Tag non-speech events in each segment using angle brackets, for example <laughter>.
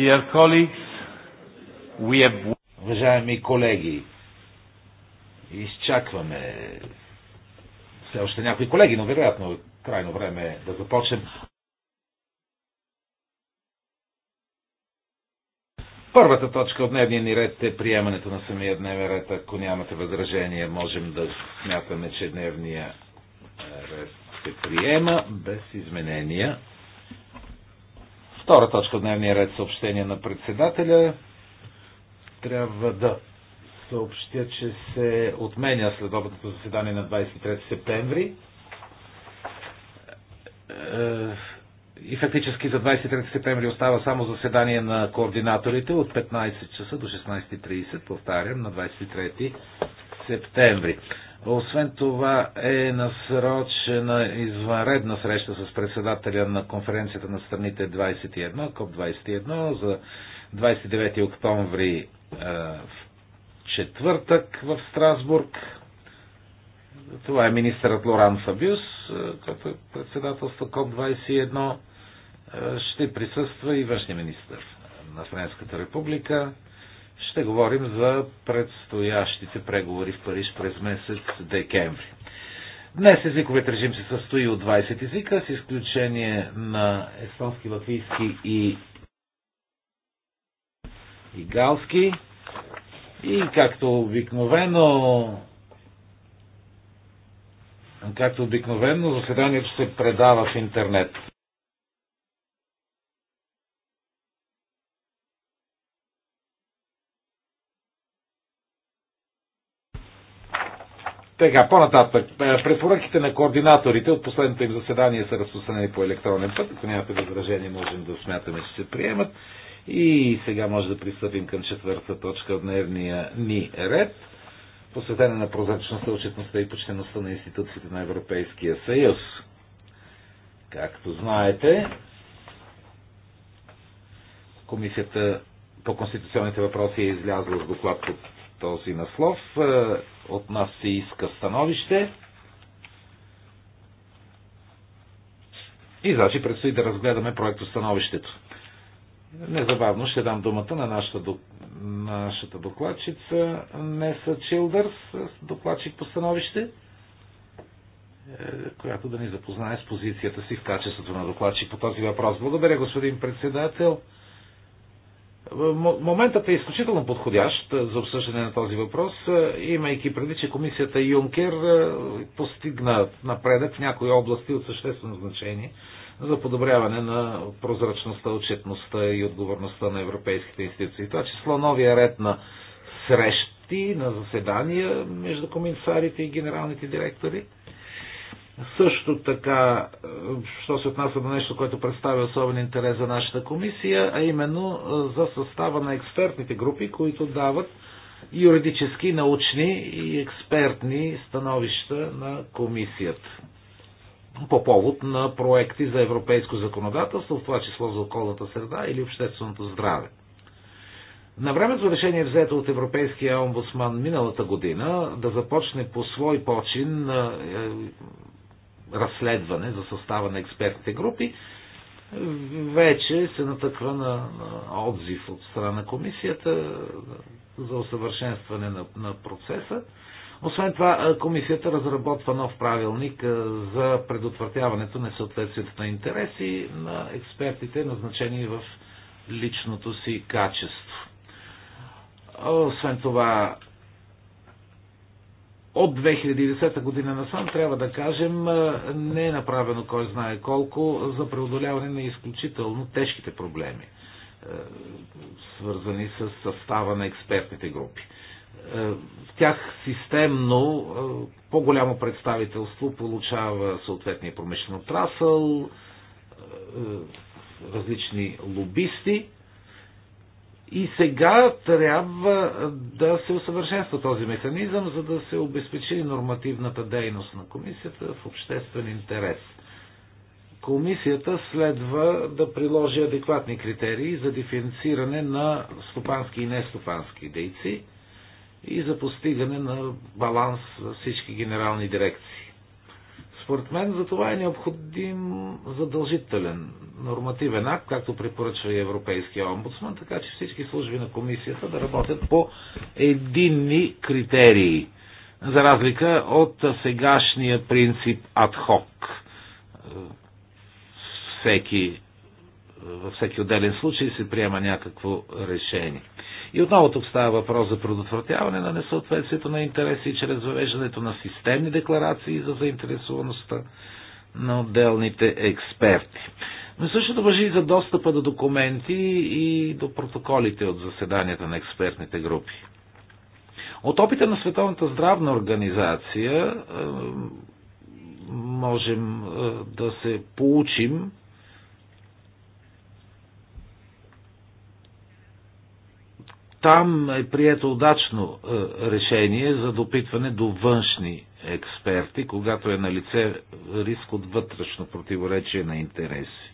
Dear colleagues, we have... Уважаеми колеги, изчакваме все още някои колеги, но вероятно е крайно време да започнем. Първата точка от дневния ни ред е приемането на самия дневен ред. Ако нямате възражение, можем да смятаме, че дневния е, ред се приема без изменения. Втора точка в дневния ред съобщение на председателя. Трябва да съобщя, че се отменя следобедното заседание на 23 септември. Е, и фактически за 23 септември остава само заседание на координаторите от 15 часа до 16.30, повтарям, на 23 септември. Освен това е насрочена извънредна среща с председателя на конференцията на страните 21, КОП-21, за 29 октомври е, в четвъртък в Страсбург. Това е министърът Лоран Фабюс, е, който е председателство КОП-21. Е, ще присъства и външния министър на Френската република ще говорим за предстоящите преговори в Париж през месец декември. Днес езиковият режим се състои от 20 езика, с изключение на естонски, латвийски и, и галски. И както обикновено както обикновено заседанието се предава в интернет. Така, по-нататък. Е, препоръките на координаторите от последното им заседание са разпространени по електронен път. Ако нямате възражение, можем да смятаме, че се приемат. И сега може да пристъпим към четвърта точка от дневния ни ред, посветена на прозрачността, отчетността и почтеността на институциите на Европейския съюз. Както знаете, Комисията по конституционните въпроси е излязла с доклад под този наслов. Е, от нас се иска становище. И значи предстои да разгледаме проекто становището. Незабавно ще дам думата на нашата, нашата докладчица Неса Чилдърс, докладчик по становище, е, която да ни запознае с позицията си в качеството на докладчик по този въпрос. Благодаря, господин председател. Моментът е изключително подходящ за обсъждане на този въпрос, имайки преди, че комисията Юнкер постигна напредък в някои области от съществено значение за подобряване на прозрачността, отчетността и отговорността на европейските институции. Това число новия ред на срещи, на заседания между комисарите и генералните директори – също така, е, що се отнася до нещо, което представя особен интерес за нашата комисия, а именно е, за състава на експертните групи, които дават юридически, научни и експертни становища на комисията по повод на проекти за европейско законодателство, в това число за околната среда или общественото здраве. На времето решение взето от Европейския омбудсман миналата година да започне по свой почин е, разследване за състава на експертните групи, вече се натъква на, отзив от страна на комисията за усъвършенстване на, на процеса. Освен това, комисията разработва нов правилник за предотвратяването на съответствието на интереси на експертите, назначени в личното си качество. Освен това, от 2010 година насам, трябва да кажем, не е направено кой знае колко за преодоляване на изключително тежките проблеми, свързани с състава на експертните групи. В тях системно по-голямо представителство получава съответния промишлен отрасъл, различни лобисти – и сега трябва да се усъвършенства този механизъм, за да се обезпечи нормативната дейност на комисията в обществен интерес. Комисията следва да приложи адекватни критерии за диференциране на стопански и нестопански дейци и за постигане на баланс във всички генерални дирекции. Според мен за това е необходим задължителен нормативен акт, както препоръчва и Европейския омбудсман, така че всички служби на комисията да работят по единни критерии, за разлика от сегашния принцип адхок. Всеки, във всеки отделен случай се приема някакво решение. И отново тук става въпрос за предотвратяване на несъответствието на интереси чрез въвеждането на системни декларации за заинтересуваността на отделните експерти. Но същото въжи и за достъпа до документи и до протоколите от заседанията на експертните групи. От опита на Световната здравна организация можем е, да се получим Там е прието удачно е, решение за допитване до външни експерти, когато е на лице риск от вътрешно противоречие на интереси.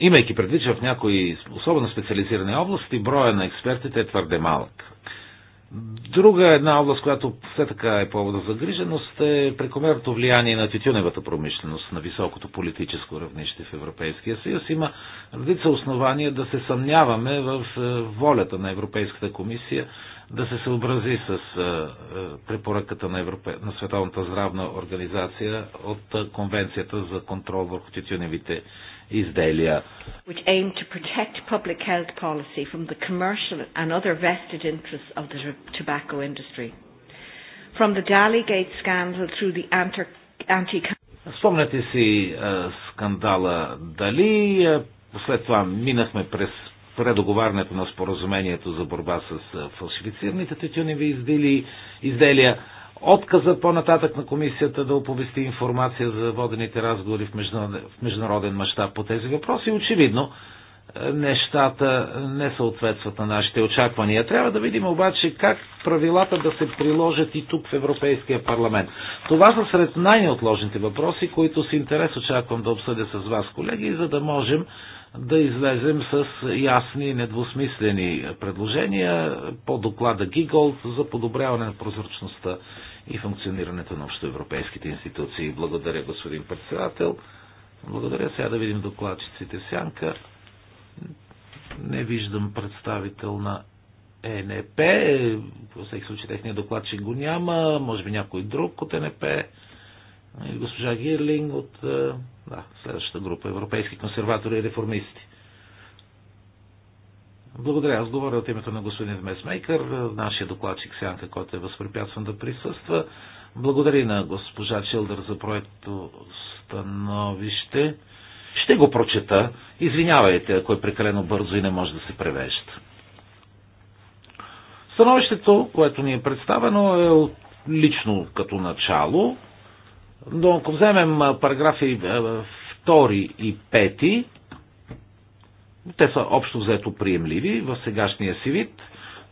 Имайки предвид, че в някои особено специализирани области броя на експертите е твърде малък. Друга една област, която все така е повода за загриженост, е прекомерното влияние на тютюневата промишленост на високото политическо равнище в Европейския съюз. Има редица основания да се съмняваме в е, волята на Европейската комисия да се съобрази с е, е, препоръката на, Европе... на Световната здравна организация от Конвенцията за контрол върху тютюневите изделия. Which aim to protect public health policy from the commercial and other vested interests of the tobacco industry. From the Dalygate scandal through the anti Спомняте си скандала Дали, след това минахме през предоговарянето на споразумението за борба с фалшифицираните тютюневи изделия, изделия Отказа по-нататък на комисията да оповести информация за водените разговори в международен, мащаб по тези въпроси, очевидно е, нещата не съответстват на нашите очаквания. Трябва да видим обаче как правилата да се приложат и тук в Европейския парламент. Това са сред най-неотложните въпроси, които с интерес очаквам да обсъдя с вас, колеги, за да можем да излезем с ясни и недвусмислени предложения по доклада Гиголд за подобряване на прозрачността и функционирането на общоевропейските институции. Благодаря, господин председател. Благодаря. Сега да видим докладчиците Сянка. Не виждам представител на ЕНП. В всеки случай техния докладчик го няма. Може би някой друг от ЕНП. И госпожа Гирлинг от е, да, следващата група Европейски консерватори и реформисти. Благодаря. Аз говоря от името на господин Месмейкър, нашия докладчик Сянка, който е възпрепятстван да присъства. Благодаря на госпожа Челдър за проекто становище. Ще го прочета. Извинявайте, ако е прекалено бързо и не може да се превежда. Становището, което ни е представено, е лично като начало, но ако вземем параграфи 2 и 5, те са общо взето приемливи в сегашния си вид.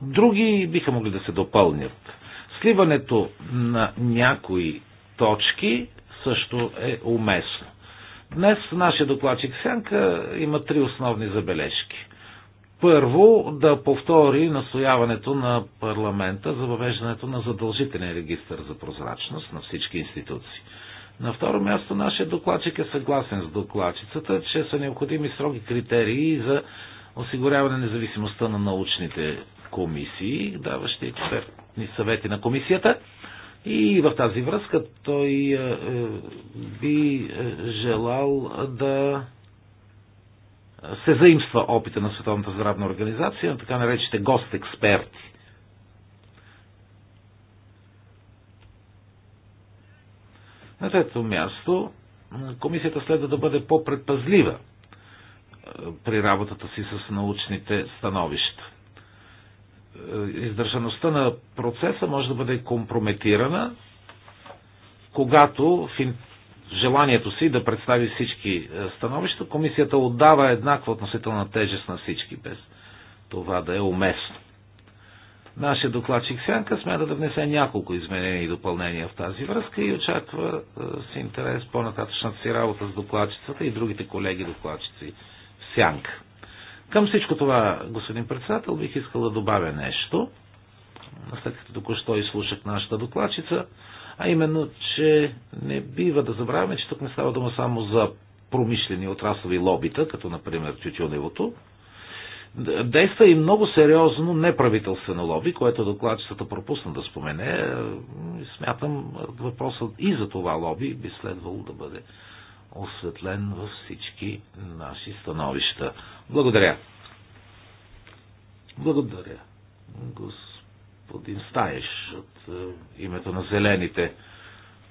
Други биха могли да се допълнят. Сливането на някои точки също е уместно. Днес нашия докладчик Сянка има три основни забележки. Първо, да повтори настояването на парламента за въвеждането на задължителен регистр за прозрачност на всички институции. На второ място, нашия докладчик е съгласен с докладчицата, че са необходими строги критерии за осигуряване на независимостта на научните комисии, даващи експертни съвети на комисията. И в тази връзка той е, е, би е, желал да се заимства опита на Световната здравна организация на така наречите гост-експерти На трето място, комисията следва да бъде по-предпазлива е, при работата си с научните становища. Е, издържаността на процеса може да бъде компрометирана, когато в желанието си да представи всички е, становища, комисията отдава еднаква относителна тежест на всички, без това да е уместно. Нашия докладчик Сянка смята да внесе няколко изменения и допълнения в тази връзка и очаква е, с интерес по-нататъчната си работа с докладчицата и другите колеги докладчици в Сянка. Към всичко това, господин председател, бих искал да добавя нещо, след като току-що изслушах нашата докладчица, а именно, че не бива да забравяме, че тук не става дума само за промишлени отраслови лобита, като например тютюневото, Действа и много сериозно неправителствено лоби, което докладчицата пропусна да спомене. Смятам въпросът и за това лоби би следвало да бъде осветлен във всички наши становища. Благодаря. Благодаря. Господин Стаеш от е, името на Зелените.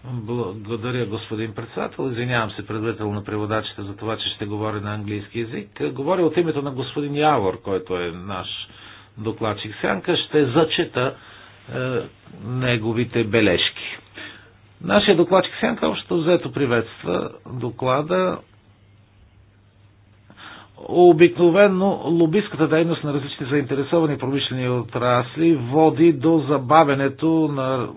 Благодаря, господин председател. Извинявам се предварително на преводачите за това, че ще говоря на английски язик. Говоря от името на господин Явор, който е наш докладчик Сянка. Ще зачета е, неговите бележки. Нашия докладчик Сянка общо взето приветства доклада Обикновено лобистката дейност на различни заинтересовани промишлени отрасли води до забавенето на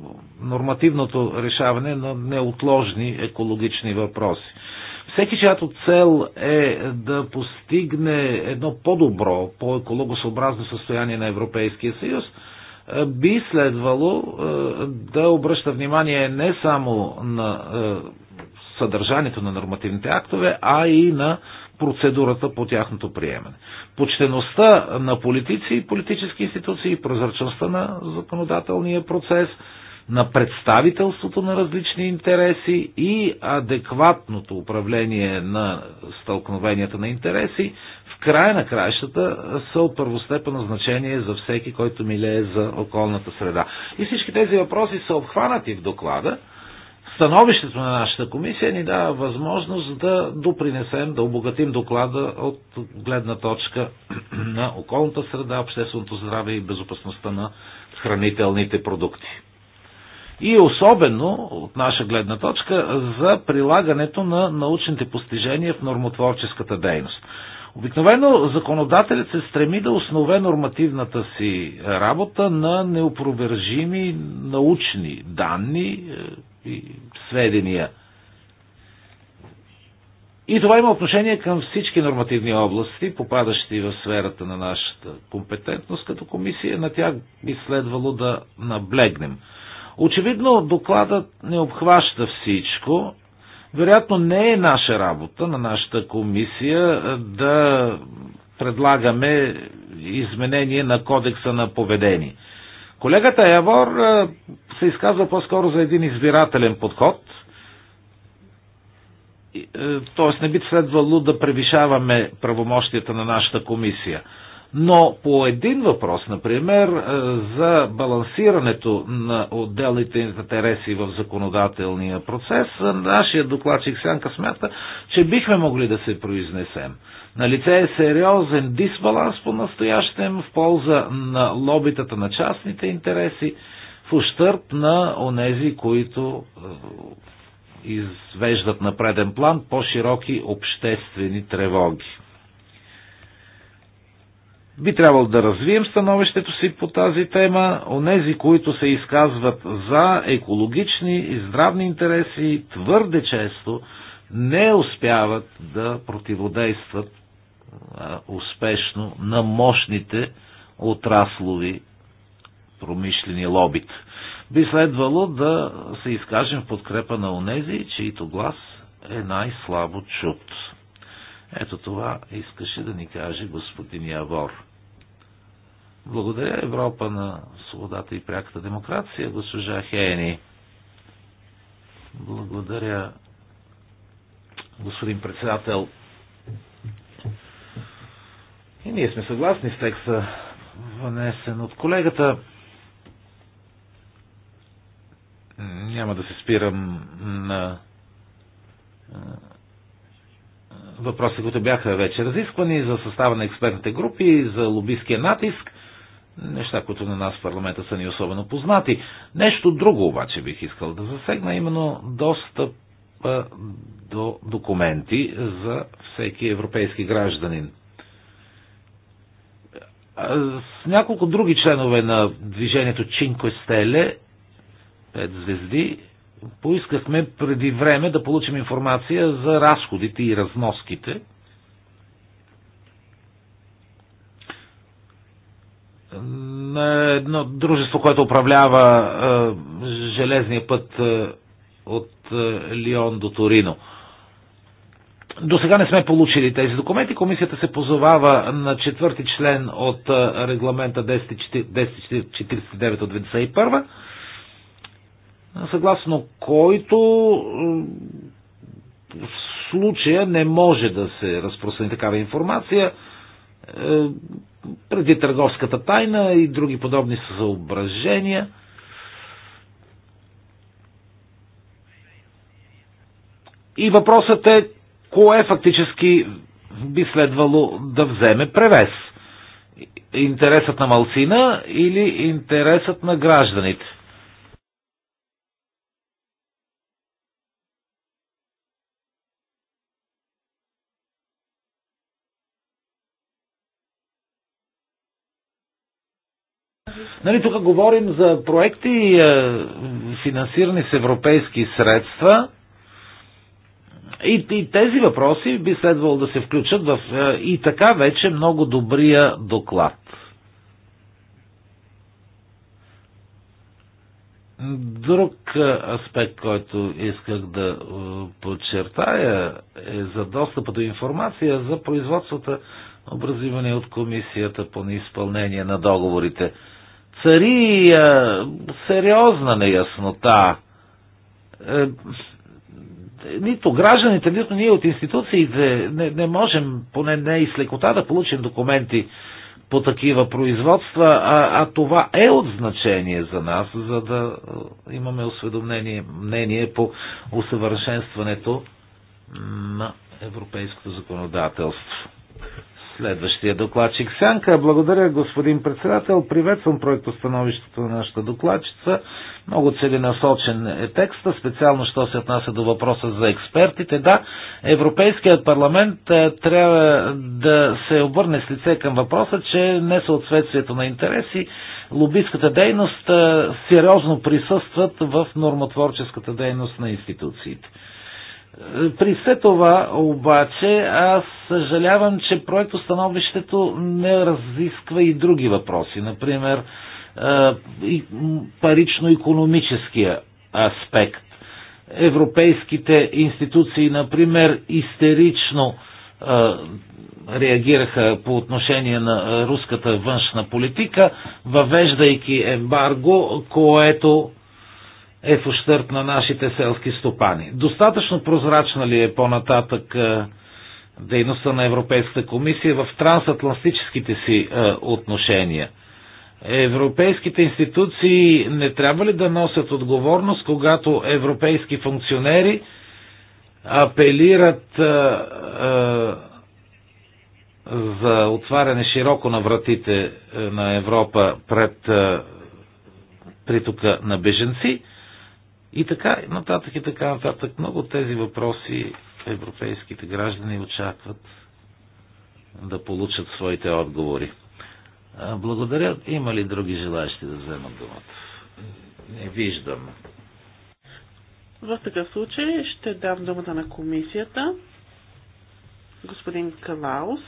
нормативното решаване на неотложни екологични въпроси. Всеки, чиято цел е да постигне едно по-добро, по-екологосъобразно състояние на Европейския съюз, би следвало е, да обръща внимание не само на е, съдържанието на нормативните актове, а и на процедурата по тяхното приемане. Почтеността на политици и политически институции, прозрачността на законодателния процес, на представителството на различни интереси и адекватното управление на стълкновенията на интереси, в края на краищата са от първостепенно значение за всеки, който милее за околната среда. И всички тези въпроси са обхванати в доклада, Становището на нашата комисия ни дава възможност да допринесем, да обогатим доклада от гледна точка <clears throat> на околната среда, общественото здраве и безопасността на хранителните продукти. И особено, от наша гледна точка, за прилагането на научните постижения в нормотворческата дейност. Обикновено законодателят се стреми да основе нормативната си работа на неопровержими научни данни, е, и сведения. И това има отношение към всички нормативни области, попадащи в сферата на нашата компетентност като комисия. На тях би следвало да наблегнем. Очевидно, докладът не обхваща всичко. Вероятно не е наша работа, на нашата комисия, да предлагаме изменение на кодекса на поведение – Колегата Явор се изказва по-скоро за един избирателен подход, т.е. не би следвало да превишаваме правомощията на нашата комисия. Но по един въпрос, например, е, за балансирането на отделните интереси в законодателния процес, е, нашия докладчик Сянка смята, че бихме могли да се произнесем. На лице е сериозен дисбаланс по настоящем в полза на лобитата на частните интереси, в ущърп на онези, които е, извеждат на преден план по-широки обществени тревоги. Би трябвало да развием становището си по тази тема. Онези, които се изказват за екологични и здравни интереси, твърде често не успяват да противодействат успешно на мощните отраслови промишлени лобит. Би следвало да се изкажем в подкрепа на онези, чието глас е най-слабо чут. Ето това искаше да ни каже господин Явор. Благодаря Европа на свободата и пряката демокрация, госпожа Хейни. Благодаря, господин председател. И ние сме съгласни с текста, внесен от колегата. Няма да се спирам на въпроси, които бяха вече разисквани, за състава на експертните групи, за лобистския натиск, неща, които на нас в парламента са ни особено познати. Нещо друго обаче бих искал да засегна, именно достъп до документи за всеки европейски гражданин. С няколко други членове на движението Чинко Стеле, пет звезди, поискахме преди време да получим информация за разходите и разноските на едно дружество, което управлява е, железния път е, от е, Лион до Торино. До сега не сме получили тези документи. Комисията се позовава на четвърти член от е, регламента 1049 10, от 91 съгласно който в случая не може да се разпространи такава информация е, преди търговската тайна и други подобни съображения. И въпросът е, кое фактически би следвало да вземе превес? Интересът на малцина или интересът на гражданите? Нали, тук говорим за проекти, е, финансирани с европейски средства. И, и тези въпроси би следвало да се включат в е, и така вече много добрия доклад. Друг е, аспект, който исках да подчертая е за достъпа до информация за производствата, образивани от Комисията по неизпълнение на договорите цари сериозна неяснота. Е, нито гражданите, нито ние от институциите не, не можем, поне не и с лекота, да получим документи по такива производства, а, а това е от значение за нас, за да е, имаме осведомление, мнение по усъвършенстването на европейското законодателство. Следващия докладчик Сянка. Благодаря, господин председател. Приветствам проектостановището на нашата докладчица. Много целенасочен е текста, специално що се отнася до въпроса за експертите. Да, Европейският парламент е, трябва да се обърне с лице към въпроса, че несъответствието на интереси, лобистката дейност е, сериозно присъстват в нормотворческата дейност на институциите. При все това обаче аз съжалявам, че проектостановището не разисква и други въпроси. Например, е, парично-економическия аспект. Европейските институции, например, истерично е, реагираха по отношение на руската външна политика, въвеждайки ембарго, което е в ущърп на нашите селски стопани. Достатъчно прозрачна ли е по-нататък е, дейността на Европейската комисия в трансатлантическите си е, отношения? Европейските институции не трябва ли да носят отговорност, когато европейски функционери апелират е, за отваряне широко на вратите на Европа пред притока на беженци, и така нататък и така нататък. Много от тези въпроси европейските граждани очакват да получат своите отговори. Благодаря. Има ли други желаящи да вземат думата? Не виждам. В такъв случай ще дам думата на комисията, господин Калаус,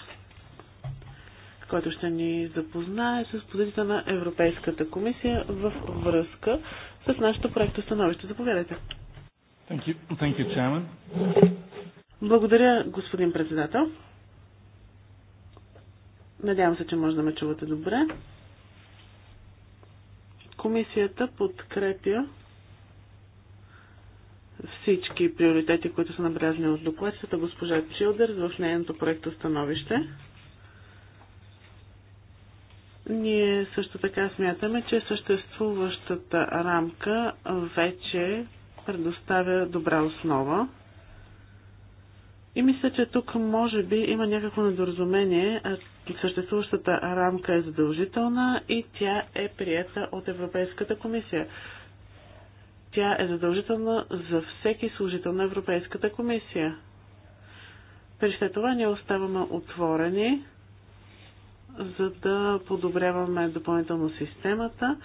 който ще ни запознае с позицията на Европейската комисия в връзка с нашето проекто становище. Заповядайте. Thank you. Thank you, chairman. Благодаря, господин председател. Надявам се, че може да ме чувате добре. Комисията подкрепя всички приоритети, които са набелязани от докладчета госпожа Чилдер в нейното проекто становище. Ние също така смятаме, че съществуващата рамка вече предоставя добра основа. И мисля, че тук може би има някакво недоразумение. Съществуващата рамка е задължителна и тя е приета от Европейската комисия. Тя е задължителна за всеки служител на Европейската комисия. При след това ние оставаме отворени за да подобряваме допълнително системата.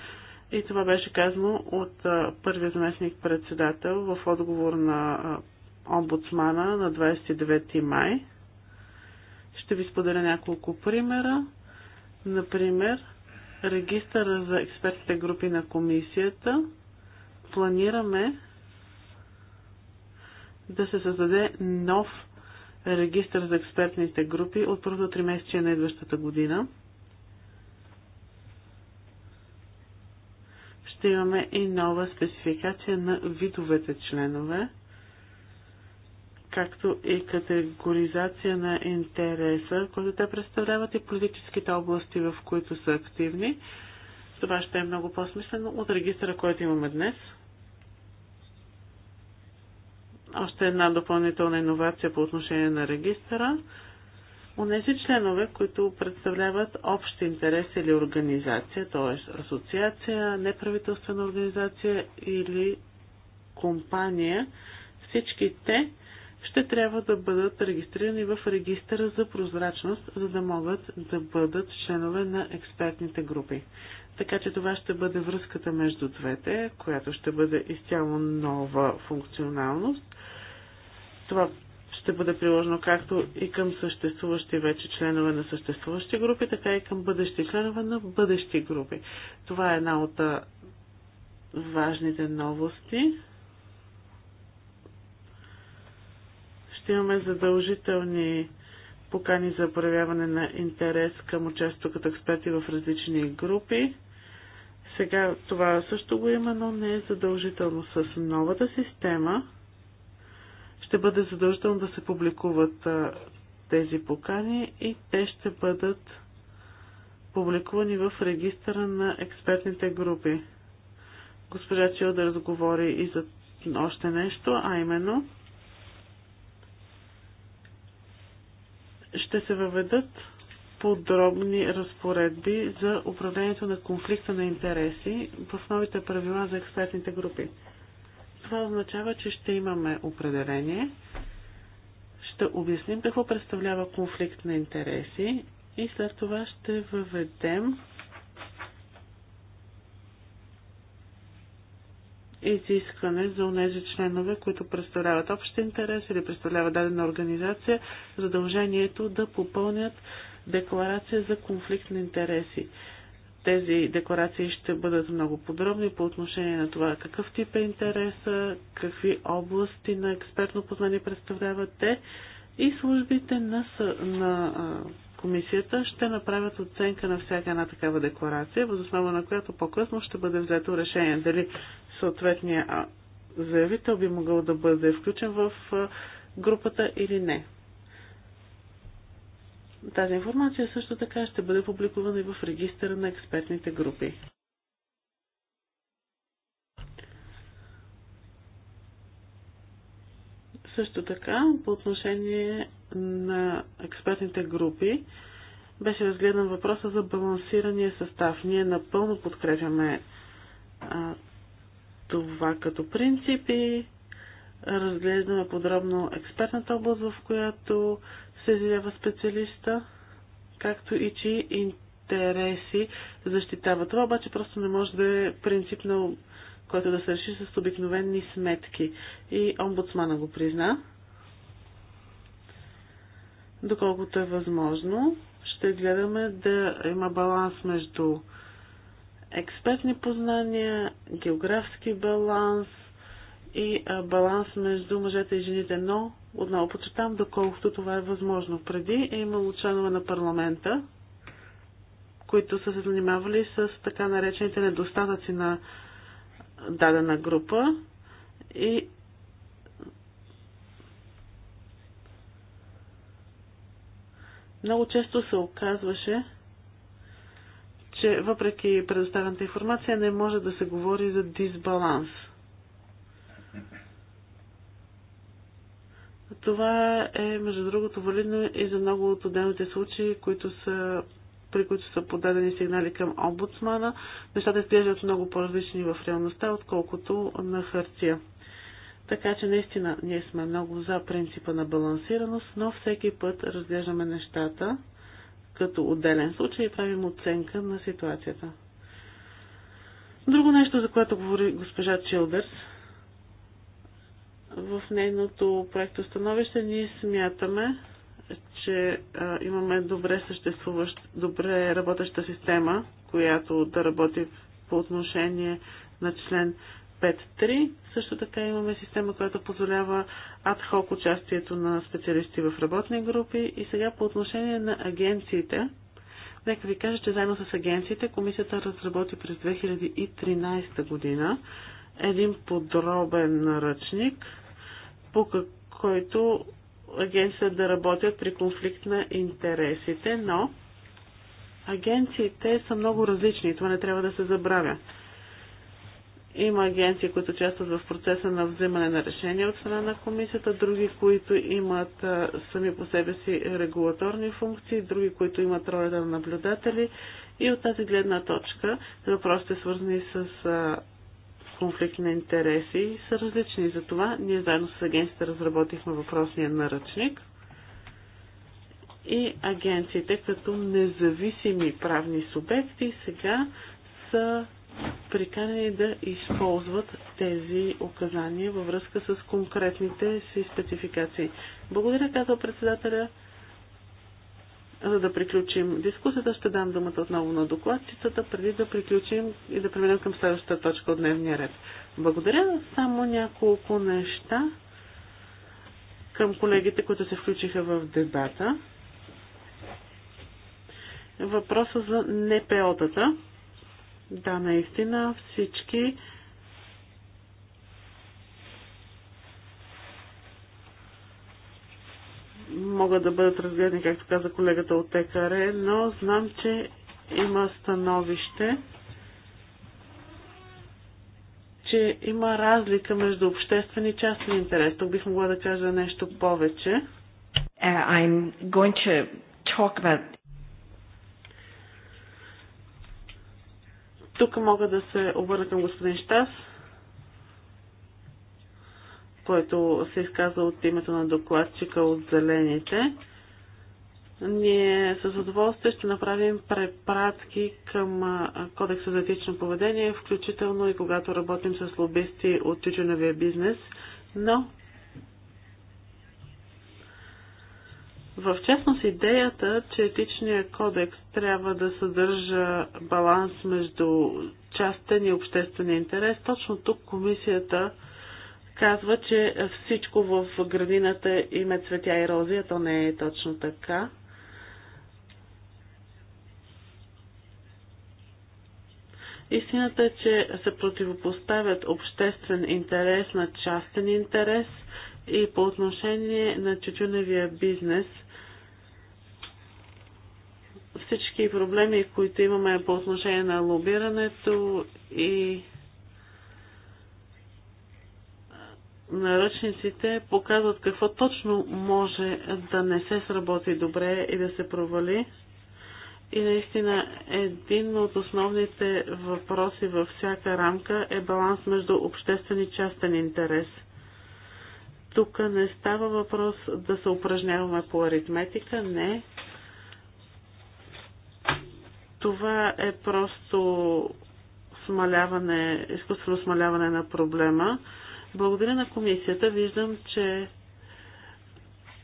И това беше казано от първия заместник председател в отговор на омбудсмана на 29 май. Ще ви споделя няколко примера. Например, регистъра за експертните групи на комисията планираме да се създаде нов регистър за експертните групи от първото три месече на идващата година. Ще имаме и нова спецификация на видовете членове, както и категоризация на интереса, който те представляват и политическите области, в които са активни. Това ще е много по-смислено от регистъра, който имаме днес – още една допълнителна иновация по отношение на регистъра. Унези членове, които представляват общ интерес или организация, т.е. асоциация, неправителствена организация или компания, всички те ще трябва да бъдат регистрирани в регистъра за прозрачност, за да могат да бъдат членове на експертните групи. Така че това ще бъде връзката между двете, която ще бъде изцяло нова функционалност. Това ще бъде приложено както и към съществуващи вече членове на съществуващи групи, така и към бъдещи членове на бъдещи групи. Това е една от важните новости. Ще имаме задължителни покани за проявяване на интерес към участието като експерти в различни групи. Сега това също го има, но не е задължително. С новата система ще бъде задължително да се публикуват тези покани и те ще бъдат публикувани в регистъра на експертните групи. Госпожа Чилдърс говори и за още нещо, а именно ще се въведат подробни разпоредби за управлението на конфликта на интереси в новите правила за експертните групи. Това означава, че ще имаме определение, ще обясним какво представлява конфликт на интереси и след това ще въведем изискване за унези членове, които представляват общ интерес или представляват дадена организация, задължението да попълнят декларация за конфликт на интереси. Тези декларации ще бъдат много подробни по отношение на това какъв тип е интереса, какви области на експертно познание представляват те и службите на, на комисията ще направят оценка на всяка една такава декларация, възоснова на която по-късно ще бъде взето решение дали съответния заявител би могъл да бъде включен в групата или не. Тази информация също така ще бъде публикувана и в регистъра на експертните групи. Също така, по отношение на експертните групи беше разгледан въпроса за балансирания състав. Ние напълно подкрепяме а, това като принципи. Разглеждаме подробно експертната област, в която се изявява специалиста, както и чии интереси защитава. Това обаче просто не може да е принцип, на който да се реши с обикновени сметки. И омбудсмана го призна доколкото е възможно. Ще гледаме да има баланс между експертни познания, географски баланс и баланс между мъжете и жените, но отново почитам, доколкото това е възможно. Преди е имало членове на парламента, които са се занимавали с така наречените недостатъци на дадена група и Много често се оказваше, че въпреки предоставената информация не може да се говори за дисбаланс. Това е, между другото, валидно и за много от отделните случаи, които са, при които са подадени сигнали към омбудсмана. Нещата изглеждат много по-различни в реалността, отколкото на хартия. Така че наистина ние сме много за принципа на балансираност, но всеки път разглеждаме нещата като отделен случай и правим оценка на ситуацията. Друго нещо, за което говори госпожа Чилдърс, в нейното проекто становище ние смятаме, че а, имаме добре съществуващ, добре работеща система, която да работи по отношение на член 5.3. Също така имаме система, която позволява адхок участието на специалисти в работни групи. И сега по отношение на агенциите, нека ви кажа, че заедно с агенциите комисията разработи през 2013 година един подробен наръчник, по който агенцията да работят при конфликт на интересите, но агенциите са много различни и това не трябва да се забравя. Има агенции, които участват в процеса на взимане на решения от страна на комисията, други, които имат сами по себе си регулаторни функции, други, които имат ролята на наблюдатели. И от тази гледна точка въпросите, свързани с конфликт на интереси, са различни. Затова ние заедно с агенцията разработихме въпросния наръчник и агенциите като независими правни субекти сега са приканени да използват тези указания във връзка с конкретните си спецификации. Благодаря, казва председателя. За да приключим дискусията, ще дам думата отново на докладчицата, преди да приключим и да преминем към следващата точка от дневния ред. Благодаря. Само няколко неща към колегите, които се включиха в дебата. Въпроса за НПО-тата. Да, наистина всички могат да бъдат разгледани, както каза колегата от ТКР, но знам, че има становище, че има разлика между обществен и частен интерес. Тук бих могла да кажа нещо повече. Uh, I'm going to talk about Тук мога да се обърна към господин Штас, който се изказа от името на докладчика от Зелените. Ние с удоволствие ще направим препратки към Кодекса за етично поведение, включително и когато работим с лобисти от тютюневия бизнес, но В частност идеята, че етичният кодекс трябва да съдържа баланс между частен и обществен интерес, точно тук комисията казва, че всичко в градината има цветя и рози, а то не е точно така. Истината е, че се противопоставят обществен интерес на частен интерес – и по отношение на тютюневия бизнес всички проблеми, които имаме по отношение на лобирането и наръчниците показват какво точно може да не се сработи добре и да се провали. И наистина един от основните въпроси във всяка рамка е баланс между обществен и частен интерес. Тук не става въпрос да се упражняваме по аритметика, не. Това е просто смаляване, изкуствено смаляване на проблема. Благодаря на комисията. Виждам, че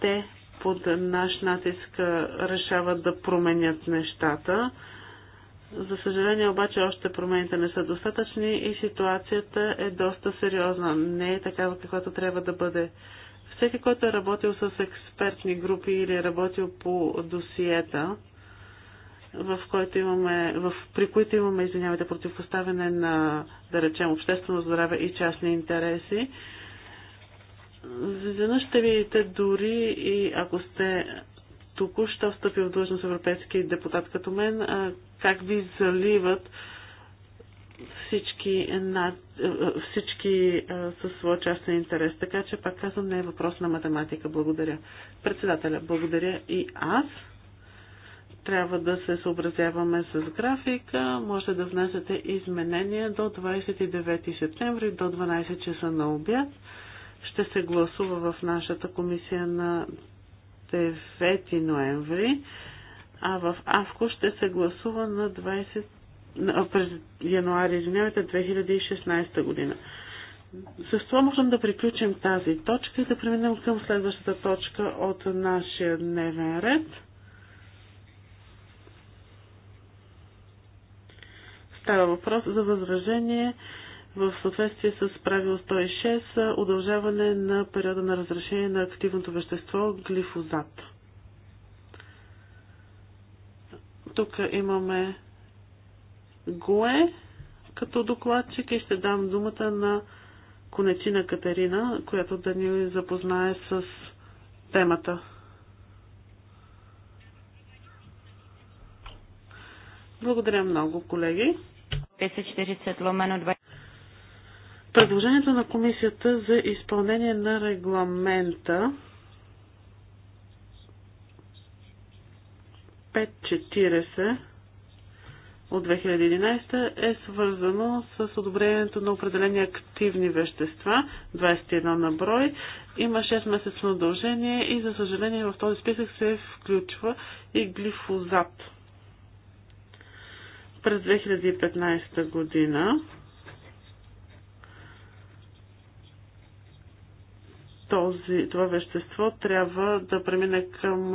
те под наш натиск решават да променят нещата. За съжаление обаче още промените не са достатъчни и ситуацията е доста сериозна. Не е такава, каквато трябва да бъде. Всеки, който е работил с експертни групи или е работил по досиета, в който имаме, в, при които имаме, извинявайте, противопоставяне на, да речем, обществено здраве и частни интереси. заедно ще видите дори и ако сте току-що встъпил в длъжност европейски депутат като мен, как ви заливат всички, над, всички със своя частен интерес. Така че, пак казвам, не е въпрос на математика. Благодаря. Председателя, благодаря и аз трябва да се съобразяваме с графика. Може да внесете изменения до 29 септември до 12 часа на обяд. Ще се гласува в нашата комисия на 9 ноември, а в АВКО ще се гласува на 20 през януари, извинявайте, 2016 година. С това можем да приключим тази точка и да преминем към следващата точка от нашия дневен ред – Става въпрос за възражение в съответствие с правило 106 удължаване на периода на разрешение на активното вещество глифозат. Тук имаме ГОЕ като докладчик и ще дам думата на конечина Катерина, която да ни запознае с темата. Благодаря много, колеги. 540 ломено 20. Предложението на комисията за изпълнение на регламента 540 от 2011 е свързано с одобрението на определени активни вещества, 21 на брой. Има 6 месечно удължение и за съжаление в този списък се включва и глифозат през 2015 година. Този, това вещество трябва да премине към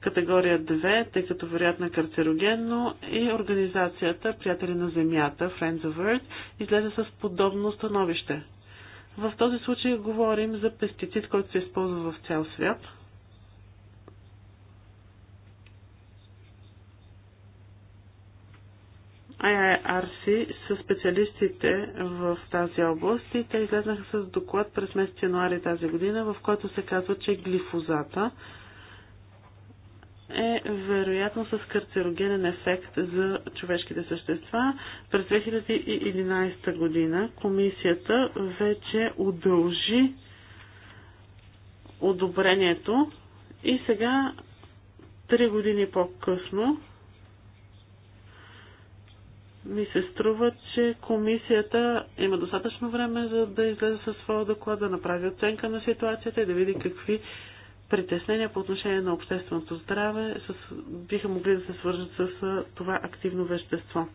категория 2, тъй като вероятно е карцерогенно и организацията Приятели на Земята, Friends of Earth, излезе с подобно становище. В този случай говорим за пестицид, който се използва в цял свят – IIRC са специалистите в тази област и те излезнаха с доклад през месец януари тази година, в който се казва, че глифозата е вероятно с карцерогенен ефект за човешките същества. През 2011 година комисията вече удължи одобрението и сега, три години по-късно, ми се струва, че комисията има достатъчно време за да излезе със своя доклад, да направи оценка на ситуацията и да види какви притеснения по отношение на общественото здраве с, биха могли да се свържат с това активно вещество.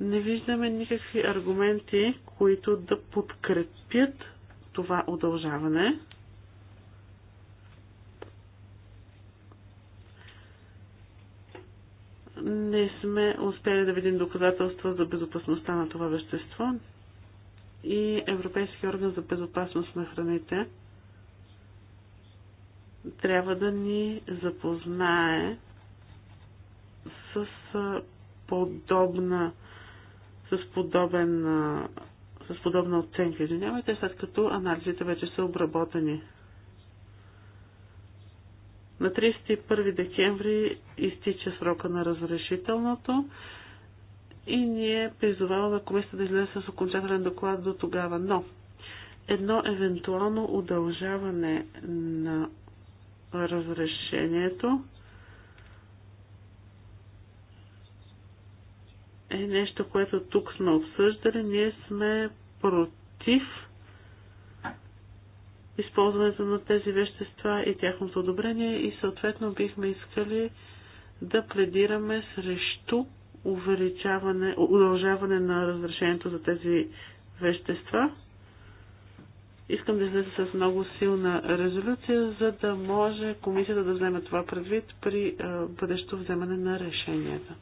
Не виждаме никакви аргументи, които да подкрепят това удължаване. не сме успели да видим доказателства за безопасността на това вещество и Европейския орган за безопасност на храните трябва да ни запознае с подобна с подобен с подобна оценка, извинявайте, след като анализите вече са обработени. На 31 декември изтича срока на разрешителното и ние призоваваме комисията да излезе с окончателен доклад до тогава. Но едно евентуално удължаване на разрешението е нещо, което тук сме обсъждали. Ние сме против използването на тези вещества и тяхното одобрение и съответно бихме искали да пледираме срещу увеличаване, удължаване на разрешението за тези вещества. Искам да излезе с много силна резолюция, за да може комисията да вземе това предвид при бъдещо вземане на решенията.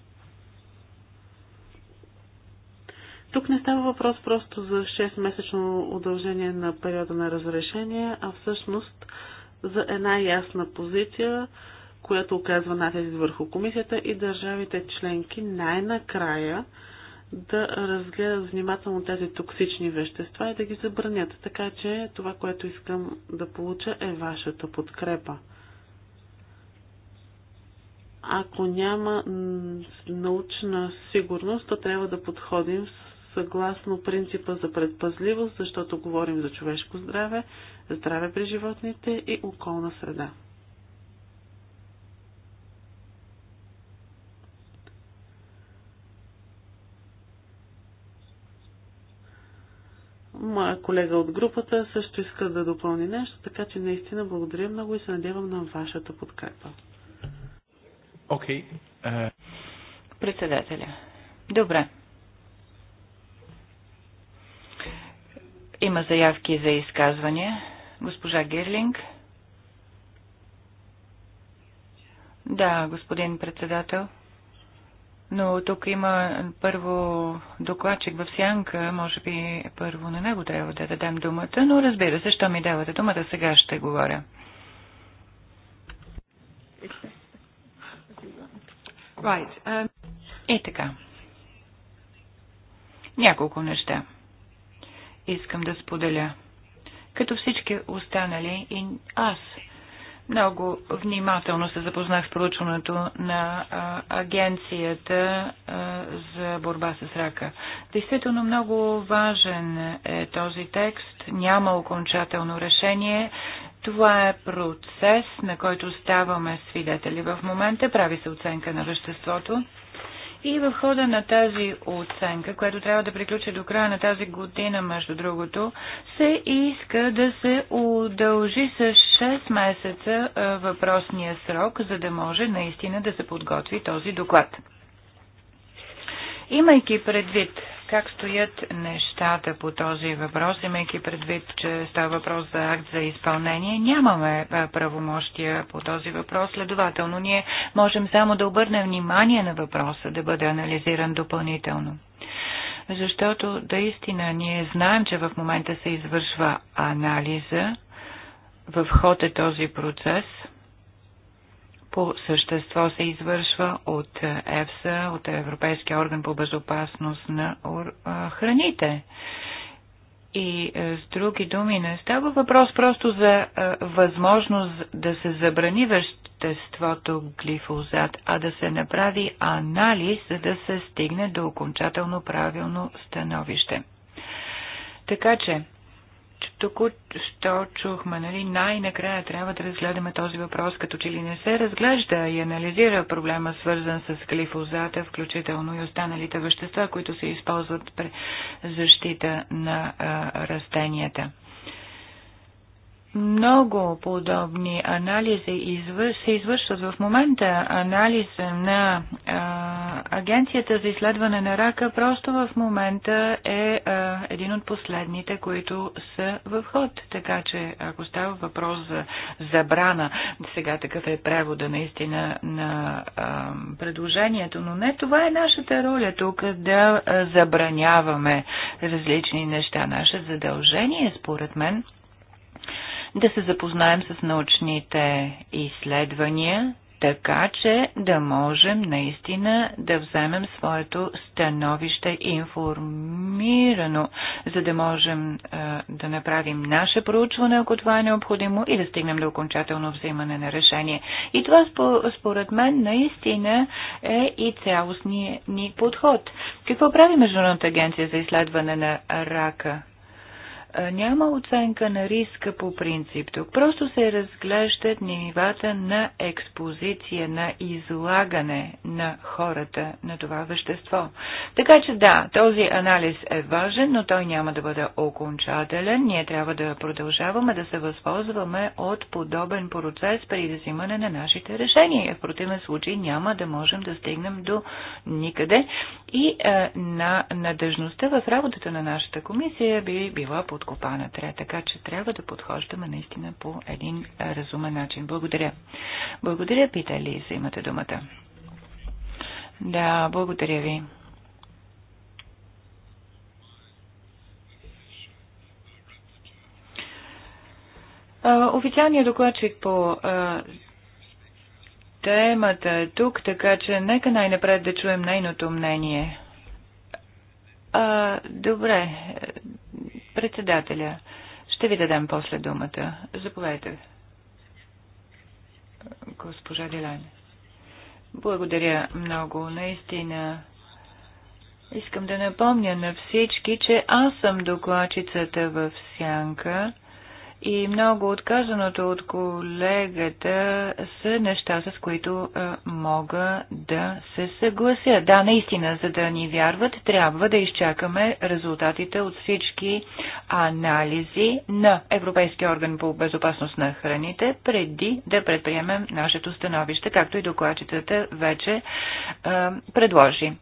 Тук не става въпрос просто за 6-месечно удължение на периода на разрешение, а всъщност за една ясна позиция, която оказва натиск върху комисията и държавите членки най-накрая да разгледат внимателно тези токсични вещества и да ги забранят. Така че това, което искам да получа е вашата подкрепа. Ако няма научна сигурност, то трябва да подходим с съгласно принципа за предпазливост, защото говорим за човешко здраве, здраве при животните и околна среда. Моя колега от групата също иска да допълни нещо, така че наистина благодаря много и се надявам на вашата подкрепа. Окей. Okay. Е. Uh... Председателя. Добре. Има заявки за изказвания. Госпожа Гирлинг. Да, господин председател. Но тук има първо докладчик в сянка, може би първо на него трябва да дадем думата, но разбира се, що ми давате думата, сега ще говоря. Right. Um... И така. Няколко неща искам да споделя. Като всички останали и аз много внимателно се запознах с проучването на а, Агенцията а, за борба с рака. Действително много важен е този текст. Няма окончателно решение. Това е процес, на който ставаме свидетели в момента. Прави се оценка на веществото. И в хода на тази оценка, която трябва да приключи до края на тази година, между другото, се иска да се удължи с 6 месеца въпросния срок, за да може наистина да се подготви този доклад. Имайки предвид как стоят нещата по този въпрос, имайки предвид, че става въпрос за акт за изпълнение? Нямаме правомощия по този въпрос, следователно ние можем само да обърнем внимание на въпроса, да бъде анализиран допълнително защото наистина ние знаем, че в момента се извършва анализа, в ход е този процес – по същество се извършва от ЕФСА, от Европейския орган по безопасност на храните. И е, с други думи, не става въпрос просто за е, възможност да се забрани веществото глифозат, а да се направи анализ, за да се стигне до окончателно правилно становище. Така че, тук що чухме, нали, най-накрая трябва да разгледаме този въпрос, като че ли не се разглежда и анализира проблема, свързан с глифозата, включително и останалите вещества, които се използват при защита на а, растенията. Много подобни анализи се извършват в момента. Анализа на а, Агенцията за изследване на рака просто в момента е а, един от последните, които са в ход. Така че, ако става въпрос за забрана, сега такъв е превода наистина на а, предложението, но не това е нашата роля тук да забраняваме различни неща. Наше задължение, според мен, да се запознаем с научните изследвания, така че да можем наистина да вземем своето становище информирано, за да можем е, да направим наше проучване, ако това е необходимо, и да стигнем до окончателно взимане на решение. И това според мен наистина е и цялостния ни подход. Какво прави Международната агенция за изследване на рака? няма оценка на риска по принцип. Тук просто се разглеждат нивата на експозиция, на излагане на хората на това вещество. Така че да, този анализ е важен, но той няма да бъде окончателен. Ние трябва да продължаваме да се възползваме от подобен процес при взимане на нашите решения. В противен случай няма да можем да стигнем до никъде и е, на надежността в работата на нашата комисия би била по подкопана трябва, така че трябва да подхождаме наистина по един разумен начин. Благодаря. Благодаря, пита Лиза, имате думата. Да, благодаря ви. Официалният докладчик по темата е тук, така че нека най-напред да чуем нейното мнение. А, добре, Председателя, ще ви дадам после думата. Заповядайте. Госпожа Дилан. Благодаря много. Наистина искам да напомня на всички, че аз съм докладчицата в Сянка и много отказаното от колегата са неща, с които а, мога да се съглася. Да, наистина, за да ни вярват, трябва да изчакаме резултатите от всички анализи на Европейския орган по безопасност на храните, преди да предприемем нашето становище, както и докладчетата вече а, предложи.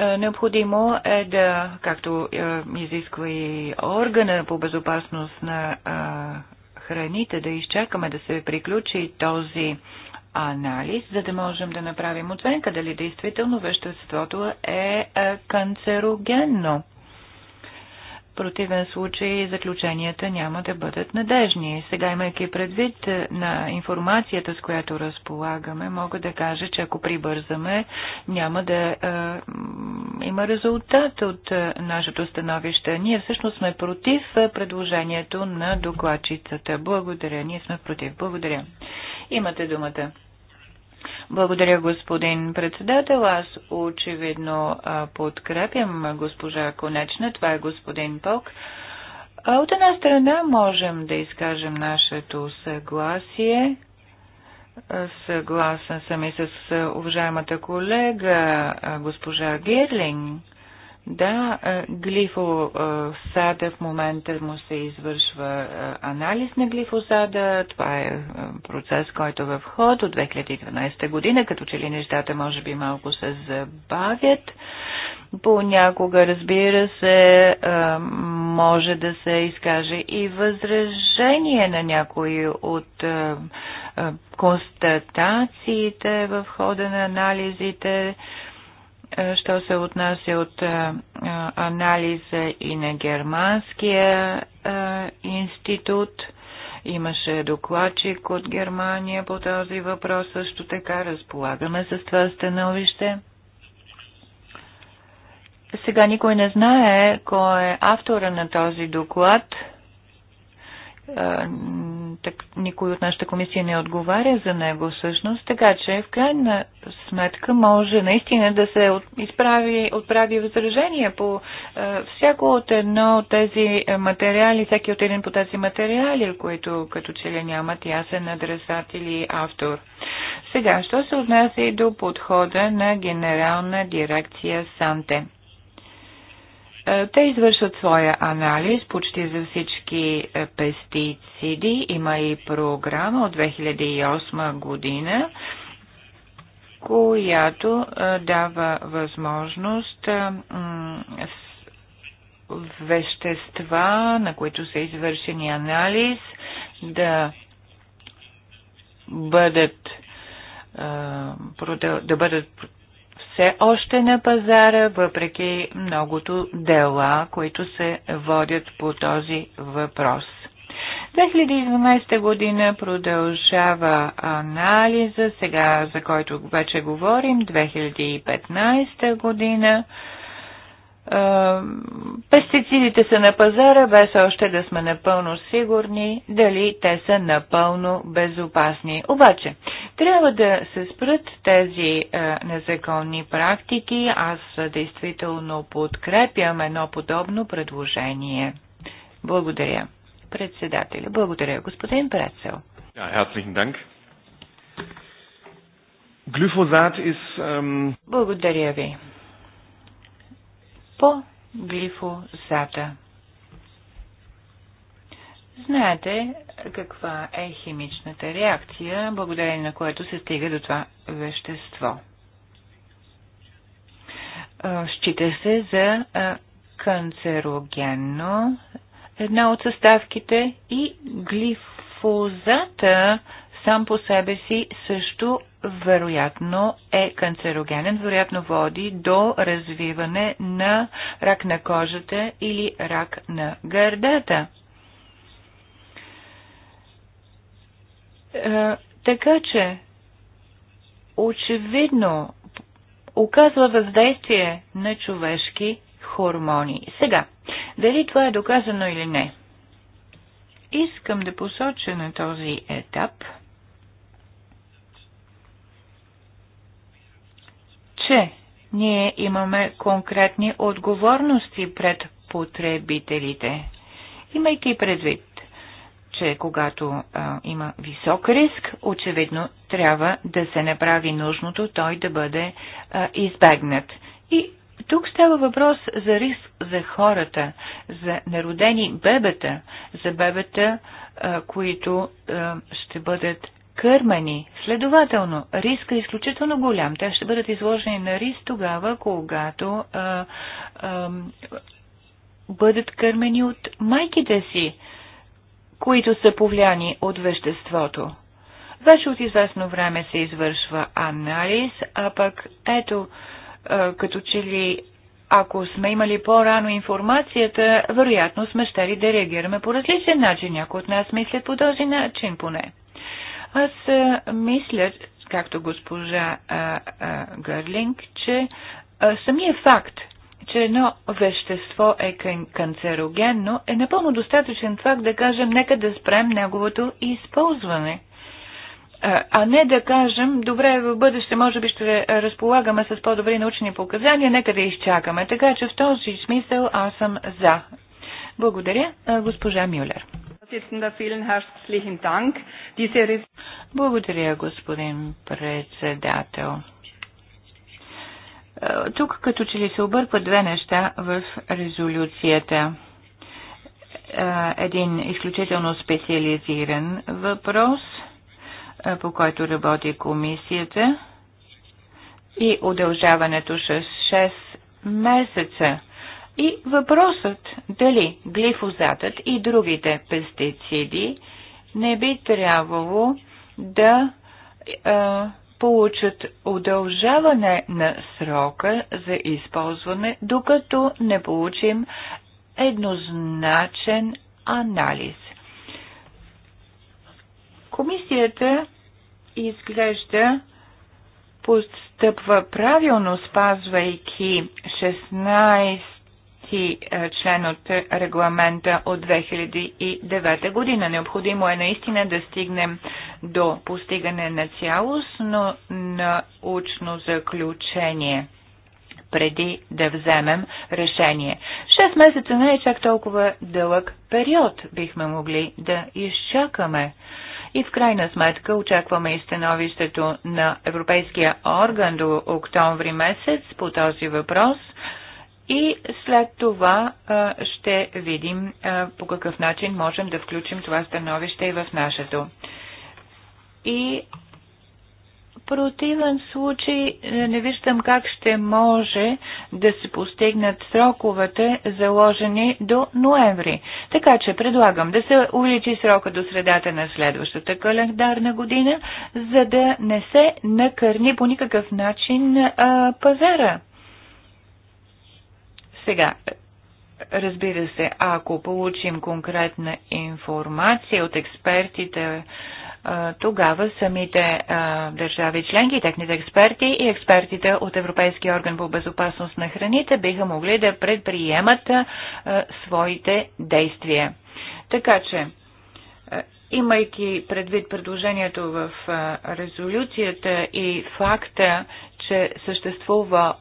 Е, необходимо е да, както е, изисква и органа по безопасност на е, храните, да изчакаме да се приключи този анализ, за да можем да направим оценка дали действително веществото е канцерогенно противен случай заключенията няма да бъдат надежни. Сега, имайки предвид е, на информацията, с която разполагаме, мога да кажа, че ако прибързаме, няма да е, има резултат от е, нашето становище. Ние всъщност сме против е, предложението на докладчицата. Благодаря. Ние сме против. Благодаря. Имате думата. Благодаря, господин председател. Аз очевидно подкрепям госпожа Конечна. Това е господин Пок. От една страна можем да изкажем нашето съгласие. Съгласен съм и с уважаемата колега госпожа Герлинг. Да, е, глифосада в момента му се извършва е, анализ на глифосада. Това е, е процес, който е в ход от 2012 година, като че ли нещата може би малко се забавят. Понякога, разбира се, може да се изкаже и възражение на някои от констатациите в хода на анализите е, що се отнася от е, е, анализа и на Германския институт. Имаше докладчик от Германия по този въпрос, също така разполагаме с това становище. Сега никой не знае кой е автора на този доклад так, никой от нашата комисия не отговаря за него всъщност, така че в крайна сметка може наистина да се изправи, отправи възражение по е, всяко от едно от тези материали, всеки от един по тези материали, които като че ли нямат ясен адресат или автор. Сега, що се отнася и до подхода на генерална дирекция Санте? Е, те извършват своя анализ почти за всички е, пестициди. Има и програма от 2008 година, която е, дава възможност вещества, на които са извършени анализ, да бъдат да бъдат все още на пазара, въпреки многото дела, които се водят по този въпрос. 2012 година продължава анализа, сега за който вече говорим, 2015 година е, пестицидите са на пазара, без още да сме напълно сигурни дали те са напълно безопасни. Обаче, трябва да се спрат тези е, незаконни практики. Аз действително подкрепям едно подобно предложение. Благодаря. Председателя. Благодаря, господин Прецел. Yeah, Глюфозат is... Um... Благодаря ви по глифозата. Знаете каква е химичната реакция, благодарение на което се стига до това вещество. Счита се за канцерогенно една от съставките и глифозата сам по себе си също вероятно е канцерогенен, вероятно води до развиване на рак на кожата или рак на гърдата. Е, така че, очевидно, оказва въздействие на човешки хормони. Сега, дали това е доказано или не? Искам да посоча на този етап – че ние имаме конкретни отговорности пред потребителите. Имайки предвид, че когато а, има висок риск, очевидно трябва да се направи нужното той да бъде а, избегнат. И тук става въпрос за риск за хората, за народени бебета, за бебета, а, които а, ще бъдат кърмени. Следователно, риска е изключително голям. Те ще бъдат изложени на риск тогава, когато а, а, бъдат кърмени от майките си, които са повлияни от веществото. Вече от известно време се извършва анализ, а пък ето, а, като че ли ако сме имали по-рано информацията, вероятно сме щели да реагираме по различен начин. Някои от нас мислят по този начин поне. Аз мисля, както госпожа Гърлинг, че самия факт, че едно вещество е канцерогенно, е напълно достатъчен факт да кажем нека да спрем неговото използване. А не да кажем, добре, в бъдеще може би ще разполагаме с по-добри научни показания, нека да изчакаме. Така че в този смисъл аз съм за. Благодаря, госпожа Мюлер. Благодаря, господин председател. Е, тук като че ли се объркват две неща в резолюцията. Е, един изключително специализиран въпрос, е, по който работи комисията и удължаването с 6 месеца и въпросът дали глифозатът и другите пестициди не би трябвало да а, получат удължаване на срока за използване, докато не получим еднозначен анализ. Комисията изглежда постъпва правилно, спазвайки 16 трети е, член от регламента от 2009 година. Необходимо е наистина да стигнем до постигане на цялост, но научно заключение преди да вземем решение. 6 месеца не е чак толкова дълъг период, бихме могли да изчакаме. И в крайна сметка очакваме и становището на Европейския орган до октомври месец по този въпрос, и след това ще видим по какъв начин можем да включим това становище и в нашето. И противен случай не виждам как ще може да се постигнат сроковете заложени до ноември. Така че предлагам да се увеличи срока до средата на следващата календарна година, за да не се накърни по никакъв начин а, пазара. Сега, разбира се, ако получим конкретна информация от експертите, тогава самите държави членки, техните експерти и експертите от Европейския орган по безопасност на храните биха могли да предприемат своите действия. Така че, имайки предвид предложението в резолюцията и факта, че съществува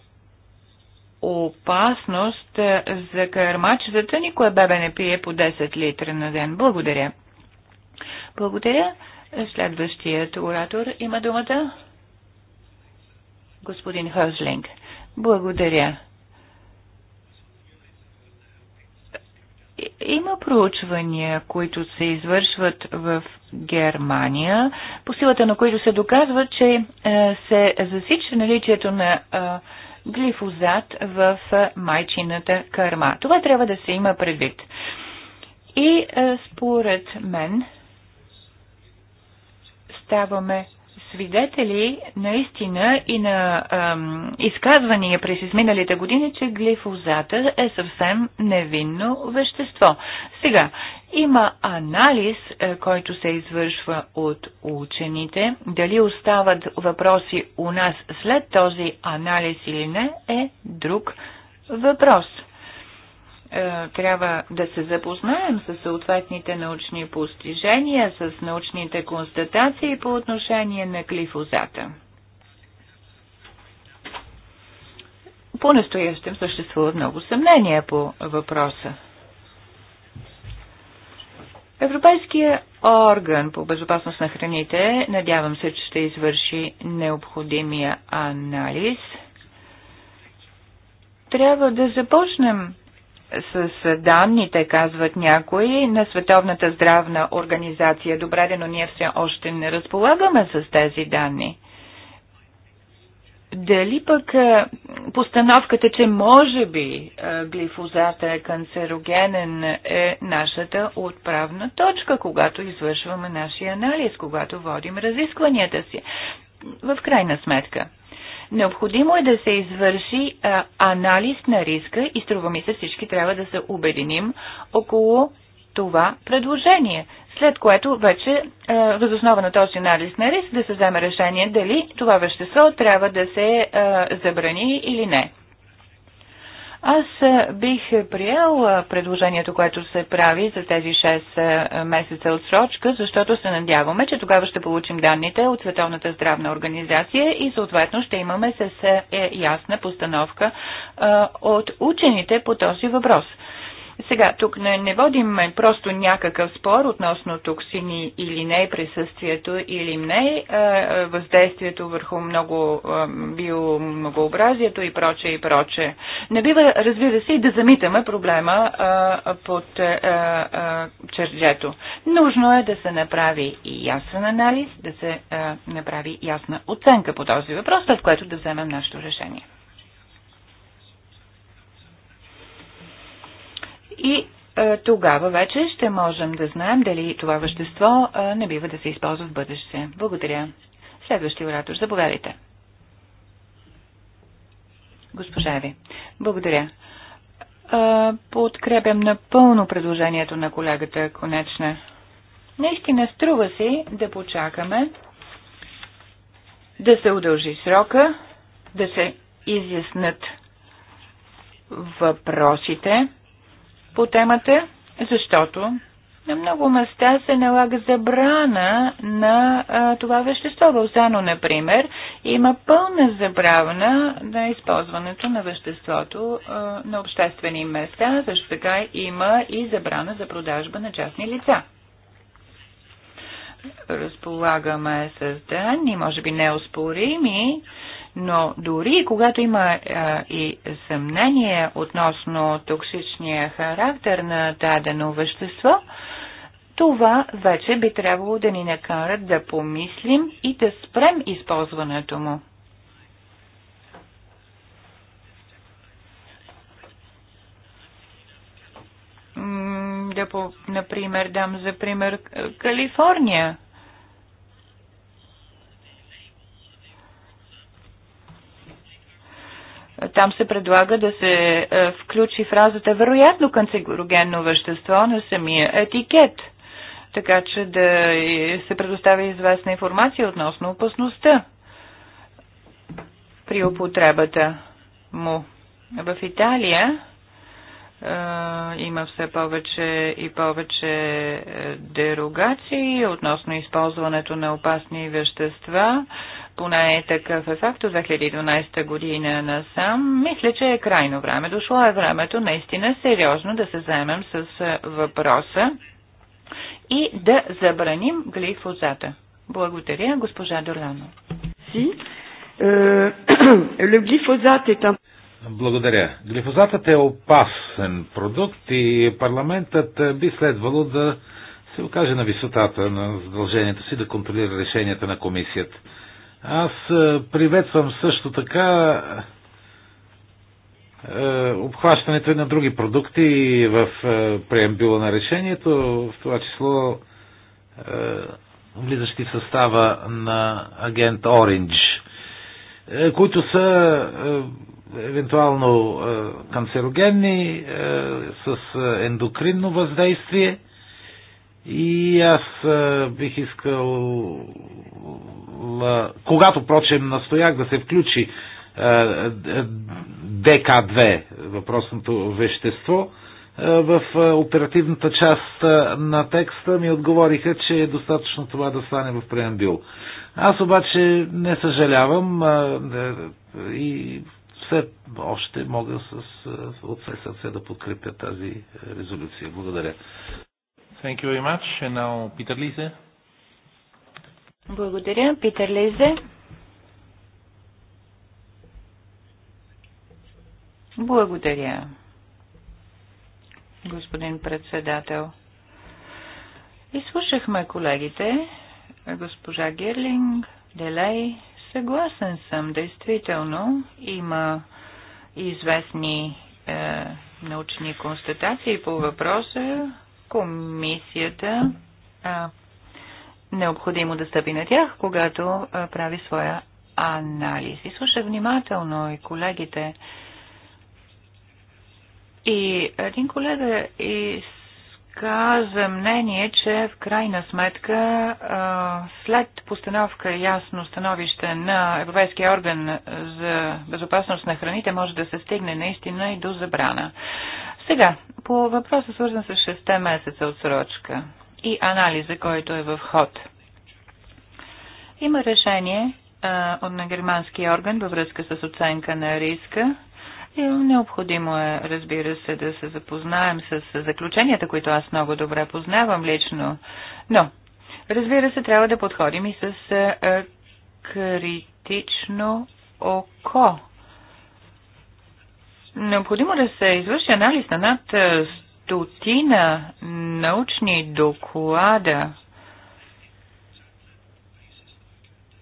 опасност е, за кърмачетата. Никое бебе не пие по 10 литра на ден. Благодаря. Благодаря. Следващият оратор има думата. Господин Хъзлинг. Благодаря. Има проучвания, които се извършват в Германия, по силата на които се доказва, че е, се засича наличието на е, глифозат в майчината кърма. Това трябва да се има предвид. И според мен ставаме свидетели наистина и на ам, изказвания през изминалите години, че глифозата е съвсем невинно вещество. Сега, има анализ, е, който се извършва от учените. Дали остават въпроси у нас след този анализ или не, е друг въпрос. Е, трябва да се запознаем с съответните научни постижения, с научните констатации по отношение на глифозата. По-настоящем съществуват много съмнения по въпроса. Европейския орган по безопасност на храните, надявам се, че ще извърши необходимия анализ. Трябва да започнем с данните, казват някои, на Световната здравна организация. Добре, но ние все още не разполагаме с тези данни. Дали пък постановката, че може би глифозата е канцерогенен е нашата отправна точка, когато извършваме нашия анализ, когато водим разискванията си? В крайна сметка – Необходимо е да се извърши а, анализ на риска и струва ми се всички трябва да се обединим около това предложение, след което вече е, възоснова на този анализ на риск да се вземе решение дали това вещество трябва да се а, забрани или не. Аз е, бих приел е, предложението, което се прави за тези 6 е, месеца отсрочка, защото се надяваме, че тогава ще получим данните от Световната здравна организация и съответно ще имаме с ясна постановка от учените по този въпрос. Сега, тук не, не водим просто някакъв спор относно токсини или не, присъствието или не, въздействието върху много биомногообразието и проче и проче. Не бива, разбира се, и да замитаме проблема под черджето. Нужно е да се направи и ясен анализ, да се направи ясна оценка по този въпрос, след което да вземем нашето решение. и е, тогава вече ще можем да знаем дали това вещество е, не бива да се използва в бъдеще. Благодаря. Следващия оратор, заповядайте. Госпожа Ви, благодаря. Е, подкрепям напълно предложението на колегата Конечна. Наистина струва си да почакаме да се удължи срока, да се изяснат въпросите по темата, защото на много места се налага забрана на а, това вещество. В Зано, например, има пълна забрана на използването на веществото а, на обществени места, също така има и забрана за продажба на частни лица. Разполагаме с данни, може би неоспорими, но дори когато има а, и съмнение относно токсичния характер на дадено вещество, това вече би трябвало да ни накарат да помислим и да спрем използването му. Да, по, например, дам за пример Калифорния Там се предлага да се е, включи фразата вероятно канцерогенно вещество на самия етикет, така че да се предоставя известна информация относно опасността при употребата му. В Италия е, има все повече и повече е, дерогации относно използването на опасни вещества поне е такъв е от 2012 година насам, мисля, че е крайно време. Дошло е времето наистина сериозно да се заемем с въпроса и да забраним глифозата. Благодаря, госпожа Дорлано. Си, е, <clears throat> Благодаря. Глифозатът е опасен продукт и парламентът е, би следвало да се окаже на висотата на задължението си да контролира решенията на комисията. Аз е, приветствам също така е, обхващането и на други продукти в е, преембила на решението, в това число влизащи в състава на агент Ориндж, които са евентуално канцерогенни, с ендокринно въздействие. И аз бих искал когато, прочем, настоях да се включи ДК-2, въпросното вещество, в оперативната част на текста ми отговориха, че е достатъчно това да стане в преамбюл. Аз обаче не съжалявам и все още мога с, от все сърце да подкрепя тази резолюция. Благодаря. Thank you very much. And now Peter Lise. Благодаря. Питер Лизе. Благодаря, господин председател. Изслушахме колегите, госпожа Герлинг, Делей. Съгласен съм, действително има известни е, научни констатации по въпроса. Комисията а, необходимо да стъпи на тях, когато прави своя анализ. И слушах внимателно и колегите. И един колега изказа мнение, че в крайна сметка след постановка ясно становище на Европейския орган за безопасност на храните може да се стигне наистина и до забрана. Сега, по въпроса свързан с 6 месеца отсрочка и анализа, който е в ход. Има решение а, от на германския орган във връзка с оценка на риска. И е, необходимо е, разбира се, да се запознаем с заключенията, които аз много добре познавам лично. Но, разбира се, трябва да подходим и с а, критично око. Необходимо да се извърши анализ на над стотина научни доклада,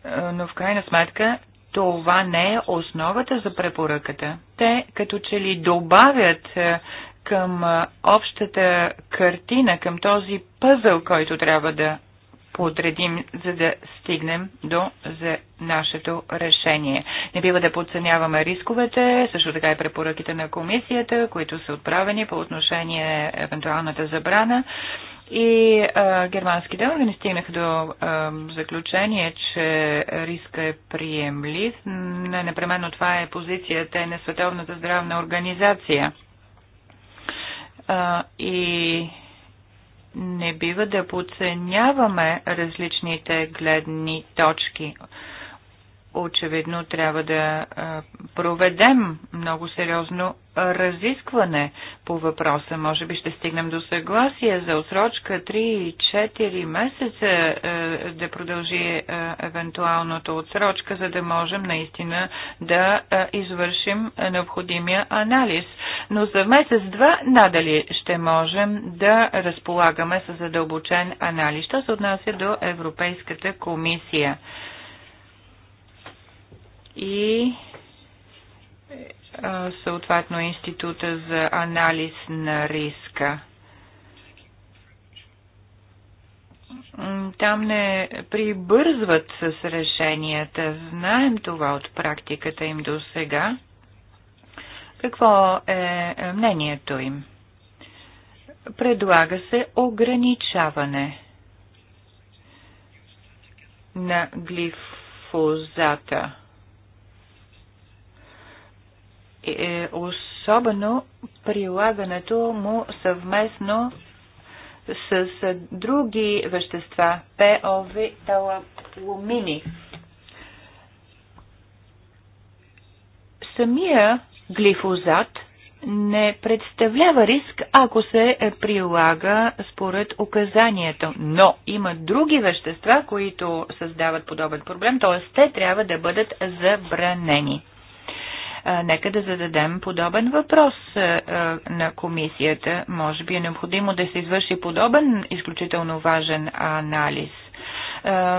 е, но в крайна сметка това не е основата за препоръката. Те като че ли добавят е, към е, общата картина, към този пъзъл, който трябва да подредим, за да стигнем до за нашето решение. Не бива да подценяваме рисковете, също така и препоръките на комисията, които са отправени по отношение евентуалната забрана. И а, германските органи стигнаха до а, заключение, че риска е приемлив. Не непременно това е позицията на Световната здравна организация. А, и не бива да подценяваме различните гледни точки очевидно трябва да проведем много сериозно разискване по въпроса. Може би ще стигнем до съгласие за отсрочка 3-4 месеца да продължи евентуалното отсрочка, за да можем наистина да извършим необходимия анализ. Но за месец-два надали ще можем да разполагаме с задълбочен анализ. Що се отнася до Европейската комисия? и съответно Института за анализ на риска. Там не прибързват с решенията. Знаем това от практиката им до сега. Какво е мнението им? Предлага се ограничаване на глифозата е особено прилагането му съвместно с други вещества, ПОВ, талалумини. Самия глифозат не представлява риск, ако се прилага според указанието. Но има други вещества, които създават подобен проблем, т.е. те трябва да бъдат забранени. Нека да зададем подобен въпрос на комисията. Може би е необходимо да се извърши подобен изключително важен анализ.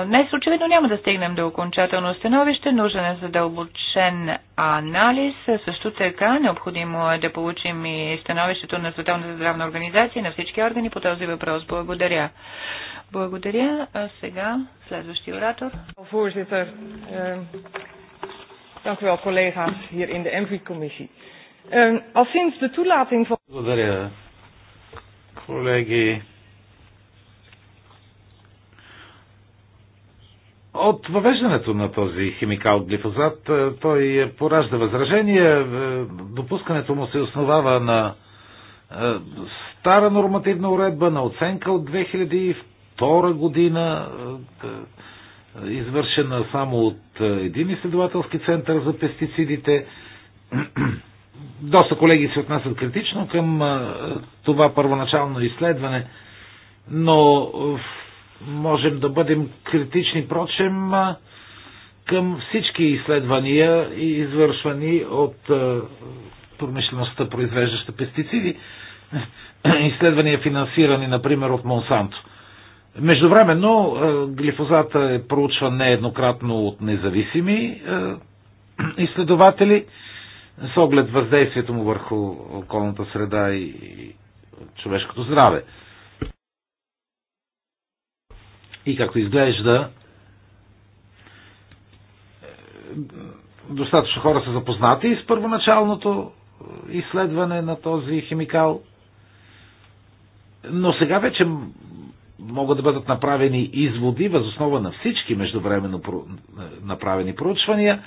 Днес очевидно няма да стигнем до окончателно становище, нужен е задълбочен анализ. Също така необходимо е да получим и становището на Световната здравна организация на всички органи по този въпрос. Благодаря. Благодаря. А сега следващия оратор. Dank u wel, collega's hier in de MV-commissie. Uh, ehm, al sinds de toelating van. Благодаря, колеги. От въвеждането на този химикал глифозат, е, той е, поражда възражение. Допускането му се основава на е, стара нормативна уредба, на оценка от 2002 година, извършена само от е, един изследователски център за пестицидите. <clears throat> Доста колеги се отнасят критично към е, това първоначално изследване, но е, можем да бъдем критични, прочем, към всички изследвания, извършвани от промишлеността, произвеждаща пестициди. <clears throat> Изследвания, финансирани, например, от Монсанто. Междувременно е, глифозата е проучван нееднократно от независими е, изследователи с оглед въздействието му върху околната среда и човешкото здраве. И както изглежда, е, достатъчно хора са запознати с първоначалното изследване на този химикал, но сега вече могат да бъдат направени изводи възоснова на всички междувременно направени проучвания,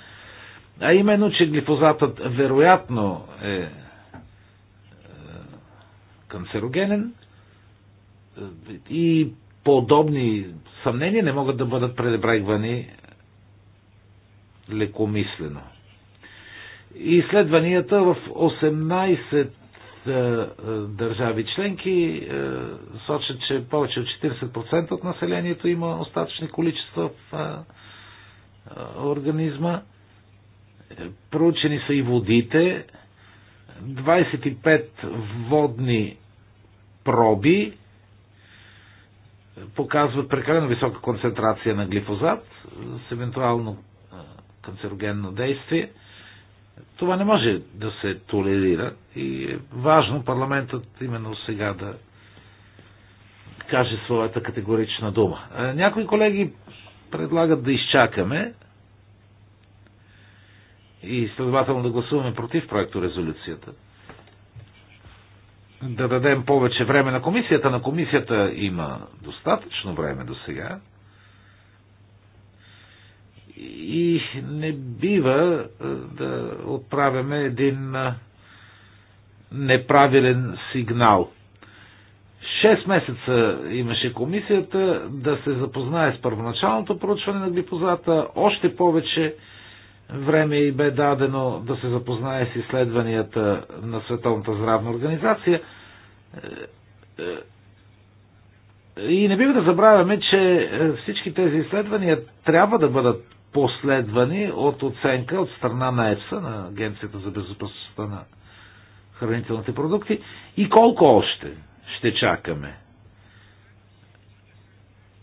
а именно, че глифозатът вероятно е, е канцерогенен е, и подобни съмнения не могат да бъдат пренебрегвани лекомислено. Изследванията в 18 е, е, държави членки е, сочат, че повече от 40% от населението има остатъчни количества в организма. Проучени са и водите. 25 водни проби показват прекалено висока концентрация на глифозат с евентуално канцерогенно действие – това не може да се толерира и е важно парламентът именно сега да каже своята категорична дума. Е, някои колеги предлагат да изчакаме и следователно да гласуваме против проекто резолюцията. Да дадем повече време на комисията. На комисията има достатъчно време до сега и не бива да отправяме един неправилен сигнал. Шест месеца имаше комисията да се запознае с първоначалното проучване на глипозата, още повече време и бе дадено да се запознае с изследванията на Световната здравна организация. Е, е, и не бива да забравяме, че е, всички тези изследвания трябва да бъдат последвани от оценка от страна на ЕФСА, на Агенцията за безопасността на хранителните продукти. И колко още ще чакаме?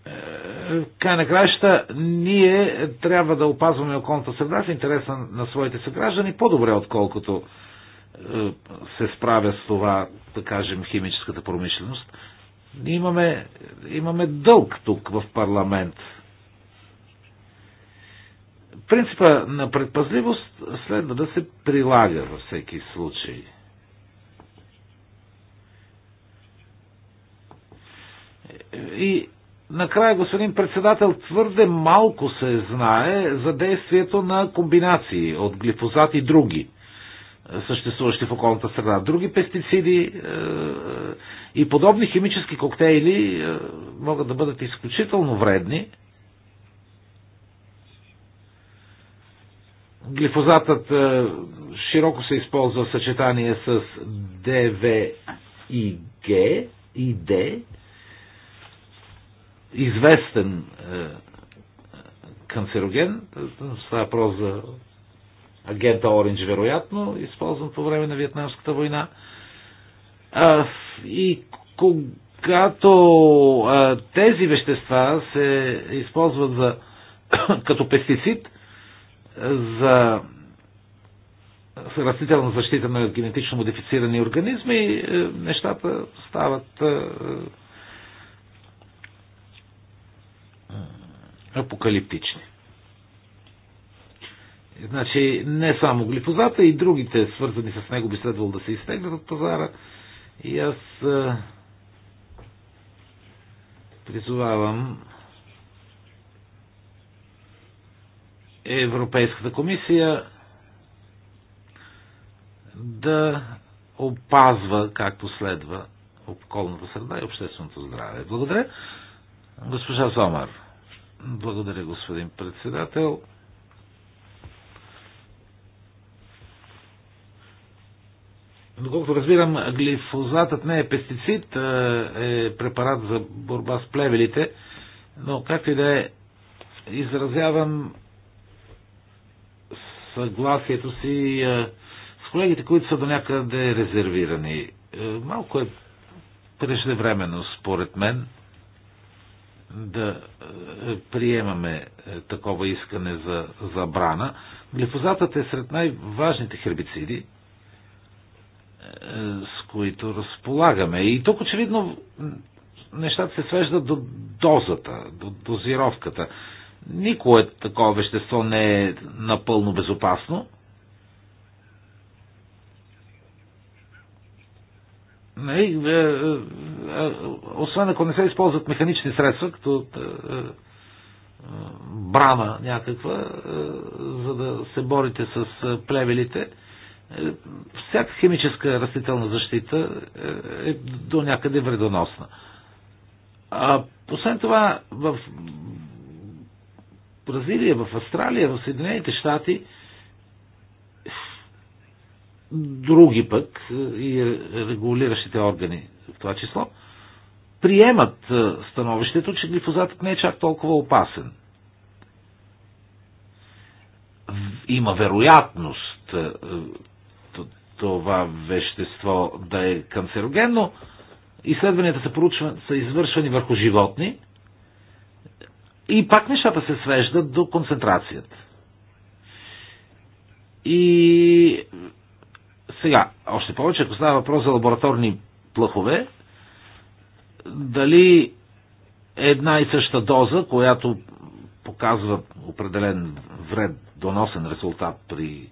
Е, край на краища ние трябва да опазваме околната среда в интереса на своите съграждани по-добре, отколкото е, се справя с това, да кажем, химическата промишленост. Имаме, имаме дълг тук в парламент – Принципа на предпазливост следва да се прилага във всеки случай. И накрая, господин председател, твърде малко се знае за действието на комбинации от глифозат и други е, съществуващи в околната среда. Други пестициди е, е, и подобни химически коктейли могат да бъдат изключително вредни Глифозатът е, широко се използва в съчетание с ДВ и Г и Д. Известен е, канцероген, става въпрос за агента Ориндж, вероятно, използван по време на Вьетнамската война. А, и когато а, е, тези вещества се използват за, <coughs> като пестицид, за растителна защита на генетично модифицирани организми, е, нещата стават е, е, апокалиптични. Значи не само глифозата и другите свързани с него би следвало да се изтеглят от пазара. И аз призовавам Европейската комисия да опазва, както следва, околната среда и общественото здраве. Благодаря. Госпожа Зомар. Благодаря, господин председател. Доколкото разбирам, глифозатът не е пестицид, е препарат за борба с плевелите, но както и да е, изразявам съгласието си с колегите, които са до някъде резервирани. Е, малко е преждевременно, според мен, да е, приемаме е, такова искане за забрана. Глифозатът е сред най-важните хербициди, с които разполагаме. И тук очевидно нещата се свеждат до дозата, до дозировката. Никое такова вещество не е напълно безопасно. Нали, е, е, е, освен ако не се използват механични средства, като брана някаква, за да се борите с плевелите, всяка химическа растителна защита е до някъде вредоносна. А, освен това, в Бразилия, в Австралия, в Съединените щати, други пък е, и регулиращите органи в това число, приемат е, становището, че глифозатът не е чак толкова опасен. Има вероятност е, това вещество да е канцерогенно. Изследванията са, поручва, са извършвани върху животни, и пак нещата се свеждат до концентрацията. И сега, още повече, ако става въпрос за лабораторни плъхове, дали една и съща доза, която показва определен вред, доносен резултат при е,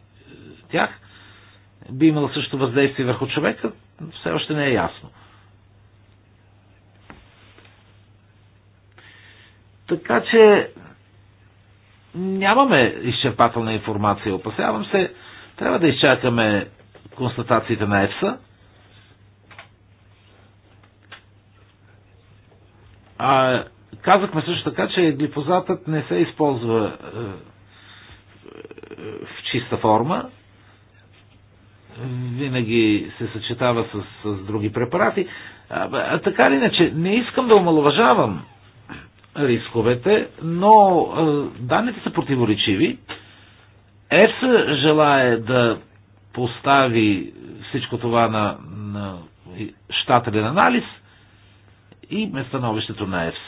тях, би имала също въздействие върху човека, все още не е ясно. Така че нямаме изчерпателна информация. Опасявам се, трябва да изчакаме констатациите на ЕФСА. А, казахме също така, че глифозатът не се използва е, е в чиста форма. Винаги се съчетава с, с други препарати. А, а така или иначе, не искам да омалуважавам рисковете, но данните са противоречиви. ЕС желая да постави всичко това на, на щателен анализ и становището на ЕФС.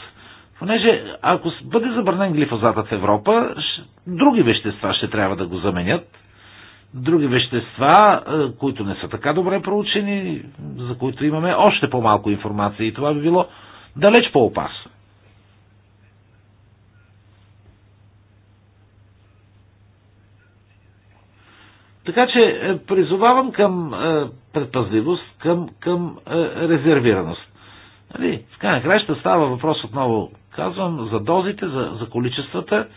Понеже ако бъде забранен глифозатът в Европа, други вещества ще трябва да го заменят. Други вещества, които не са така добре проучени, за които имаме още по-малко информация и това би било далеч по-опасно. Така че е, призовавам към е, предпазливост, към, към е, резервираност. Нали? В крайна краща става въпрос отново, казвам, за дозите, за, за количествата.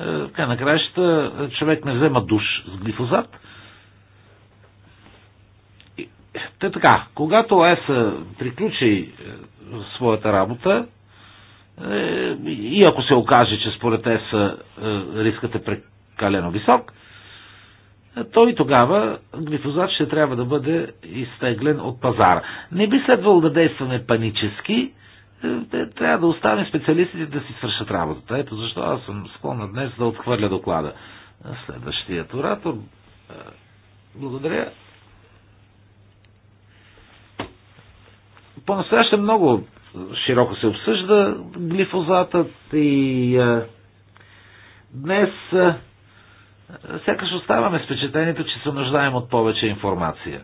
В крайна краща човек не взема душ с глифозат. Те така, когато ЕСА приключи своята работа, и ако се окаже, че според ЕСА рискът е прекалено висок, той тогава глифозат ще трябва да бъде изтеглен от пазара. Не би следвало да действаме панически, е, трябва да оставим специалистите да си свършат работата. Ето защо аз съм склонен днес да отхвърля доклада. Следващият оратор. Е, благодаря. По-настояще много широко се обсъжда глифозатът и е, днес сякаш оставаме с впечатлението, че се нуждаем от повече информация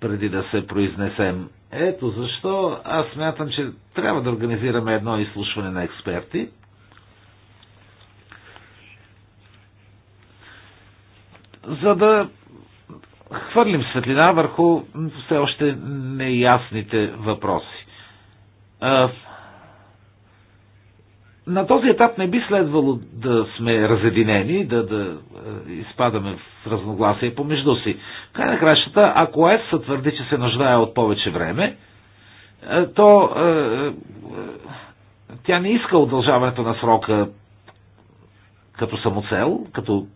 преди да се произнесем. Ето защо аз смятам, че трябва да организираме едно изслушване на експерти. За да хвърлим светлина върху все още неясните въпроси на този етап не би следвало да сме разединени, да, да е, изпадаме в разногласие помежду си. Край на кращата, ако ЕС се твърди, че се нуждае от повече време, е, то е, тя не иска удължаването на срока като самоцел, като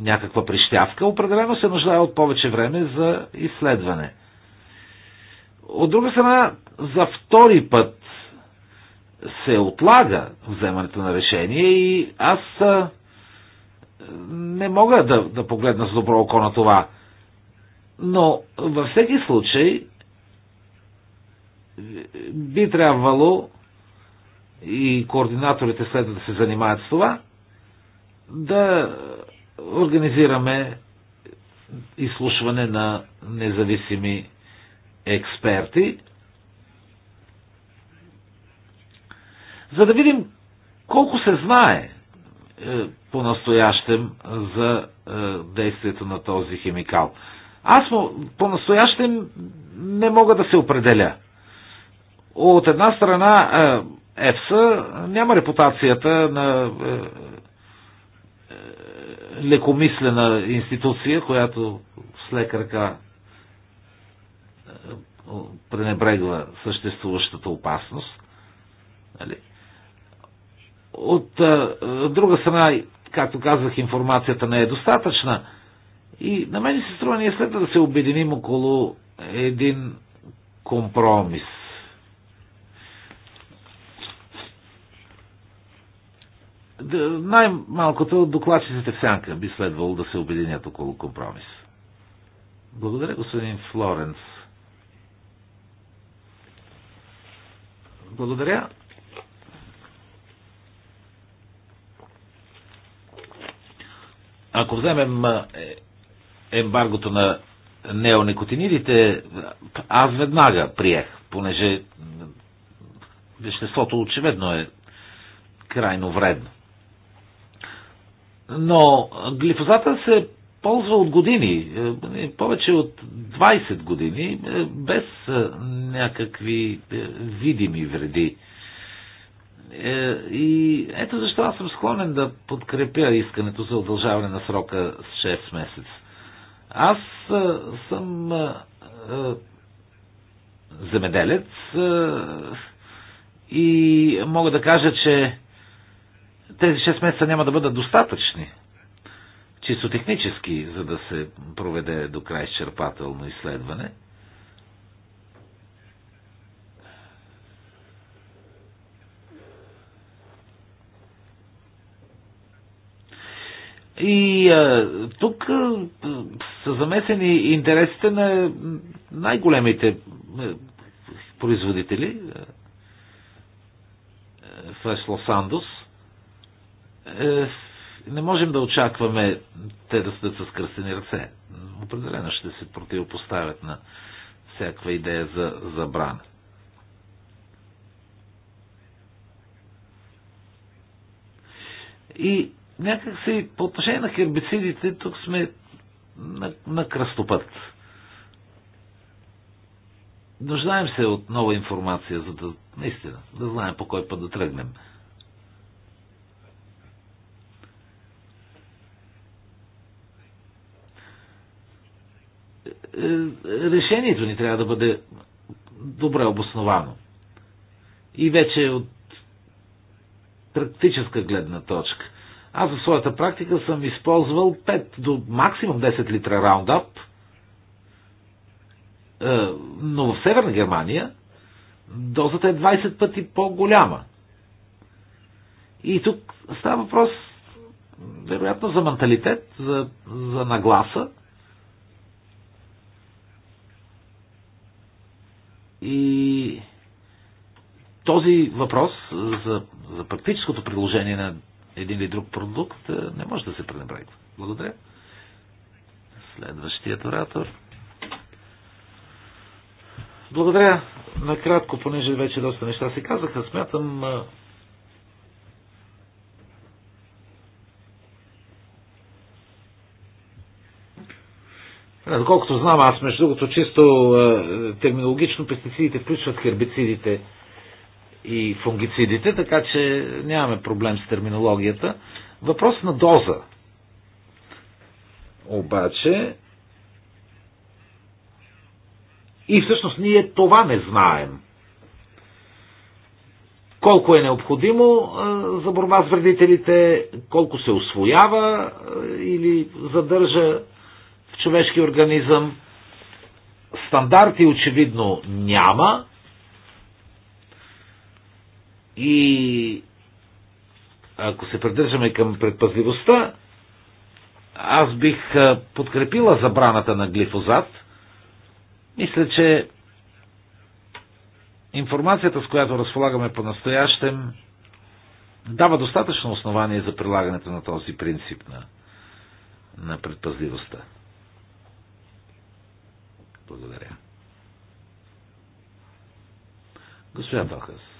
някаква прищявка, определено се нуждае от повече време за изследване. От друга страна, за втори път се отлага вземането на решение и аз не мога да, да погледна с добро око на това. Но във всеки случай би трябвало и координаторите следва да се занимават с това, да организираме изслушване на независими експерти, за да видим колко се знае е, по-настоящем за е, действието на този химикал. Аз по-настоящем не мога да се определя. От една страна е, ЕФСА няма репутацията на лекомислена институция, която с лека ръка пренебрегва съществуващата опасност. Нали? От а, е, друга страна, както казах, информацията не е достатъчна. И на мен се струва, ние следва да се обединим около един компромис. Най-малкото докладчиците в сянка би следвало да се обединят около компромис. Благодаря, господин Флоренс. Благодаря. Ако вземем е, ембаргото на неоникотинидите, аз веднага приех, понеже веществото очевидно е крайно вредно. Но глифозата се ползва от години, е, повече от 20 години, е, без някакви видими вреди е, и ето защо аз съм склонен да подкрепя искането за удължаване на срока с 6 месеца. Аз е, съм е, земеделец и мога да кажа, че тези 6 месеца няма да бъдат достатъчни, чисто технически, за да се проведе до край изчерпателно изследване – И а, тук а, са замесени интересите на най-големите производители в Лос-Андос. Е, не можем да очакваме те да стоят с кръстени ръце. Определено ще се противопоставят на всякаква идея за забрана. И някакси по отношение на хербицидите тук сме на, на кръстопът. Нуждаем се от нова информация, за да наистина да знаем по кой път да тръгнем. Е, е, решението ни трябва да бъде добре обосновано. И вече от практическа гледна точка аз в своята практика съм използвал 5 до максимум 10 литра раундап, е, но в Северна Германия дозата е 20 пъти по-голяма. И тук става въпрос, вероятно, за менталитет, за, за нагласа. И този въпрос за, за практическото приложение на един или друг продукт е, не може да се пренебрегва. Благодаря. Следващият оратор. Благодаря. Накратко, понеже вече доста неща се казаха, смятам е, е, Доколкото знам, аз между другото чисто терминологично пестицидите включват хербицидите и фунгицидите, така че нямаме проблем с терминологията. Въпрос на доза. Обаче, и всъщност ние това не знаем. Колко е необходимо за борба с вредителите, колко се освоява или задържа в човешки организъм. Стандарти очевидно няма, и ако се придържаме към предпазливостта, аз бих подкрепила забраната на глифозат. Мисля, че информацията, с която разполагаме по-настоящем, дава достатъчно основание за прилагането на този принцип на, на предпазливостта. Благодаря. Господин Балхас.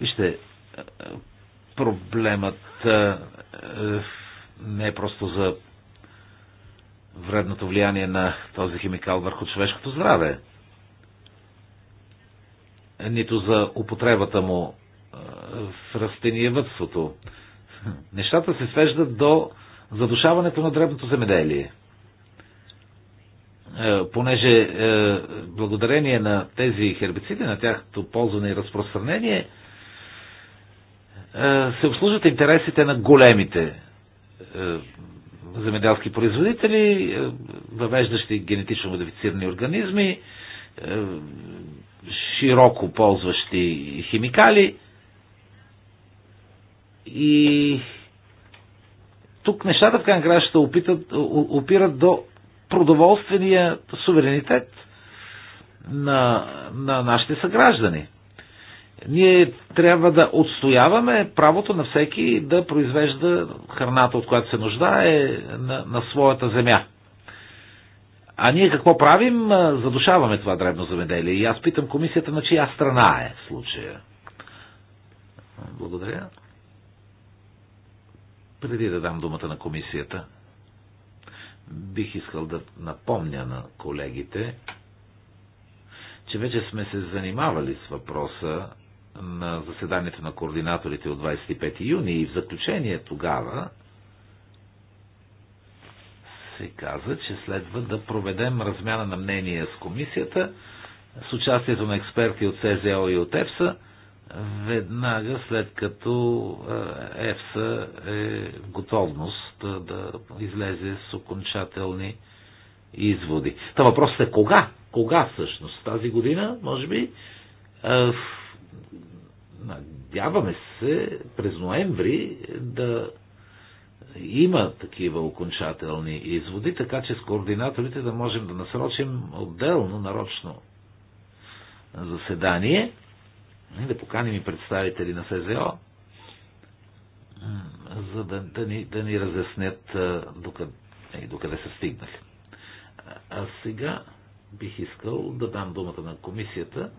Вижте, е, проблемът е, е, не е просто за вредното влияние на този химикал върху човешкото здраве, нито за употребата му в растениевътството. Нещата се свеждат до задушаването на дребното земеделие. Понеже благодарение на тези хербициди, на тяхното ползване и разпространение, е, се обслужват интересите на големите е, земеделски производители, е, въвеждащи генетично модифицирани организми, широко ползващи химикали. И тук нещата в крайна ще опитат, опират до продоволствения суверенитет на, на нашите съграждани. Ние трябва да отстояваме правото на всеки да произвежда храната, от която се нуждае на, на своята земя. А ние какво правим? Задушаваме това дребно земеделие. И аз питам комисията на чия страна е в случая. Благодаря. Преди да дам думата на комисията, бих искал да напомня на колегите, че вече сме се занимавали с въпроса на заседанието на координаторите от 25 юни и в заключение тогава се каза, че следва да проведем размяна на мнения с комисията с участието на експерти от СЗО и от ЕФСА, веднага след като е, ЕФСА е в готовност е, да излезе с окончателни изводи. Та въпросът е кога? Кога всъщност? Тази година, може би? Е, Надяваме се през ноември да има такива окончателни изводи, така че с координаторите да можем да насрочим отделно, нарочно заседание, да поканим и представители на СЗО, за да, да, ни, да ни разяснят докъде, докъде се стигнах. А сега бих искал да дам думата на комисията.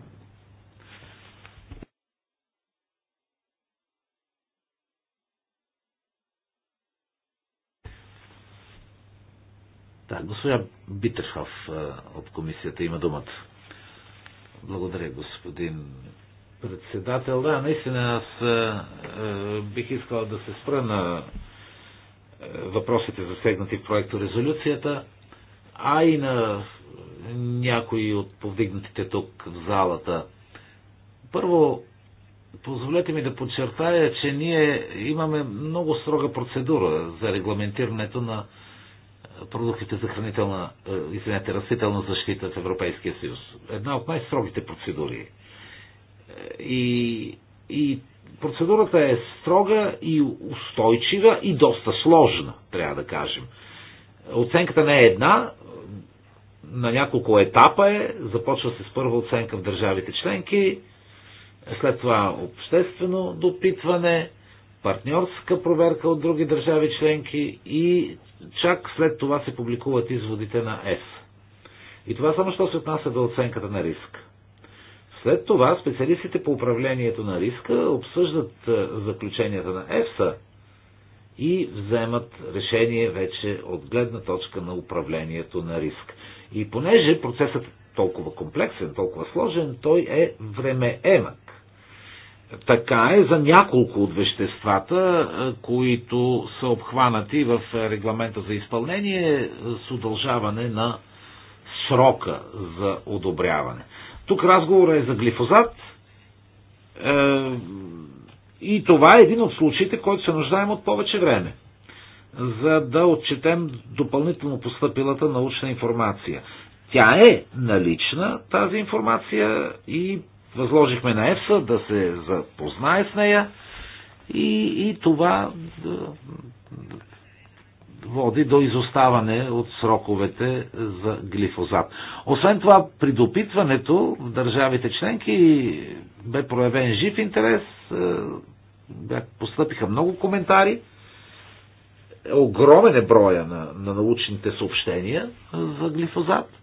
Да, госпожа Битешов от комисията има думата. Благодаря, господин председател. Да, наистина аз е, бих искал да се спра на въпросите засегнати в проекто резолюцията, а и на някои от повдигнатите тук в залата. Първо, позволете ми да подчертая, че ние имаме много строга процедура за регламентирането на продуктите за хранителна, е, извинете, растителна защита в Европейския съюз. Една от най-строгите процедури. Е, и, и процедурата е строга и устойчива и доста сложна, трябва да кажем. Оценката не е една, на няколко етапа е, започва се с първа оценка в държавите членки, след това обществено допитване, партньорска проверка от други държави членки и чак след това се публикуват изводите на ЕС. И това само що се отнася до оценката на риск. След това специалистите по управлението на риска обсъждат е, заключенията на ЕФСА и вземат решение вече от гледна точка на управлението на риск. И понеже процесът е толкова комплексен, толкова сложен, той е времеемък. Така е за няколко от веществата, които са обхванати в регламента за изпълнение с удължаване на срока за одобряване. Тук разговора е за глифозат е, и това е един от случаите, който се нуждаем от повече време, за да отчетем допълнително поступилата научна информация. Тя е налична, тази информация, и Възложихме на ЕФСА да се запознае с нея и, и това води до изоставане от сроковете за глифозат. Освен това, при допитването в държавите членки бе проявен жив интерес, е, постъпиха много коментари, огромен е броя на, на научните съобщения за глифозат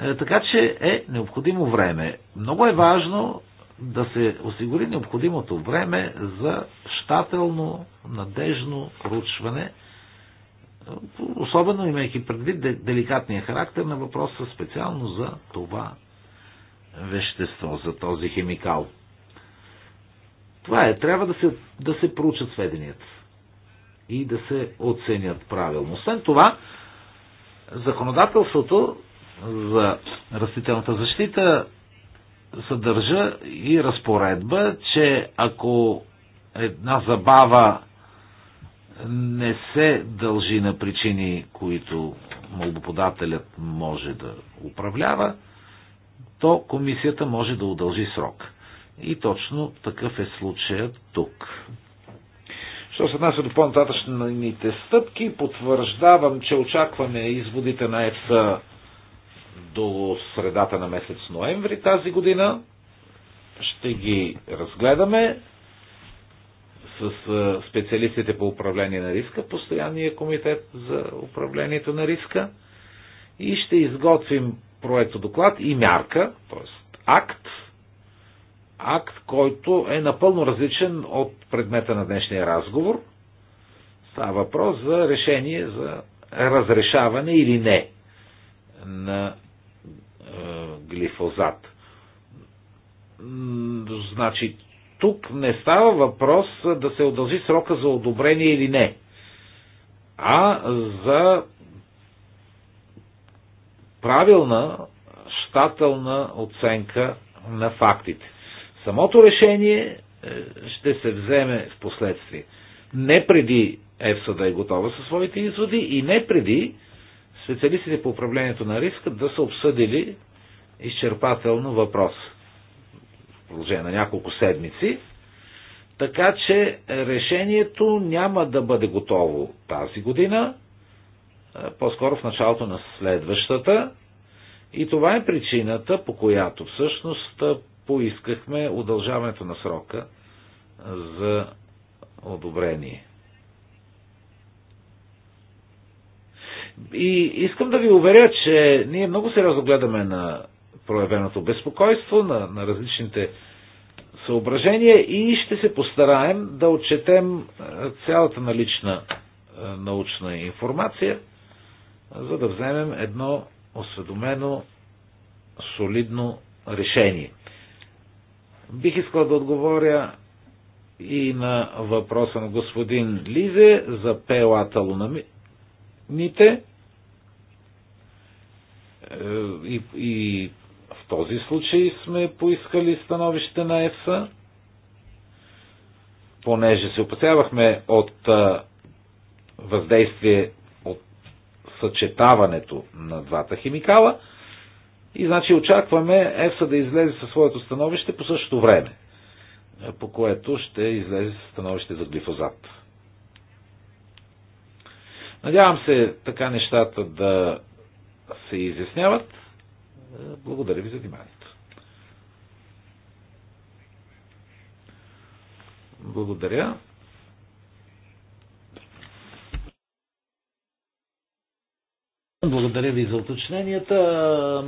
е, така че е необходимо време. Много е важно да се осигури необходимото време за щателно, надежно проучване, особено имайки предвид деликатния характер на въпроса специално за това вещество, за този химикал. Това е, трябва да се, да се проучат сведенията и да се оценят правилно. Освен това, законодателството за растителната защита съдържа и разпоредба, че ако една забава не се дължи на причини, които молбоподателят може да управлява, то комисията може да удължи срок. И точно такъв е случаят тук. Що се отнася до по-нататъчните стъпки, потвърждавам, че очакваме изводите на ЕФСА до средата на месец ноември тази година. Ще ги разгледаме с е, специалистите по управление на риска, постоянния комитет за управлението на риска и ще изготвим проекто доклад и мярка, т.е. акт, акт, който е напълно различен от предмета на днешния разговор. Става въпрос за решение за разрешаване или не на глифозат. Значи, тук не става въпрос да се удължи срока за одобрение или не, а за правилна щателна оценка на фактите. Самото решение е, ще се вземе в последствие. Не преди ЕФСА да е готова със своите изводи и не преди специалистите по управлението на риска да са обсъдили изчерпателно въпрос. В продължение на няколко седмици. Така че решението няма да бъде готово тази година, по-скоро в началото на следващата. И това е причината, по която всъщност поискахме удължаването на срока за одобрение. И искам да ви уверя, че ние много сериозно гледаме на проявеното безпокойство, на, на различните съображения и ще се постараем да отчетем е, цялата налична е, научна информация, за да вземем едно осведомено, солидно решение. Бих искал да отговоря и на въпроса на господин Лизе за пелаталунамите е, и, и този случай сме поискали становище на ЕФСА, понеже се опасявахме от въздействие от съчетаването на двата химикала. И значи очакваме ЕФСА да излезе със своето становище по същото време, по което ще излезе становище за глифозат. Надявам се така нещата да се изясняват. Благодаря ви за вниманието. Благодаря. Благодаря ви за уточненията.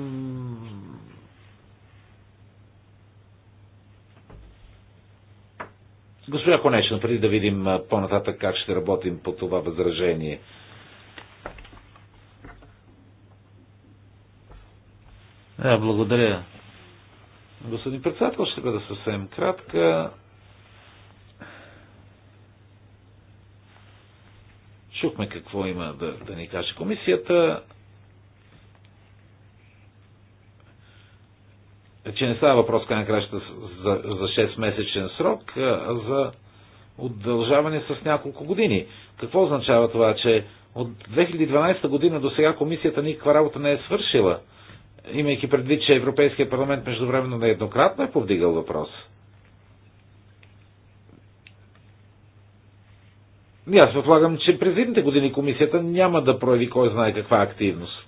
Госпожа Конечна, преди да видим по-нататък как ще работим по това възражение. Да, благодаря. Господин председател, ще бъда съвсем кратка. Чухме какво има да, да ни каже комисията. Е, че не става въпрос, край на краща, за, за 6-месечен срок, а за отдължаване с няколко години. Какво означава това, че от 2012 година до сега комисията никаква работа не е свършила? имайки предвид, че Европейския парламент междувременно нееднократно е повдигал въпрос. И аз отлагам, че през едните години комисията няма да прояви кой знае каква активност.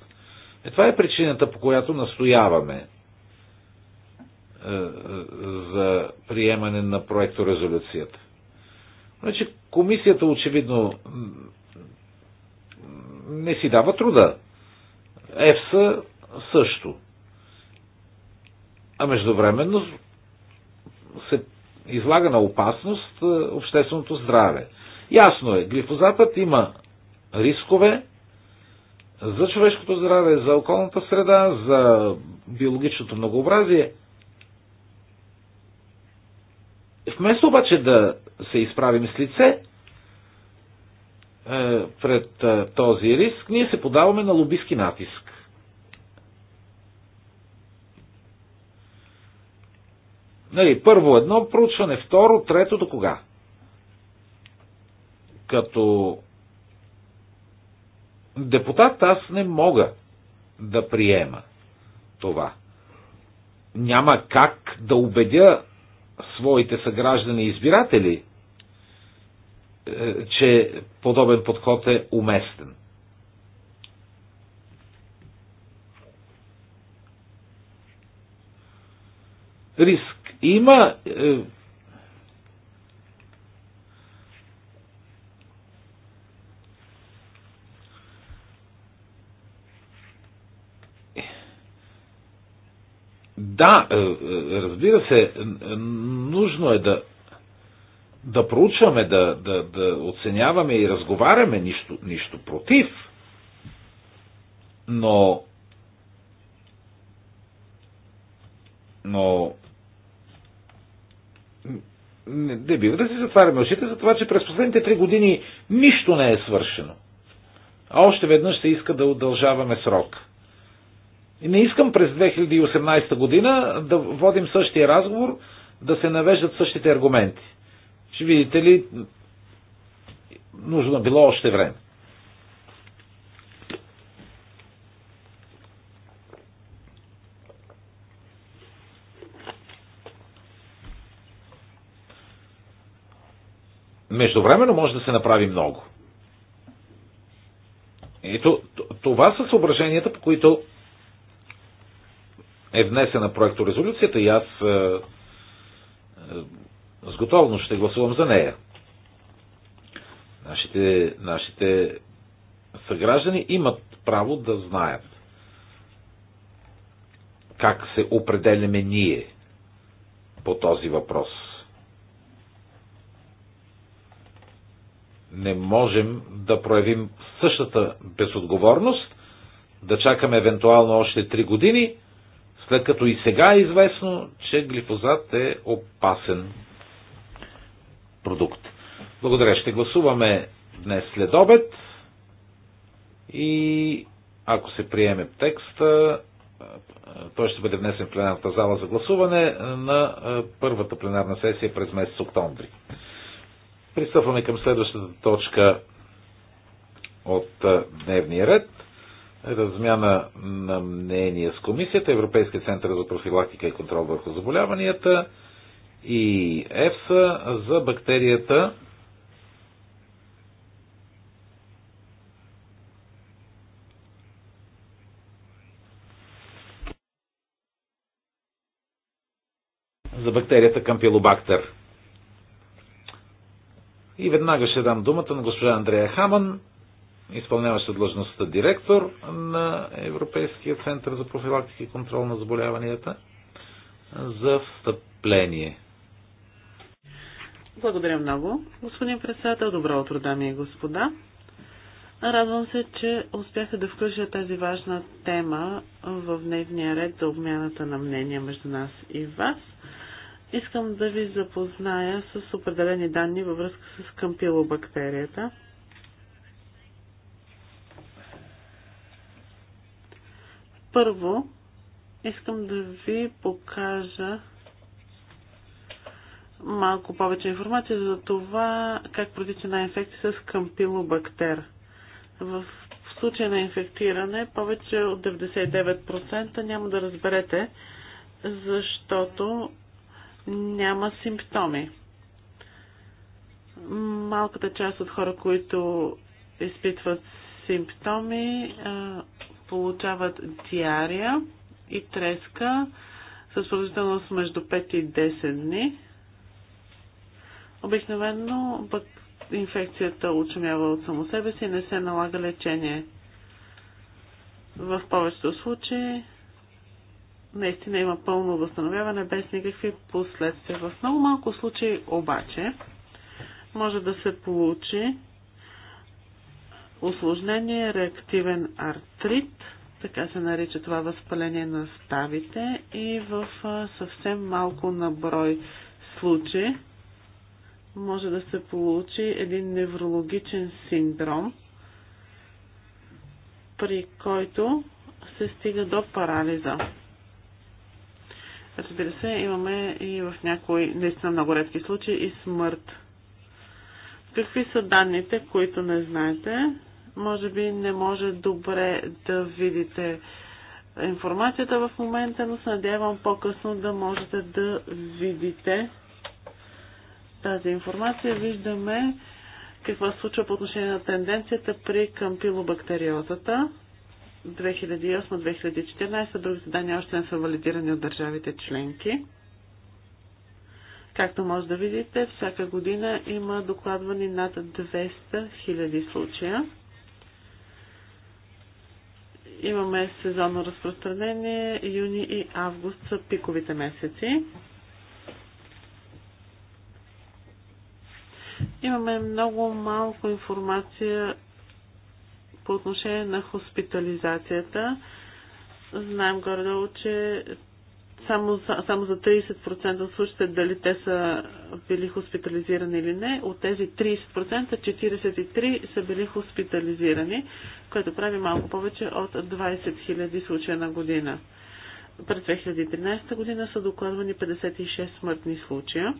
Е, това е причината, по която настояваме е, е, за приемане на проекто резолюцията. Значи комисията очевидно не си дава труда. ЕФСА също. А междувременно се излага на опасност е, общественото здраве. Ясно е, глифозатът има рискове за човешкото здраве, за околната среда, за биологичното многообразие. Вместо обаче да се изправим с лице е, пред е, този риск, ние се подаваме на лобиски натиск. Нали, първо едно проучване, второ, трето до кога? Като депутат аз не мога да приема това. Няма как да убедя своите съграждани и избиратели, е, че подобен подход е уместен. Риск има е, Да, е, е, разбира се, нужно е да, да проучваме, да, да, да оценяваме и разговаряме, нищо, нищо против. Но, но не, не бива да си затваряме ушите за това, че през последните три години нищо не е свършено. А още веднъж се иска да удължаваме срок. И не искам през 2018 година да водим същия разговор, да се навеждат същите аргументи. Ще видите ли, нужно било още време. Междувременно може да се направи много. Ето, това са съображенията, по които е внесена проекторезолюцията и аз е, е, с готовност ще гласувам за нея. Нашите, нашите съграждани имат право да знаят как се определяме ние по този въпрос. не можем да проявим същата безотговорност, да чакаме евентуално още 3 години, след като и сега е известно, че глифозат е опасен продукт. Благодаря. Ще гласуваме днес след обед и ако се приеме текста, той ще бъде внесен в пленарната зала за гласуване на първата пленарна сесия през месец октомври. Пристъпваме към следващата точка от дневния ред. Размяна на мнение с Комисията, Европейския център за профилактика и контрол върху заболяванията и ЕФСА за бактерията за бактерията Кампилобактер. И веднага ще дам думата на госпожа Андрея Хаман, изпълняваща длъжността директор на Европейския център за профилактика и контрол на заболяванията, за встъпление. Благодаря много, господин председател. Добро утро, дами и господа. Радвам се, че успяха да включа тази важна тема в дневния ред за обмяната на мнения между нас и вас. Искам да ви запозная с определени данни във връзка с кампилобактерията. Първо, искам да ви покажа малко повече информация за това как протича на инфекция с кампилобактер. В случай на инфектиране повече от 99% няма да разберете, защото няма симптоми. Малката част от хора, които изпитват симптоми, получават диария и треска с продължителност между 5 и 10 дни. Обикновено пък инфекцията очумява от само себе си и не се налага лечение. В повечето случаи наистина има пълно възстановяване без никакви последствия. В много малко случаи обаче може да се получи осложнение, реактивен артрит, така се нарича това възпаление на ставите и в съвсем малко наброй случаи може да се получи един неврологичен синдром, при който се стига до парализа. Разбира се, имаме и в някои наистина много редки случаи и смърт. Какви са данните, които не знаете? Може би не може добре да видите информацията в момента, но се надявам по-късно да можете да видите тази информация. Виждаме какво случва по отношение на тенденцията при кампилобактериозата. 2008-2014, други задания още не са валидирани от държавите членки. Както може да видите, всяка година има докладвани над 200 000 случая. Имаме сезонно разпространение, юни и август са пиковите месеци. Имаме много малко информация по отношение на хоспитализацията, знаем горе-долу, че само, само за 30% от случаите дали те са били хоспитализирани или не, от тези 30% 43 са били хоспитализирани, което прави малко повече от 20 000 случая на година. През 2013 година са докладвани 56 смъртни случая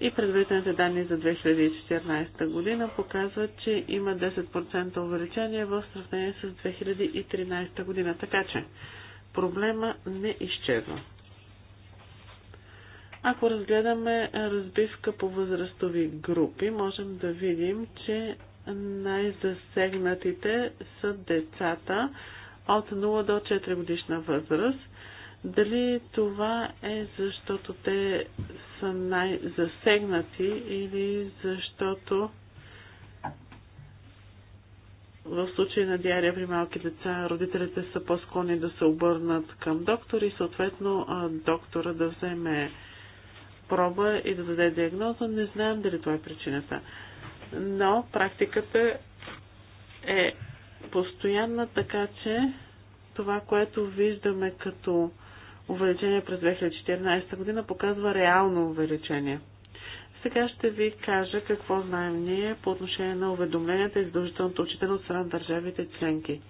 и предварителните данни за 2014 година показват, че има 10% увеличение в сравнение с 2013 година. Така че проблема не изчезва. Ако разгледаме е, разбивка по възрастови групи, можем да видим, че най-засегнатите са децата от 0 до 4 годишна възраст дали това е защото те са най-засегнати или защото в случай на диария при малки деца, родителите са по-склонни да се обърнат към доктор и съответно доктора да вземе проба и да даде диагноза. Не знаем дали това е причината. Но практиката е постоянна, така че това, което виждаме като увеличение през 2014 година показва реално увеличение. Сега ще ви кажа какво знаем ние по отношение на уведомленията и задължителното отчитане от страна на държавите членки.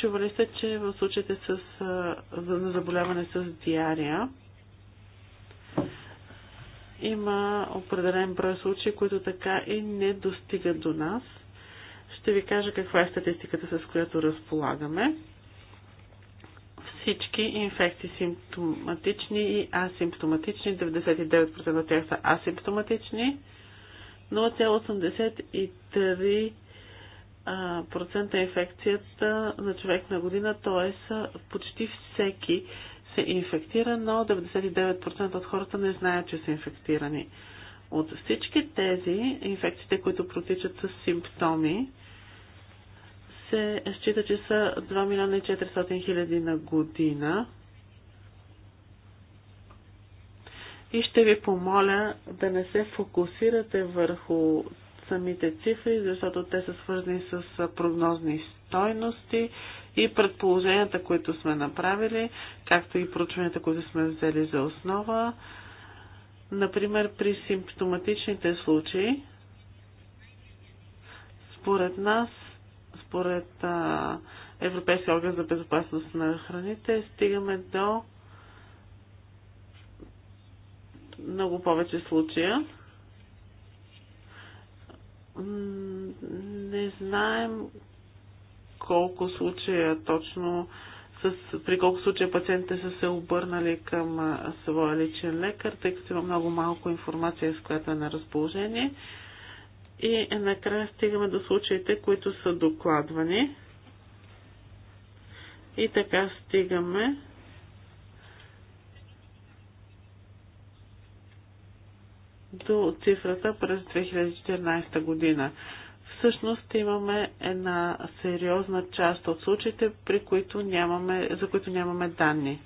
Чували сте, че в случаите с, на заболяване с диария има определен брой случаи, които така и не достигат до нас. Ще ви кажа каква е статистиката, с която разполагаме всички инфекции, симптоматични и асимптоматични. 99% от тях са асимптоматични. 0,83% инфекцията на човек на година, т.е. почти всеки се инфектира, но 99% от хората не знаят, че са инфектирани. От всички тези инфекциите, които протичат с симптоми, се счита, че са 2 милиона и 400 хиляди на година. И ще ви помоля да не се фокусирате върху самите цифри, защото те са свързани с прогнозни стойности и предположенията, които сме направили, както и проучванията, които сме взели за основа. Например, при симптоматичните случаи, според нас според Европейския орган за безопасност на храните, стигаме до много повече случая. Не знаем колко случая точно, с, при колко случая пациентите са се обърнали към своя личен лекар, тъй като има много малко информация, с която е на разположение. И накрая стигаме до случаите, които са докладвани. И така стигаме до цифрата през 2014 година. Всъщност имаме една сериозна част от случаите, при които нямаме, за които нямаме данни.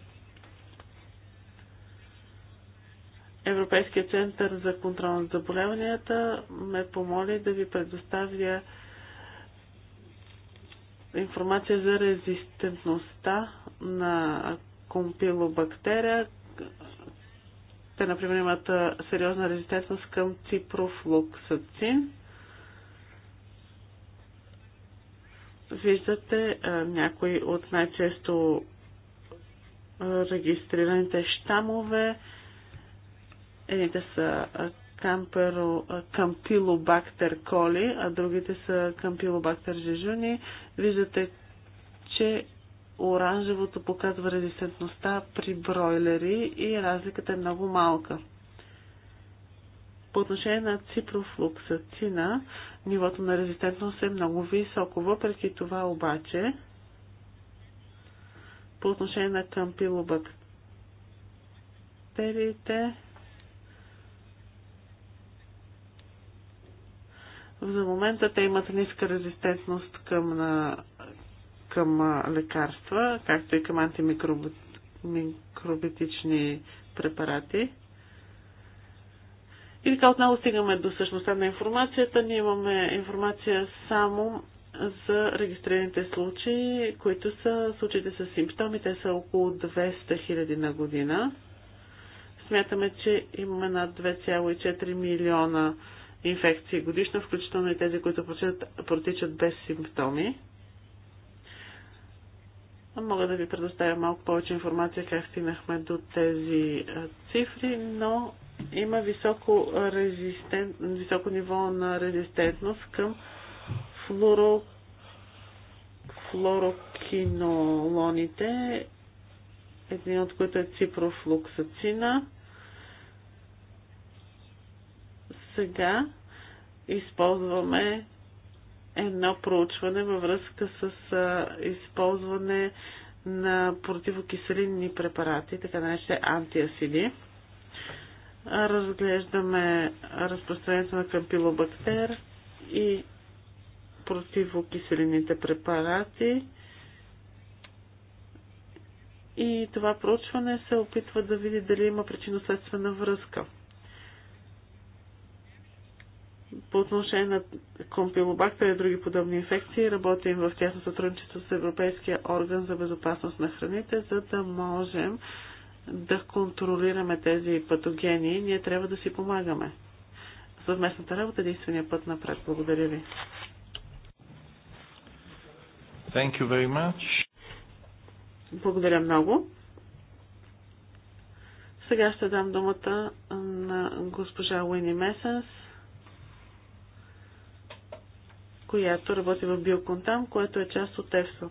Европейския център за контрол на заболяванията ме помоли да ви предоставя информация за резистентността на компилобактерия. Те, например, имат сериозна резистентност към ципрофлуксацин. Виждате някои от най-често регистрираните щамове, Едните са кампилобактер коли, а другите са кампилобактер жижуни. Виждате, че оранжевото показва резистентността при бройлери и разликата е много малка. По отношение на ципрофлуксацина, нивото на резистентност е много високо. Въпреки това обаче, по отношение на кампилобактерите, За момента те имат ниска резистентност към, на, към лекарства, както и към антимикробитични препарати. И така отново стигаме до същността на информацията. Ние имаме информация само за регистрираните случаи, които са случаите с симптоми. Те са около 200 000 на година. Смятаме, че имаме над 2,4 милиона инфекции годишно, включително и тези, които протичат без симптоми. Мога да ви предоставя малко повече информация как стигнахме до тези цифри, но има високо, резистен, високо ниво на резистентност към флуро, флорокинолоните, един от които е ципрофлуксацина. сега използваме едно проучване във връзка с а, използване на противокиселинни препарати, така наречените антиасиди. Разглеждаме разпространението на кампилобактер и противокиселините препарати. И това проучване се опитва да види дали има причинно-следствена връзка по отношение на компилобактери и други подобни инфекции работим в тясно сътрудничество с Европейския орган за безопасност на храните, за да можем да контролираме тези патогени. Ние трябва да си помагаме. Съвместната работа е единствения път напред. Благодаря ви. Thank you very much. Благодаря много. Сега ще дам думата на госпожа Уини Месенс която работи в Биоконтам, което е част от ЕФСА.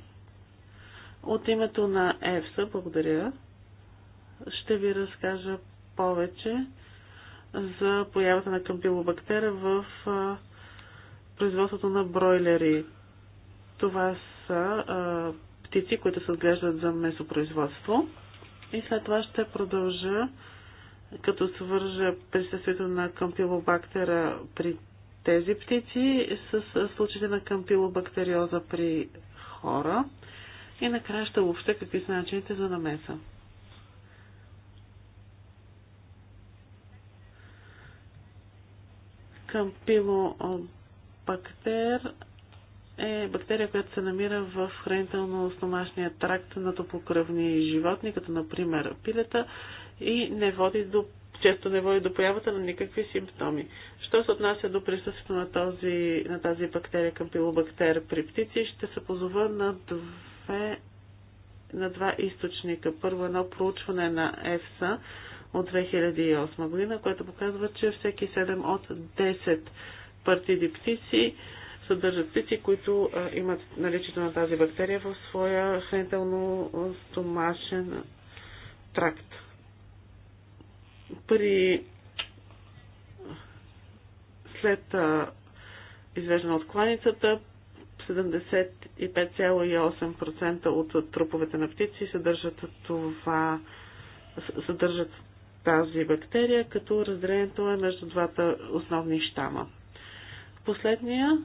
От името на ЕФСА, благодаря, ще ви разкажа повече за появата на кампилобактера в производството на бройлери. Това са а, птици, които се отглеждат за месопроизводство. И след това ще продължа, като свържа присъствието на кампилобактера при тези птици с случаите на кампилобактериоза при хора и накрая ще въобще какви са начините за намеса. Кампилобактер е бактерия, която се намира в хранително-стомашния тракт на топокръвни животни, като например пилета, и не води до често не води до появата на никакви симптоми. Що се отнася до присъствието на, този, на тази бактерия кампилобактер при птици, ще се позова на две на два източника. Първо едно проучване на ЕФСА от 2008 година, което показва, че всеки 7 от 10 партиди птици съдържат птици, които а, имат наличието на тази бактерия в своя хранително-стомашен тракт при след извеждане от кланицата 75,8% от труповете на птици съдържат това съдържат тази бактерия, като разделението е между двата основни щама. Последния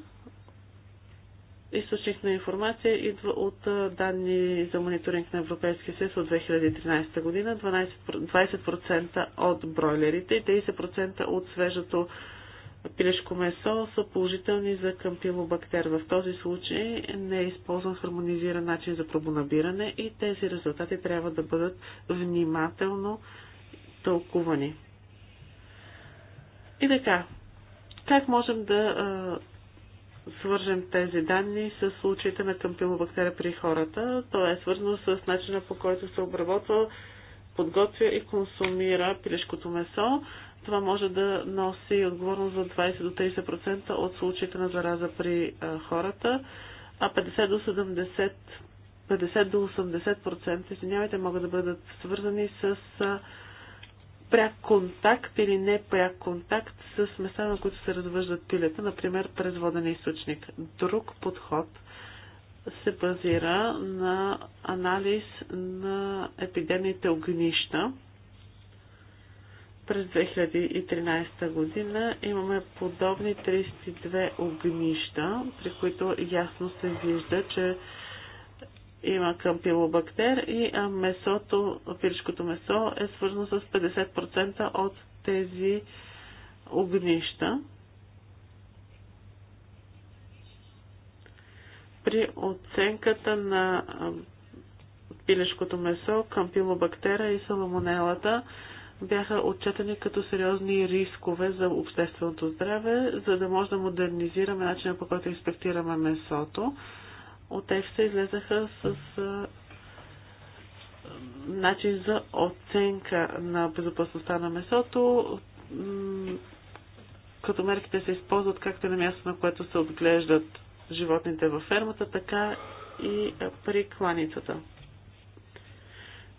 източник на информация идва от данни за мониторинг на Европейския съюз от 2013 година. 12, 20% от бройлерите и 30% от свежото пилешко месо са положителни за кампилобактер. В този случай не е използван хармонизиран начин за пробонабиране и тези резултати трябва да бъдат внимателно тълкувани. И така, как можем да свържем тези данни с случаите на кампилобактерия при хората. То е свързано с начина по който се обработва, подготвя и консумира пилешкото месо. Това може да носи отговорност за 20 до 30% от случаите на зараза при хората, а 50 до 70 50 до 80% извинявайте, могат да бъдат свързани с пряк контакт или не пряк контакт с места, на които се развъждат пилета, например през воден източник. Друг подход се базира на анализ на епидемните огнища. През 2013 година имаме подобни 32 огнища, при които ясно се вижда, че има кампилобактер и месото, пиршкото месо е свързано с 50% от тези огнища. При оценката на пилешкото месо, кампилобактера и саламонелата бяха отчетени като сериозни рискове за общественото здраве, за да може да модернизираме начина по който инспектираме месото от ЕФСА излезаха с начин за оценка на безопасността на месото, като мерките се използват както на място, на което се отглеждат животните във фермата, така и при кланицата.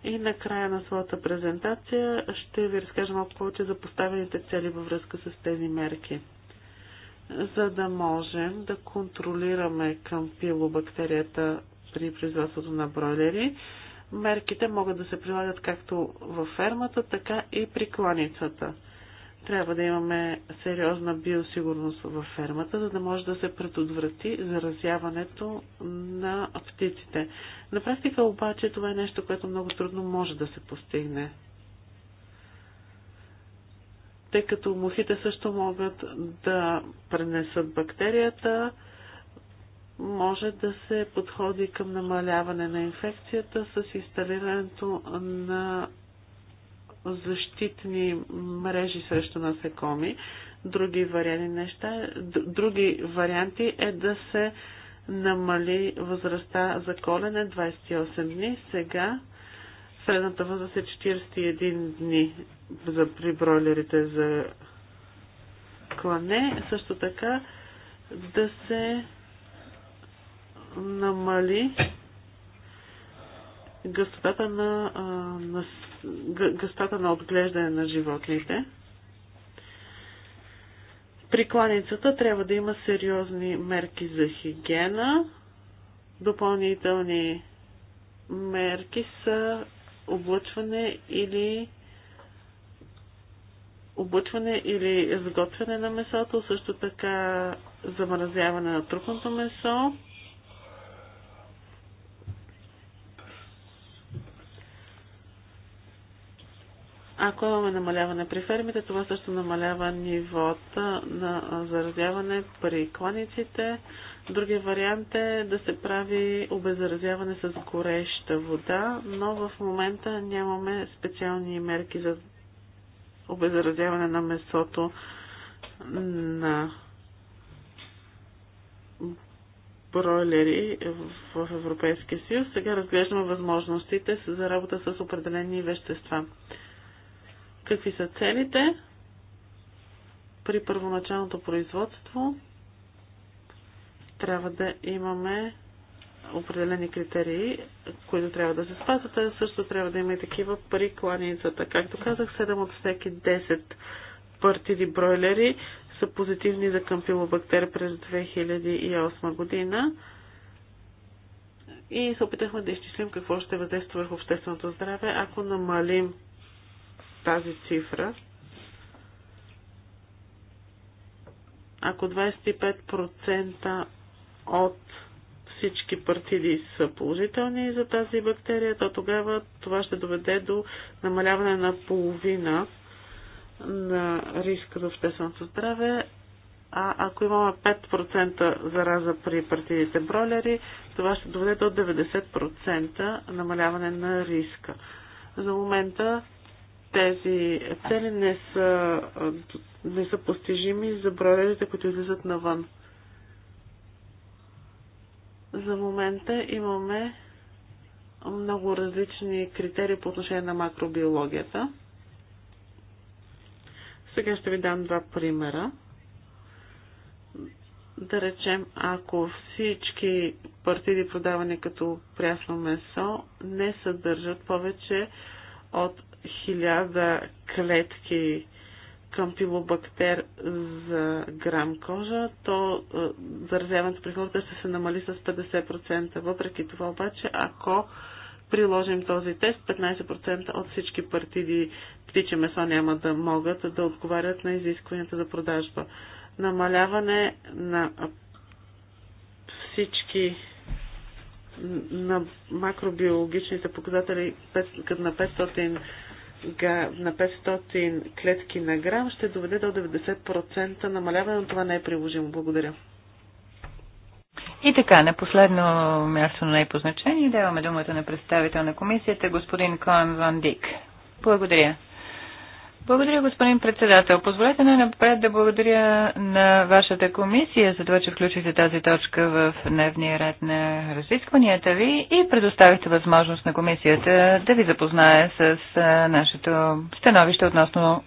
И накрая на своята презентация ще ви разкажа малко повече за поставените цели във връзка с тези мерки за да можем да контролираме кампилобактерията при производството на бройлери. Мерките могат да се прилагат както във фермата, така и при кланицата. Трябва да имаме сериозна биосигурност във фермата, за да може да се предотврати заразяването на птиците. На практика обаче това е нещо, което много трудно може да се постигне тъй като мухите също могат да пренесат бактерията, може да се подходи към намаляване на инфекцията с инсталирането на защитни мрежи срещу насекоми. Други варианти, неща, други варианти е да се намали възрастта за колене 28 дни. Сега средната възраст е 41 дни за при бройлерите за клане, също така да се намали гъстотата на, на гъстата на отглеждане на животните. При кланицата трябва да има сериозни мерки за хигиена. Допълнителни мерки са облъчване или обучване или изготвяне на месото, също така замразяване на трупното месо. Ако имаме намаляване при фермите, това също намалява нивота на заразяване при кланиците. Другия вариант е да се прави обеззаразяване с гореща вода, но в момента нямаме специални мерки за обезразяване на месото на бройлери в Европейския съюз. Сега разглеждаме възможностите за работа с определени вещества. Какви са целите? При първоначалното производство трябва да имаме определени критерии, които трябва да се спазват, а също трябва да има и такива при кланицата. Както казах, 7 от всеки 10 партиди бройлери са позитивни за кампилобактер през 2008 година и се опитахме да изчислим какво ще въздейства върху общественото здраве, ако намалим тази цифра. Ако 25% от всички партиди са положителни за тази бактерия, то тогава това ще доведе до намаляване на половина на риска за общественото здраве. А ако имаме 5% зараза при партидите бройлери, това ще доведе до 90% намаляване на риска. За момента тези цели не са, не са постижими за бройлерите, които излизат навън. За момента имаме много различни критерии по отношение на макробиологията. Сега ще ви дам два примера. Да речем, ако всички партиди, продавани като прясно месо, не съдържат повече от 1000 клетки кампилобактер за грам кожа, то е, заразяването при хората ще се намали с 50%. Въпреки това обаче, ако приложим този тест, 15% от всички партиди птиче месо няма да могат да отговарят на изискванията за продажба. Намаляване на всички на макробиологичните показатели на 500 на 500 клетки на грам ще доведе до 90% намаляване, но това не е приложимо. Благодаря. И така, на последно място на най-позначение даваме думата на представител на комисията, господин Коен Ван Дик. Благодаря. Благодаря, господин председател. Позволете най-напред да благодаря на вашата комисия за това, че включихте тази точка в дневния ред на разискванията ви и предоставихте възможност на комисията да ви запознае с нашето становище относно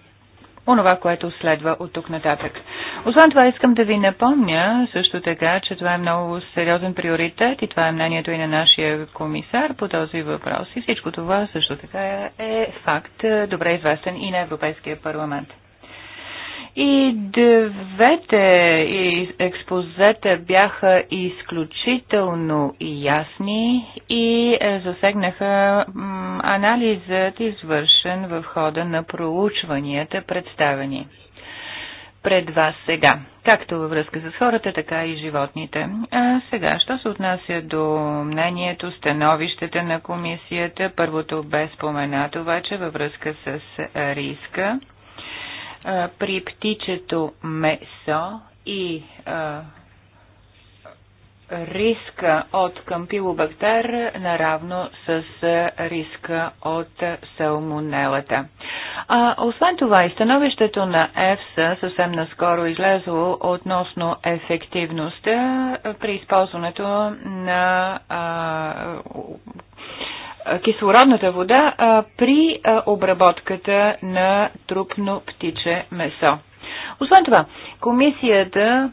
онова, което следва от тук нататък. Освен това искам да ви напомня също така, че това е много сериозен приоритет и това е мнението и на нашия комисар по този въпрос и всичко това също така е факт, добре известен и на Европейския парламент. И двете експозета бяха изключително ясни и е, засегнаха анализът, извършен в хода на проучванията, представени пред вас сега, както във връзка с хората, така и животните. А сега, що се отнася до мнението, становищата на комисията, първото бе споменато вече във връзка с риска при птичето месо и а, риска от кампилобактер наравно с риска от салмонелата. А, освен това, и становището на ЕФСА съвсем наскоро излезло относно ефективността при използването на а, кислородната вода при обработката на трупно птиче месо. Освен това, комисията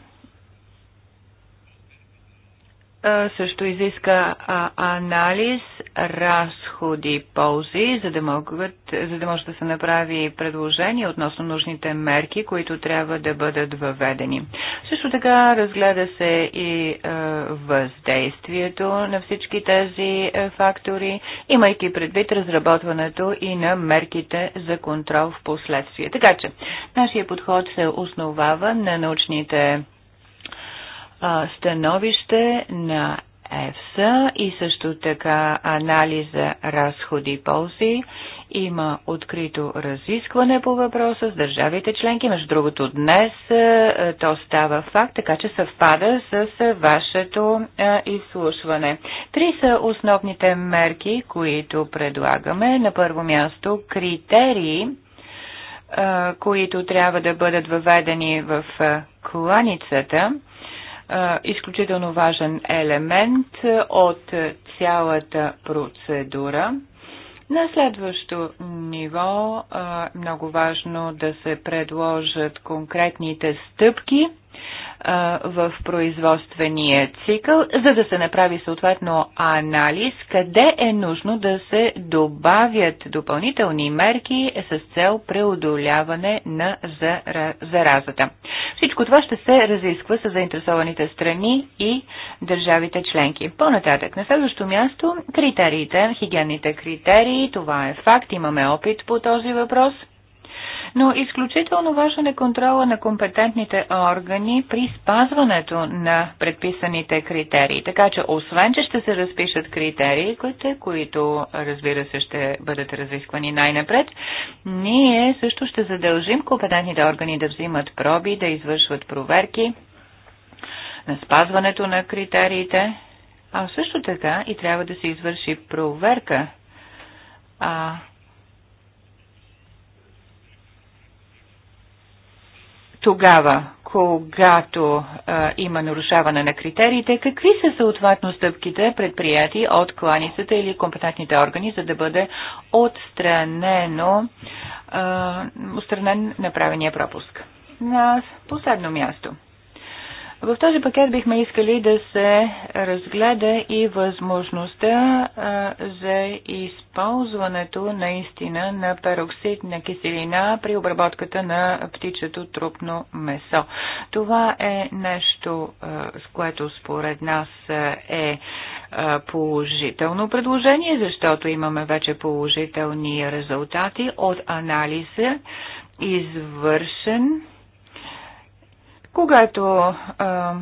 е, също изиска а, анализ, разходи, ползи, за да, могат, за да може да се направи предложение относно нужните мерки, които трябва да бъдат въведени. Също така разгледа се и а, е, въздействието на всички тези а, е, фактори, имайки предвид разработването и на мерките за контрол в последствие. Така че, нашия подход се основава на научните становище на ЕФСА и също така анализа разходи-ползи. Има открито разискване по въпроса с държавите членки. Между другото, днес то става факт, така че съвпада с вашето изслушване. Три са основните мерки, които предлагаме. На първо място критерии, които трябва да бъдат въведени в кланицата изключително важен елемент от цялата процедура. На следващо ниво е много важно да се предложат конкретните стъпки в производствения цикъл, за да се направи съответно анализ къде е нужно да се добавят допълнителни мерки с цел преодоляване на заразата. Всичко това ще се разисква с заинтересованите страни и държавите членки. По-нататък, на следващо място, критериите, хигиенните критерии, това е факт, имаме опит по този въпрос – но изключително важен е контрола на компетентните органи при спазването на предписаните критерии. Така че, освен, че ще се разпишат критерии, които, които разбира се, ще бъдат разисквани най-напред, ние също ще задължим компетентните органи да взимат проби, да извършват проверки на спазването на критериите, а също така и трябва да се извърши проверка а, тогава, когато а, има нарушаване на критериите, какви са съответно стъпките предприяти от кланицата или компетентните органи, за да бъде отстранено, а, отстранен направения пропуск? На последно място – в този пакет бихме искали да се разгледа и възможността за използването наистина на пероксид на киселина при обработката на птичето трупно месо. Това е нещо, с което според нас е положително предложение, защото имаме вече положителни резултати от анализа, извършен когато а,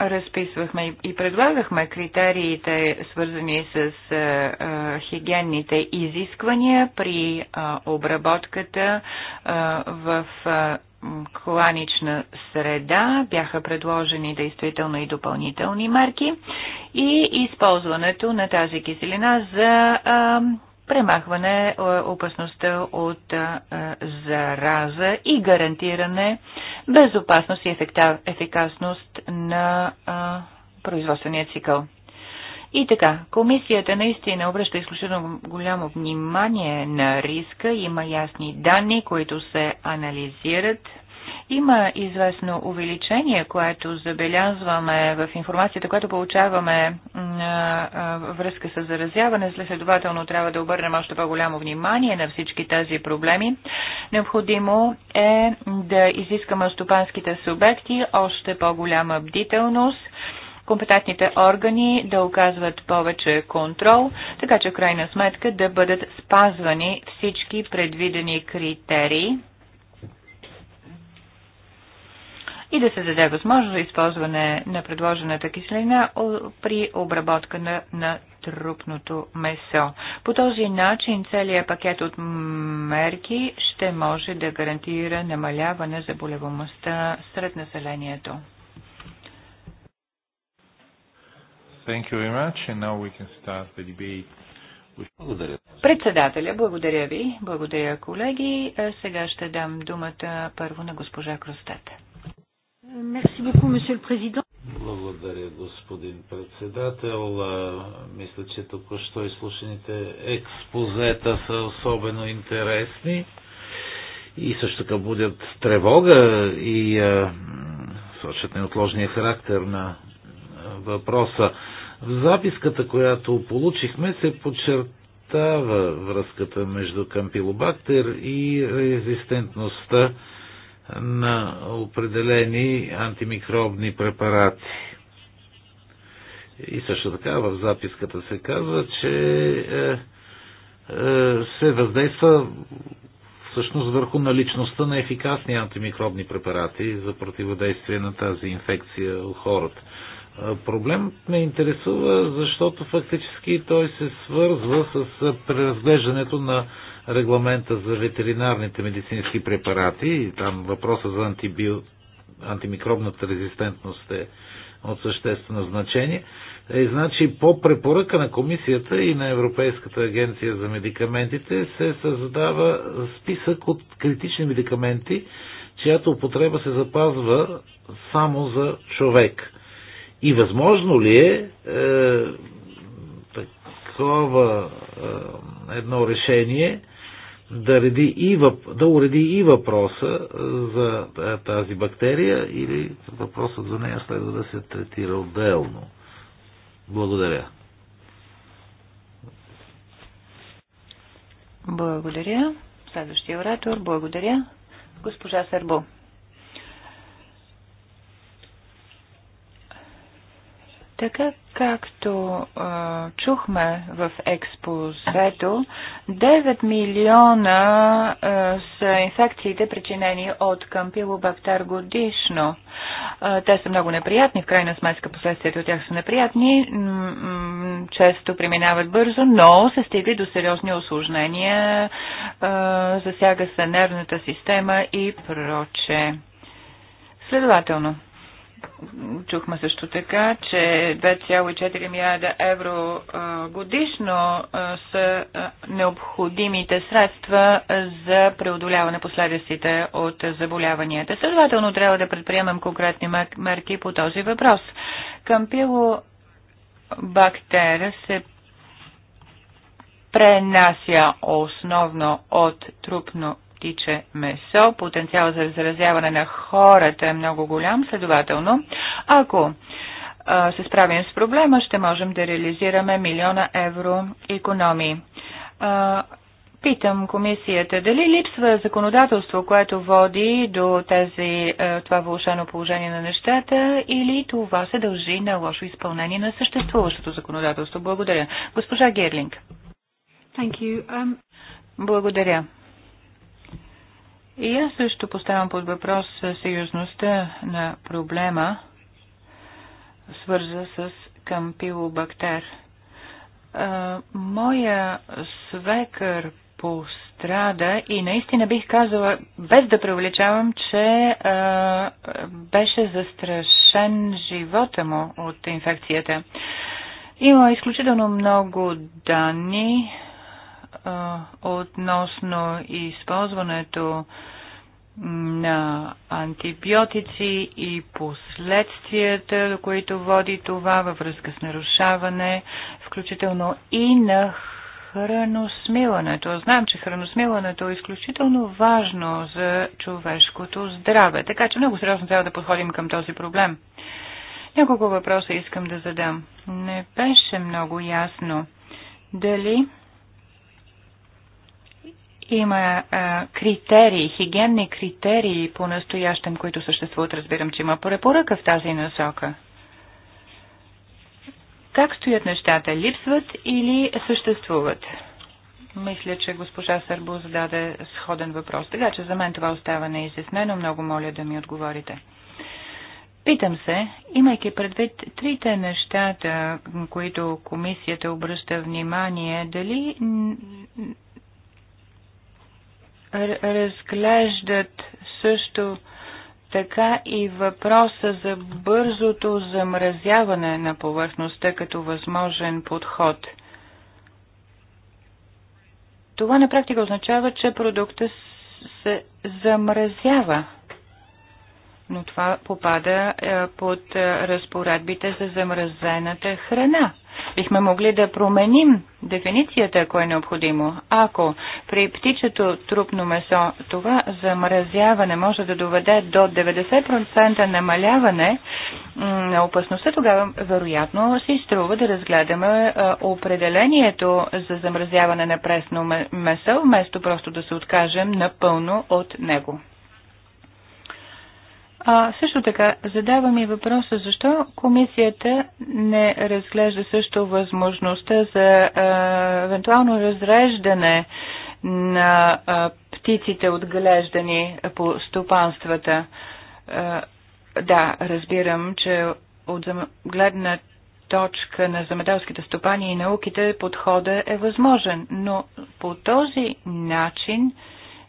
разписвахме и предлагахме критериите, свързани с а, а, хигиенните изисквания при а, обработката а, в а, кланична среда, бяха предложени действително и допълнителни марки и използването на тази киселина за а, премахване е, опасността от е, зараза и гарантиране безопасност и ефикасност на е, производствения цикъл. И така, комисията наистина обръща изключително голямо внимание на риска, има ясни данни, които се анализират има известно увеличение, което забелязваме в информацията, която получаваме връзка с заразяване. Следователно трябва да обърнем още по-голямо внимание на всички тези проблеми. Необходимо е да изискаме стопанските субекти още по-голяма бдителност компетентните органи да оказват повече контрол, така че в крайна сметка да бъдат спазвани всички предвидени критерии и да се даде възможност за използване на предложената киселина при обработка на, на трупното месо. По този начин целият пакет от мерки ще може да гарантира намаляване заболеваността сред населението. Thank you very much. And now we can start the debate. Благодаря. Председателя, благодаря ви. Благодаря, колеги. Е, сега ще дам думата първо на госпожа Кростета. Благодаря, господин председател. Мисля, че току-що изслушаните експозета са особено интересни и също така будят тревога и сочат неотложния характер на въпроса. В записката, която получихме, се подчертава връзката между кампилобактер и резистентността на определени антимикробни препарати. И също така в записката се казва, че е, е, се въздейства всъщност върху наличността на ефикасни антимикробни препарати за противодействие на тази инфекция у хората. Е, Проблемът ме интересува, защото фактически той се свързва с преразглеждането на регламента за ветеринарните медицински препарати и там въпроса за антибио... антимикробната резистентност е от съществено значение. Е, значи по препоръка на комисията и на Европейската агенция за медикаментите се създава списък от критични медикаменти, чиято употреба се запазва само за човек. И възможно ли е, е такова е, едно решение да, реди и въп... да уреди и въпроса е, за е, тази бактерия или въпросът за нея следва да се третира отделно. Благодаря. Благодаря. Следващия оратор. Благодаря. Госпожа Сърбо. Така както а, чухме в експозето, 9 милиона а, са инфекциите, причинени от кампилобактер годишно. А, те са много неприятни, в крайна сметка последствията от тях са неприятни, често преминават бързо, но се стига до сериозни осложнения, а, засяга се нервната система и проче. Следователно, Чухме също така, че 2,4 милиарда евро годишно са необходимите средства за преодоляване последиците от заболяванията. Следователно трябва да предприемем конкретни мерки по този въпрос. Към пилобактер се пренася основно от трупно птиче месо, потенциал за заразяване на хората е много голям, следователно, ако а, се справим с проблема, ще можем да реализираме милиона евро економии. А, питам комисията, дали липсва законодателство, което води до тези, това вълшено положение на нещата или това се дължи на лошо изпълнение на съществуващото законодателство? Благодаря. Госпожа Герлинг. Thank you. Um... Благодаря. И аз също поставям под въпрос сериозността на проблема, свърза с кампилобактер. Моя свекър пострада и наистина бих казала, без да преувеличавам, че а, беше застрашен живота му от инфекцията. Има изключително много данни относно използването на антибиотици и последствията, които води това във връзка с нарушаване, включително и на храносмилането. Знам, че храносмилането е изключително важно за човешкото здраве, така че много сериозно трябва да подходим към този проблем. Няколко въпроса искам да задам. Не беше много ясно дали има а, критерии, хигиенни критерии по настоящем, които съществуват. Разбирам, че има препоръка в тази насока. Как стоят нещата? Липсват или съществуват? Мисля, че госпожа Сърбо зададе сходен въпрос. Така че за мен това остава неизяснено. Много моля да ми отговорите. Питам се, имайки предвид трите нещата, които комисията обръща внимание, дали разглеждат също така и въпроса за бързото замразяване на повърхността като възможен подход. Това на практика означава, че продукта се замразява, но това попада е, под е, разпоредбите за замразената храна. Бихме могли да променим дефиницията, ако е необходимо. Ако при птичето трупно месо това замразяване може да доведе до 90% намаляване на опасността, тогава вероятно си струва да разгледаме определението за замразяване на пресно месо, вместо просто да се откажем напълно от него. А, също така, задавам и въпроса, защо комисията не разглежда също възможността за а, евентуално разреждане на а, птиците отглеждани по стопанствата. А, да, разбирам, че от гледна точка на замеделските стопани и науките подхода е възможен, но по този начин а,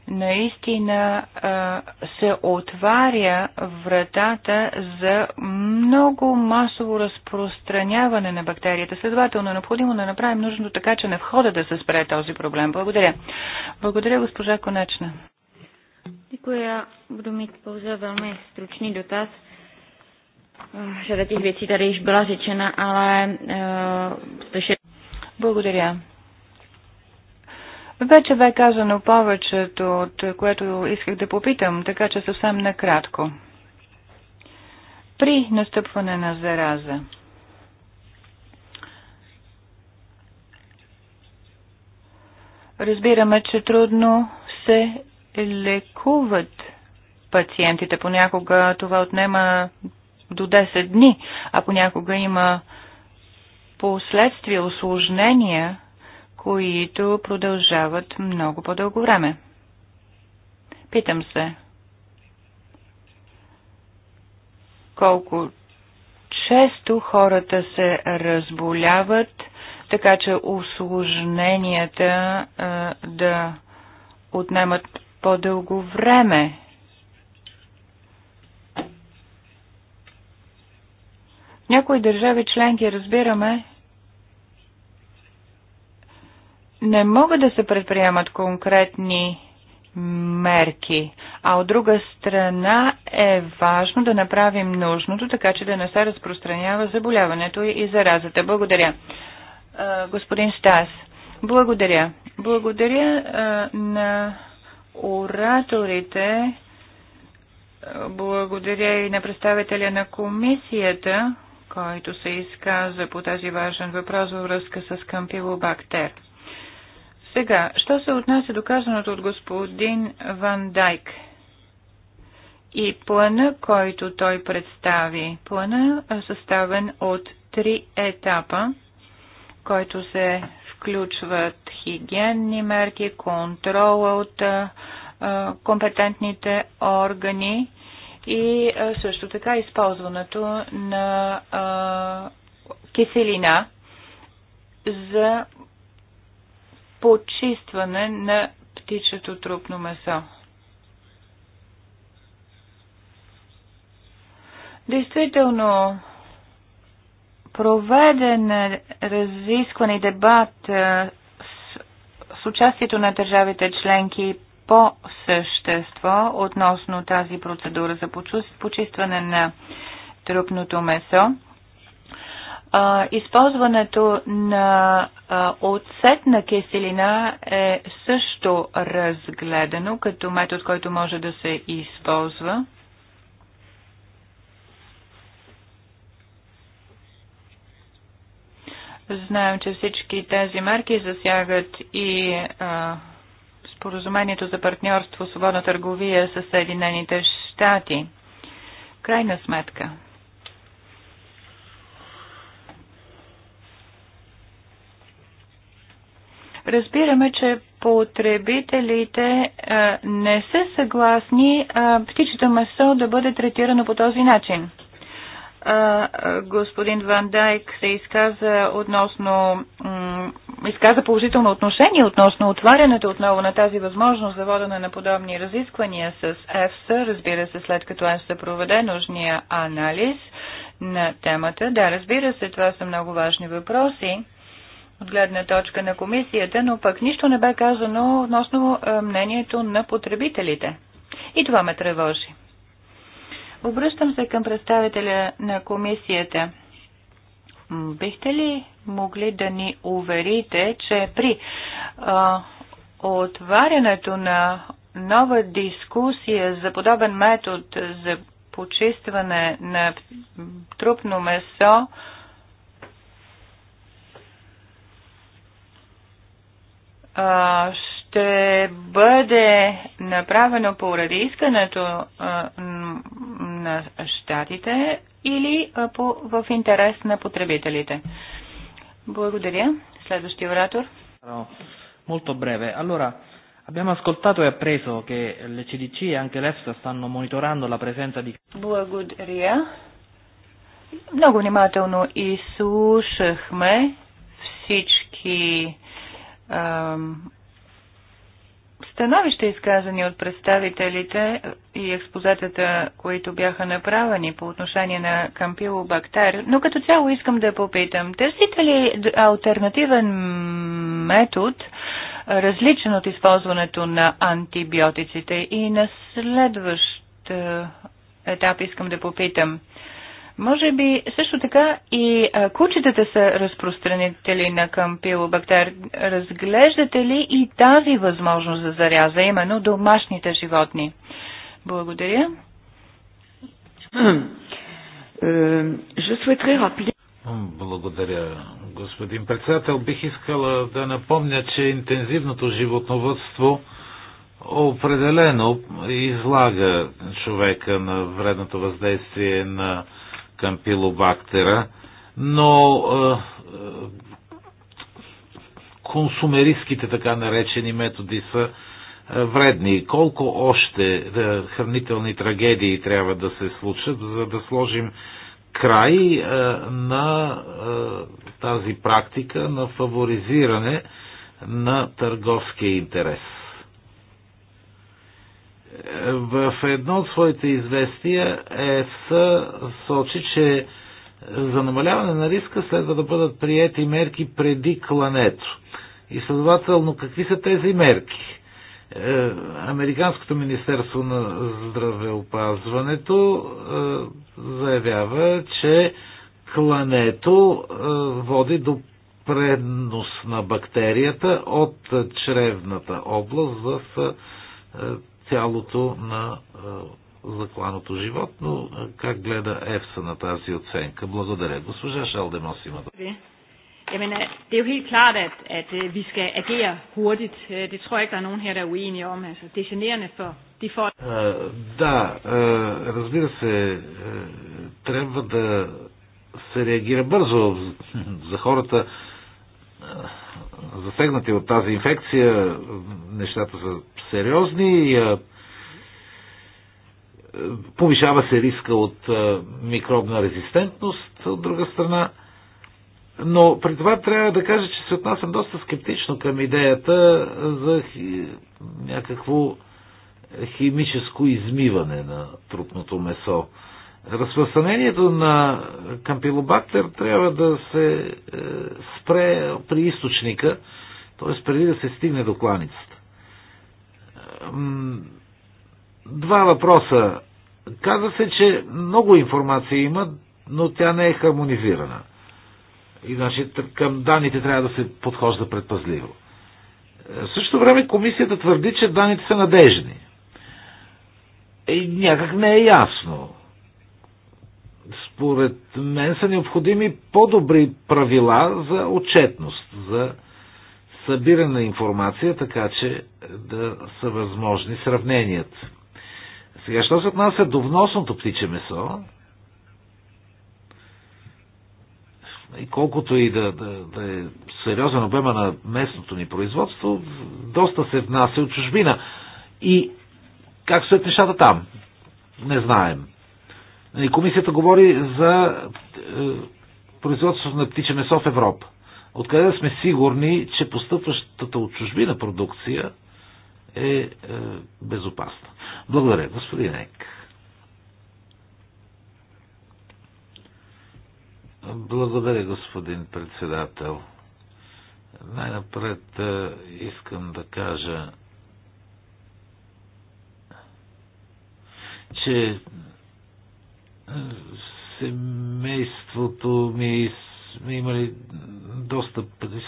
наистина се отваря вратата за много масово разпространяване на бактерията. Следователно, е необходимо да направим нужното така, че на входа да се спре този проблем. Благодаря. Благодаря, госпожа Конечна. Děkuji, budu mít pouze velmi stručný dotaz. Řada těch věcí tady již byla řečena, ale eh, Благодаря. Вече бе казано повечето, от което исках да попитам, така че съвсем накратко. При настъпване на зараза. Разбираме, че трудно се лекуват пациентите. Понякога това отнема до 10 дни, а понякога има последствия, осложнения които продължават много по-дълго време. Питам се, колко често хората се разболяват, така че осложненията да отнемат по-дълго време. някои държави членки разбираме, не могат да се предприемат конкретни мерки. А от друга страна е важно да направим нужното, така че да не се разпространява заболяването и заразата. Благодаря. Господин Стас, благодаря. Благодаря на ораторите, благодаря и на представителя на комисията, който се изказа по тази важен въпрос във връзка с кампилобактер. Сега, що се отнася до казаното от господин Ван Дайк и плана, който той представи. Плана е съставен от три етапа, който се включват хигиенни мерки, контрола от компетентните органи и също така използването на киселина за почистване на птичето трупно месо. Действително, проведен е разискван и дебат е, с, с участието на държавите членки по същество относно тази процедура за почистване на трупното месо. Използването на Оцетна киселина е също разгледано като метод, който може да се използва. Знаем, че всички тези марки засягат и а, споразумението за партньорство, свободна търговия с Съединените щати. Крайна сметка – разбираме, че потребителите а, е, не са съгласни а, е, птичето месо да бъде третирано по този начин. А, е, господин Ван Дайк се изказа относно, изказа положително отношение относно отварянето отново на тази възможност за водене на подобни разисквания с ЕФСА, разбира се, след като ЕФСА проведе нужния анализ на темата. Да, разбира се, това са много важни въпроси от гледна точка на комисията, но пък нищо не бе казано относно е, мнението на потребителите. И това ме тревожи. Обръщам се към представителя на комисията. Бихте ли могли да ни уверите, че при а, отварянето на нова дискусия за подобен метод за почистване на трупно месо, ще бъде направено по искането на щатите или по, в интерес на потребителите. Благодаря. Следващия оратор. Molto breve. Allora, Abbiamo ascoltato e appreso che le CDC e anche l'EFSA stanno monitorando la presenza di... Благодаря. Много внимателно изслушахме всички становища, изказани от представителите и експозатата, които бяха направени по отношение на кампилобактер, но като цяло искам да попитам, търсите ли альтернативен метод, различен от използването на антибиотиците? И на следващ е, етап искам да попитам, може би също така и а, кучетата са разпространители на кампилобактер. Разглеждате ли и тази възможност за заряза, именно домашните животни? Благодаря. Е, Благодаря, господин председател. Бих искала да напомня, че интензивното животновътство определено излага човека на вредното въздействие на кампилобактера, но консумеристските така наречени методи са вредни. Колко още хранителни трагедии трябва да се случат, за да сложим край на тази практика на фаворизиране на търговския интерес. В едно от своите известия ЕС сочи, че за намаляване на риска следва да бъдат приети мерки преди клането. И следователно, какви са тези мерки? Е, Американското министерство на здравеопазването е, заявява, че клането е, води до пренос на бактерията от чревната област в тялото на закланото животно. Как гледа ЕФСА на тази оценка? Благодаря. Госпожа Шалдемос има да. Jamen, det er jo helt klart, at, at øh, vi skal agere hurtigt. Øh, det tror jeg ikke, der er nogen her, der er uenige om. Altså, det er generende for de er folk. Uh, да, uh, разбира се, uh, трябва да се реагира бързо за хората, uh, засегнати от тази инфекция нещата са сериозни. и Повишава се риска от микробна резистентност, от друга страна. Но при това трябва да кажа, че се отнасям доста скептично към идеята за хи... някакво химическо измиване на трупното месо. Разпространението на кампилобактер трябва да се е, спре при източника, т.е. преди да се стигне до кланицата. Два въпроса. Каза се, че много информация има, но тя не е хармонизирана. И значи към данните трябва да се подхожда предпазливо. Е, в същото време комисията твърди, че данните са надежни. И е, някак не е ясно. Според мен са необходими по-добри правила за отчетност, за събиране на информация, така че да са възможни сравненията. Сега, що се отнася до вносното птиче месо, и колкото и да, да, да е сериозен обема на местното ни производство, доста се внася от чужбина. И как стоят нещата там? Не знаем. И нали, комисията говори за е, производството на птиче месо в Европа откъде сме сигурни, че постъпващата от чужбина продукция е, е безопасна. Благодаря, господин Ек. Благодаря, господин председател. Най-напред е, искам да кажа, че е, семейството ми сме имали доста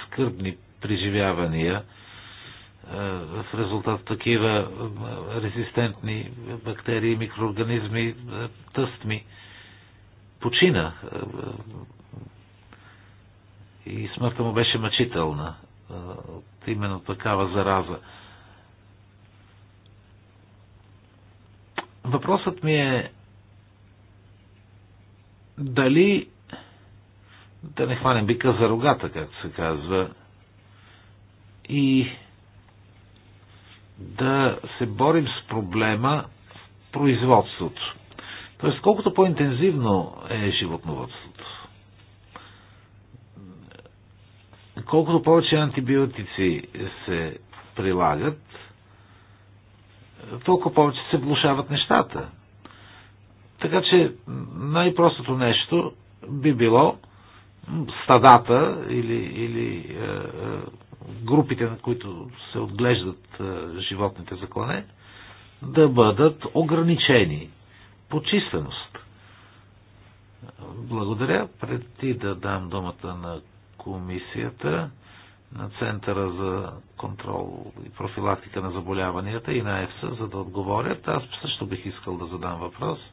скърбни преживявания е, в резултат такива е, резистентни бактерии, микроорганизми, е, тъстми. Почина. И смъртта му беше мъчителна от именно такава зараза. Въпросът ми е дали да не хванем бика за рогата, както се казва, и да се борим с проблема в производството. Тоест, колкото по-интензивно е животноводството, колкото повече антибиотици се прилагат, толкова повече се влушават нещата. Така че най-простото нещо би било стадата или, или е, е, групите, на които се отглеждат е, животните за клане, да бъдат ограничени по численост. Благодаря. Преди да дам думата на комисията, на Центъра за контрол и профилактика на заболяванията и на ЕФСА, за да отговорят, аз също бих искал да задам въпрос –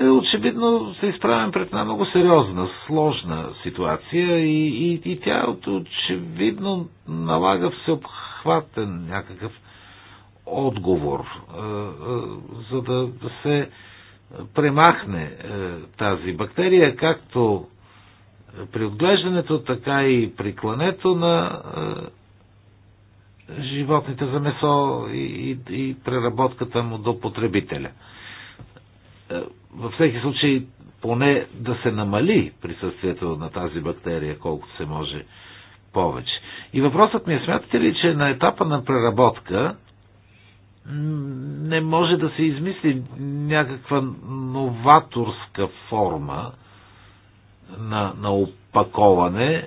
Е очевидно се изправям пред една много сериозна, сложна ситуация и, и, и тя очевидно налага всеобхватен някакъв отговор, е, е, за да се премахне тази бактерия, както при отглеждането, така и при клането на животните за месо и, и, и преработката му до потребителя във всеки случай поне да се намали присъствието на тази бактерия колкото се може повече. И въпросът ми е, смятате ли, че на етапа на преработка не може да се измисли някаква новаторска форма на, на опаковане, е,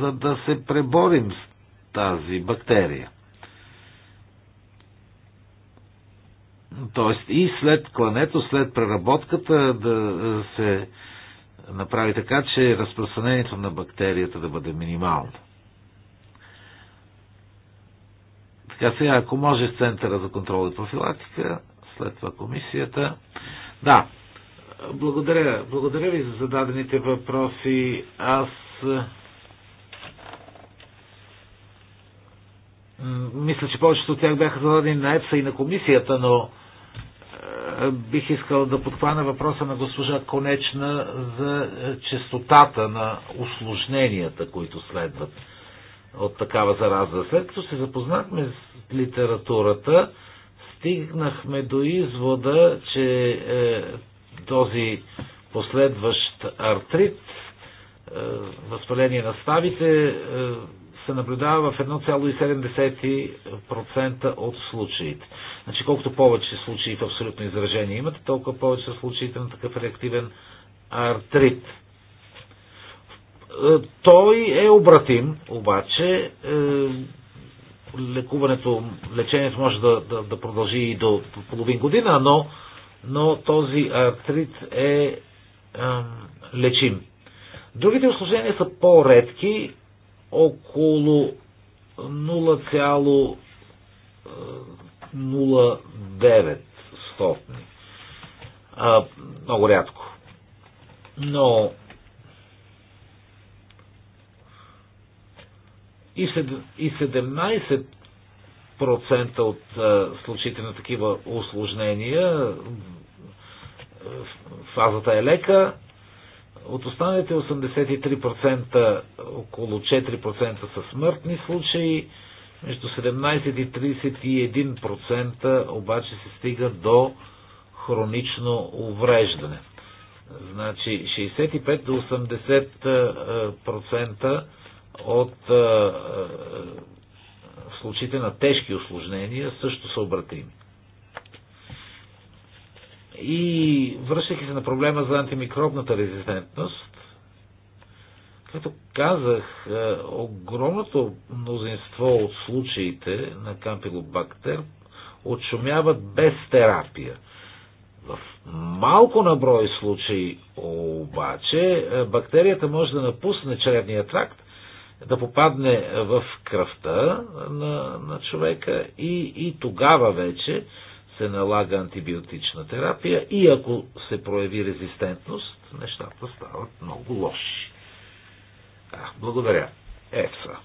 за да се преборим с тази бактерия? Тоест и след клането, след преработката да е, се направи така, че разпространението на бактерията да бъде минимално. Така сега, ако може в Центъра за контрол и профилактика, след това комисията. Да, благодаря. Благодаря ви за зададените въпроси. Аз е, мисля, че повечето от тях бяха зададени на ЕПСА и на комисията, но е, бих искал да подхвана въпроса на госпожа Конечна за честотата на осложненията, които следват от такава зараза. След като се запознахме с литературата, стигнахме до извода, че е, този последващ артрит, е, възпаление на ставите, е, се наблюдава в 1,7% от случаите. Значи колкото повече случаи в абсолютно изражение имате, толкова повече случаите на такъв реактивен артрит. Е, той е обратим, обаче е, лекуването, лечението може да, да, да продължи и до половин година, но, но този артрит е, е лечим. Другите осложнения са по-редки около 0,09 е, стотни. А, много рядко. Но и 17% от е, случаите на такива осложнения е, фазата е лека, от останалите 83% около 4% са смъртни случаи, между 17 и 31% обаче се стига до хронично увреждане. Значи 65 до 80% от е, е, случаите на тежки осложнения също са обратими. И връщайки се на проблема за антимикробната резистентност, като казах, е, огромното мнозинство от случаите на кампилобактер отшумяват без терапия. В малко на брой случаи обаче е, бактерията може да напусне чревния тракт, да попадне в кръвта на, на човека и, и тогава вече се налага антибиотична терапия и ако се прояви резистентност, нещата стават много лоши. А, благодаря. ЕФСА.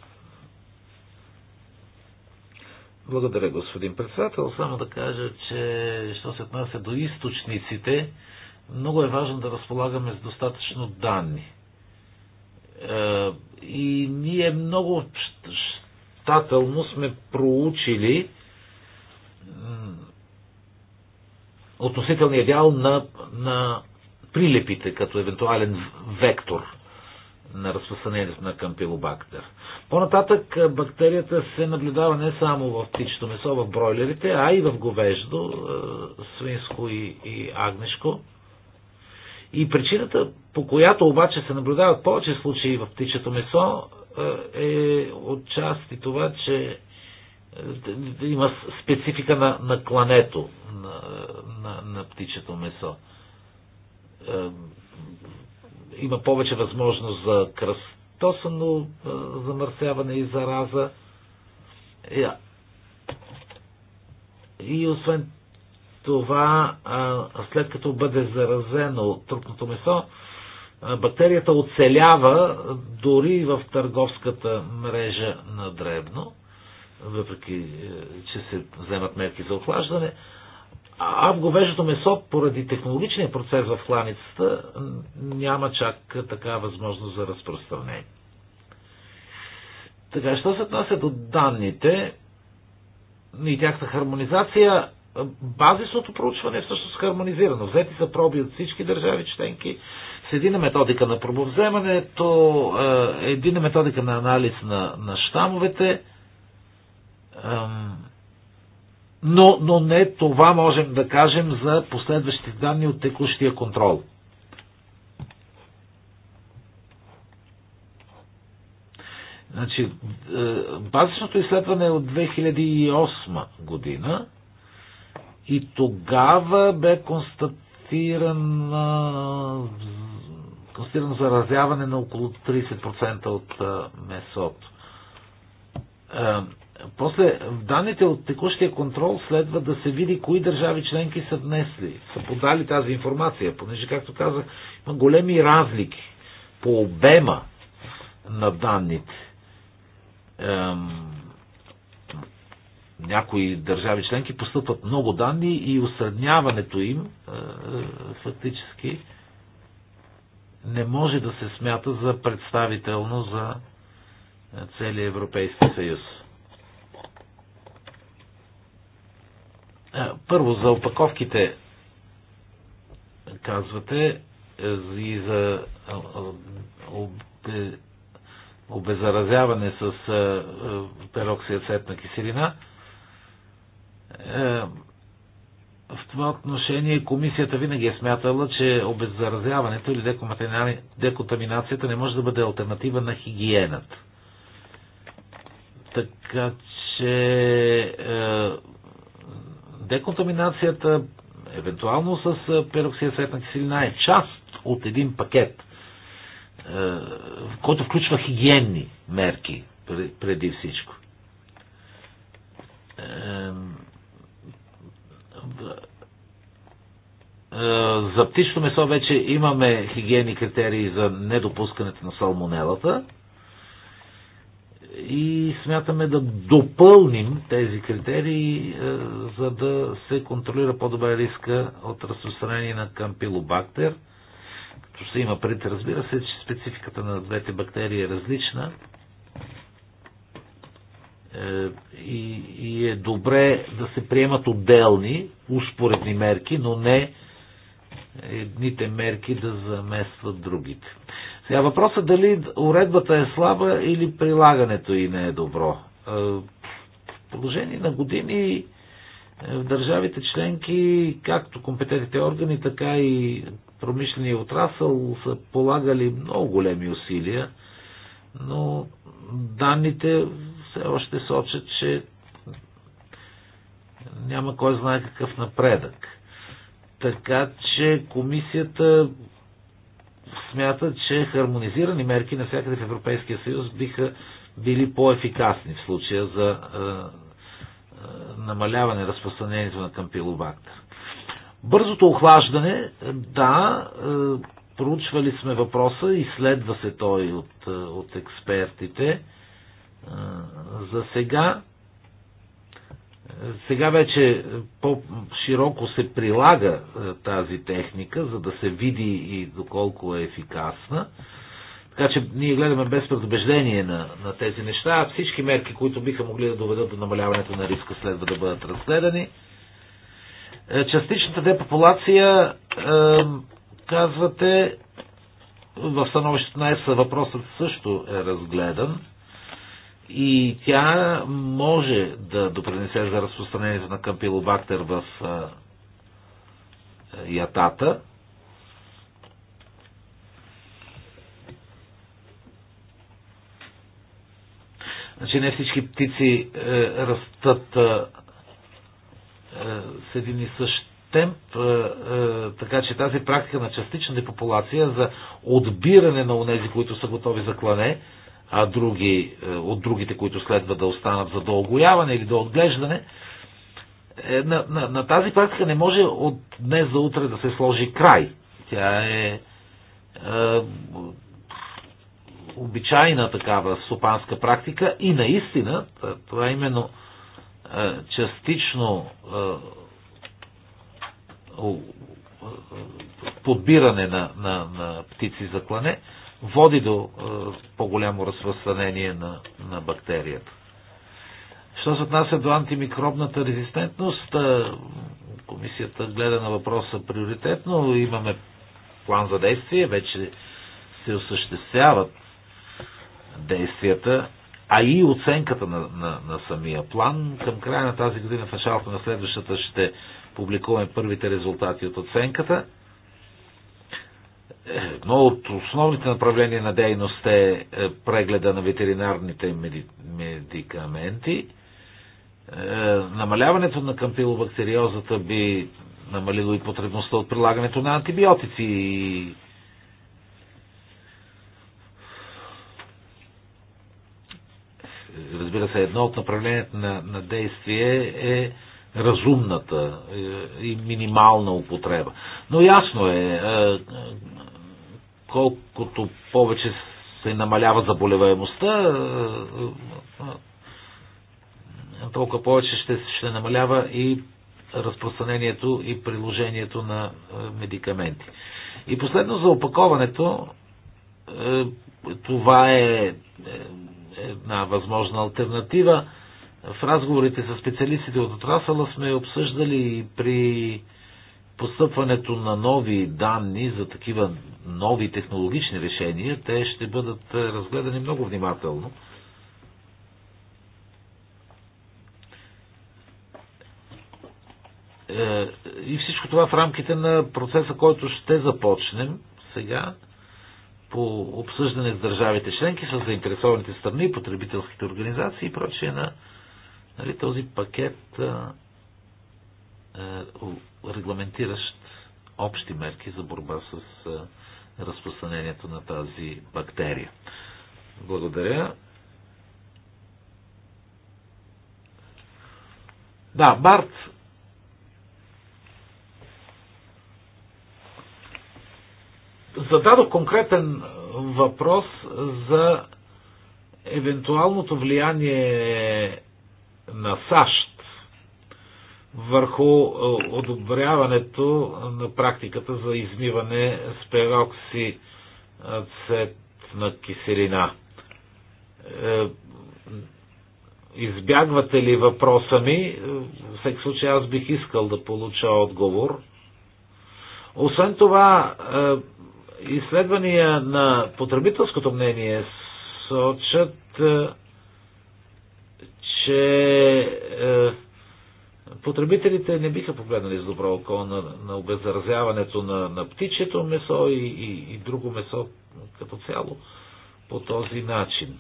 Благодаря, господин председател. Само да кажа, че що се отнася до източниците, много е важно да разполагаме с достатъчно данни. Е, и ние много щателно сме проучили относителния дял на, на прилепите като евентуален вектор на разпространението на кампилобактер. По-нататък е, бактерията се наблюдава не само в птичето месо, в бройлерите, а и в говеждо, е, свинско и, и агнешко. И причината, по която обаче се наблюдават повече случаи в птичето месо, е, е отчасти това, че има специфика на, на клането на, на, на птичето месо. Е, има повече възможност за кръстосано е, замърсяване и зараза. Е, и освен това, след като бъде заразено трупното месо, бактерията оцелява дори в търговската мрежа на дребно въпреки е, че се вземат мерки за охлаждане. А в говежето месо, поради технологичния процес в кланицата, няма чак така възможност за разпространение. Така, що се отнася до данните и тяхната хармонизация, базисното проучване е всъщност хармонизирано. Взети са проби от всички държави членки с едина методика на пробовземането, е, едина методика на анализ на, на щамовете, но, но не това можем да кажем за последващите данни от текущия контрол. Значи, е, базисното изследване е от 2008 година и тогава бе констатирано констатиран заразяване на около 30% от е, месото. После в данните от текущия контрол следва да се види кои държави членки са внесли, са подали тази информация, понеже, както казах, има големи разлики по обема на данните. Ем, някои държави членки постъпват много данни и осредняването им е, фактически не може да се смята за представително за е, целия Европейски съюз. Е, първо, за опаковките казвате е, и за е, обеззаразяване с пероксиацетна киселина. В това отношение комисията винаги е смятала, че обеззаразяването или декотаминацията не може да бъде альтернатива на хигиената. Така че деконтаминацията, евентуално с пероксия светна киселина, е част от един пакет, е, който включва хигиенни мерки преди всичко. Е, е, за птично месо вече имаме хигиени критерии за недопускането на салмонелата – и смятаме да допълним тези критерии, е, за да се контролира по-добре риска от разпространение на кампилобактер. Като се има пред, разбира се, че спецификата на двете бактерии е различна е, и, и е добре да се приемат отделни, успоредни мерки, но не едните мерки да заместват другите. Сега въпросът е дали уредбата е слаба или прилагането и не е добро. Е, в продължение на години е, в държавите членки, както компетентните органи, така и промишления отрасъл са полагали много големи усилия, но данните все още сочат, че няма кой знае какъв напредък. Така че комисията смята, че хармонизирани мерки навсякъде в Европейския съюз биха били по-ефикасни в случая за е, е, намаляване разпространението на кампилобактер. Бързото охлаждане, да, е, проучвали сме въпроса, изследва се той от, от експертите. За сега сега вече по-широко се прилага е, тази техника, за да се види и доколко е ефикасна. Така че ние гледаме без предубеждение на, на тези неща. Всички мерки, които биха могли да доведат до намаляването на риска, следва да бъдат разгледани. Е, частичната депопулация, е, казвате, в становището на ЕСА въпросът също е разгледан и тя може да допринесе за разпространението на кампилобактер в ятата. Значи не всички птици е, растат е, е, с един и същ темп, е, е, така че тази практика на частична депопулация за отбиране на онези, които са готови за клане, а други, е, от другите, които следва да останат за доогояване или до отглеждане, е, на, на, на тази практика не може от днес за утре да се сложи край. Тя е, е обичайна такава стопанска практика и наистина това е именно е, частично е, подбиране на, на, на птици за клане е, води до е, по-голямо разпространение на, на бактерията. Що се отнася до антимикробната резистентност, е, комисията гледа на въпроса приоритетно. Имаме план за действие, вече се осъществяват действията, а и оценката на, на, на самия план. Към края на тази година, в началото на следващата, ще публикуваме първите резултати от оценката. Едно от основните направления на дейност е, е прегледа на ветеринарните медикаменти. Е, намаляването на кампилобактериозата би намалило и потребността от прилагането на антибиотици и разбира се, едно от направленията на, на действие е разумната е, и минимална употреба. Но ясно е, колкото повече се намалява заболеваемостта, е, е, е, толкова повече ще, ще намалява и разпространението и приложението на медикаменти. И последно за опаковането, това е една възможна альтернатива. В разговорите с специалистите от отрасъла сме обсъждали при постъпването на нови данни за такива нови технологични решения, те ще бъдат е, разгледани много внимателно. Е, и всичко това в рамките на процеса, който ще започнем сега по обсъждане с държавите членки, с заинтересованите страни, потребителските организации и прочие на нали, този пакет е, е, регламентиращ общи мерки за борба с е, разпространението на тази бактерия. Благодаря. Да, Барт. Зададох конкретен въпрос за евентуалното влияние на САЩ върху е, одобряването на практиката за измиване с перокси на киселина. Е, избягвате ли въпроса ми? Е, В всеки случай аз бих искал да получа отговор. Освен това, изследвания на потребителското мнение сочат, че потребителите не биха погледнали с добро око на, на обеззаразяването на, на птичето месо и, и, и друго месо като цяло по този начин.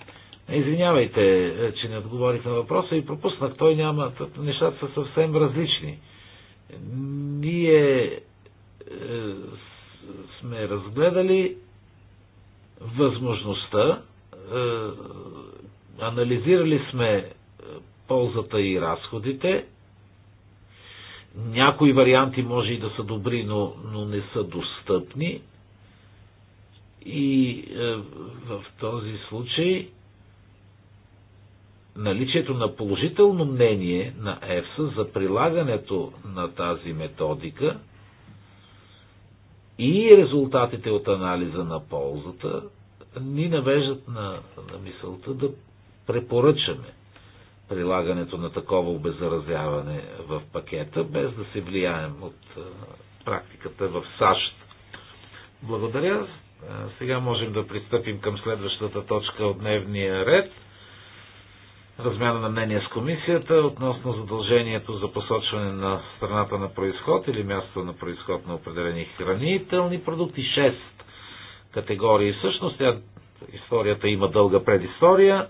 Извинявайте, е, че не отговорих на въпроса и пропуснах. Той няма. Нещата са съвсем различни. Ние е, сме разгледали възможността, е, анализирали сме е, ползата и разходите, някои варианти може и да са добри, но, но не са достъпни. И е, в този случай наличието на положително мнение на ЕФСА за прилагането на тази методика и резултатите от анализа на ползата ни навеждат на, на мисълта да препоръчаме прилагането на такова обеззаразяване в пакета, без да се влияем от практиката в САЩ. Благодаря. Сега можем да пристъпим към следващата точка от дневния ред. Размяна на мнение с комисията относно задължението за посочване на страната на происход или място на происход на определени хранителни продукти. шест категории. Всъщност тя, историята има дълга предистория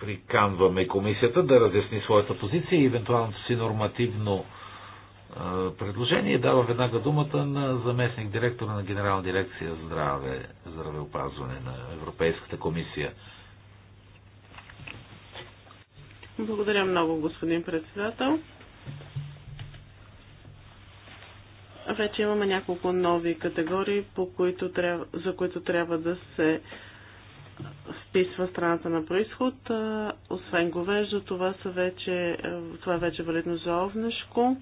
приканваме комисията да разясни своята позиция и евентуалното си нормативно е, предложение. Дава веднага думата на заместник директора на Генерална дирекция здраве, здравеопазване на Европейската комисия. Благодаря много, господин председател. Вече имаме няколко нови категории, по които трябва, за които трябва да се вписва страната на происход. Освен говежда, това, са вече, това е вече валидно за овнешко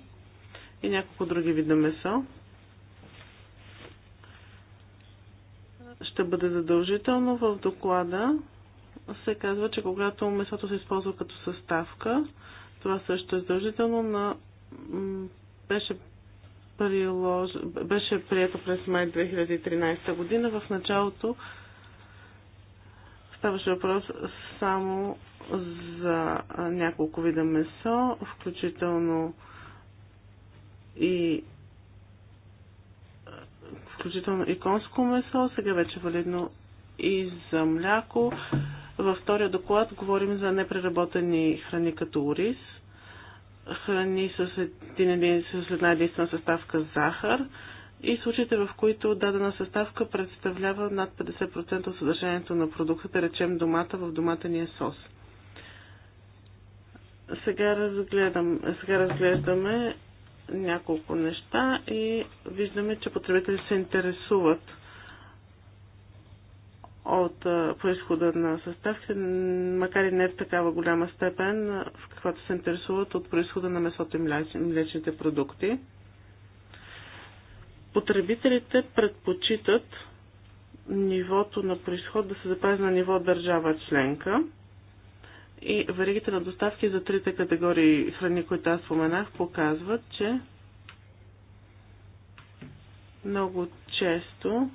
и няколко други вида месо. Ще бъде задължително в доклада се казва, че когато месото се използва като съставка, това също е задължително на... беше прилож... беше прието през май 2013 година. В началото ставаше въпрос само за няколко вида месо, включително и включително и конско месо, сега вече е валидно и за мляко. Във втория доклад говорим за непреработени храни като ориз, храни с, един, с една единствена съставка захар и случаите, в които дадена съставка представлява над 50% от съдържанието на продукта, речем домата в доматения сос. Сега, разгледам, сега разглеждаме няколко неща и виждаме, че потребителите се интересуват от происхода на съставките, макар и не в такава голяма степен, в каквато се интересуват от происхода на месото и млечните продукти. Потребителите предпочитат нивото на происход да се запази на ниво държава членка и веригите на доставки за трите категории храни, които аз споменах, показват, че много често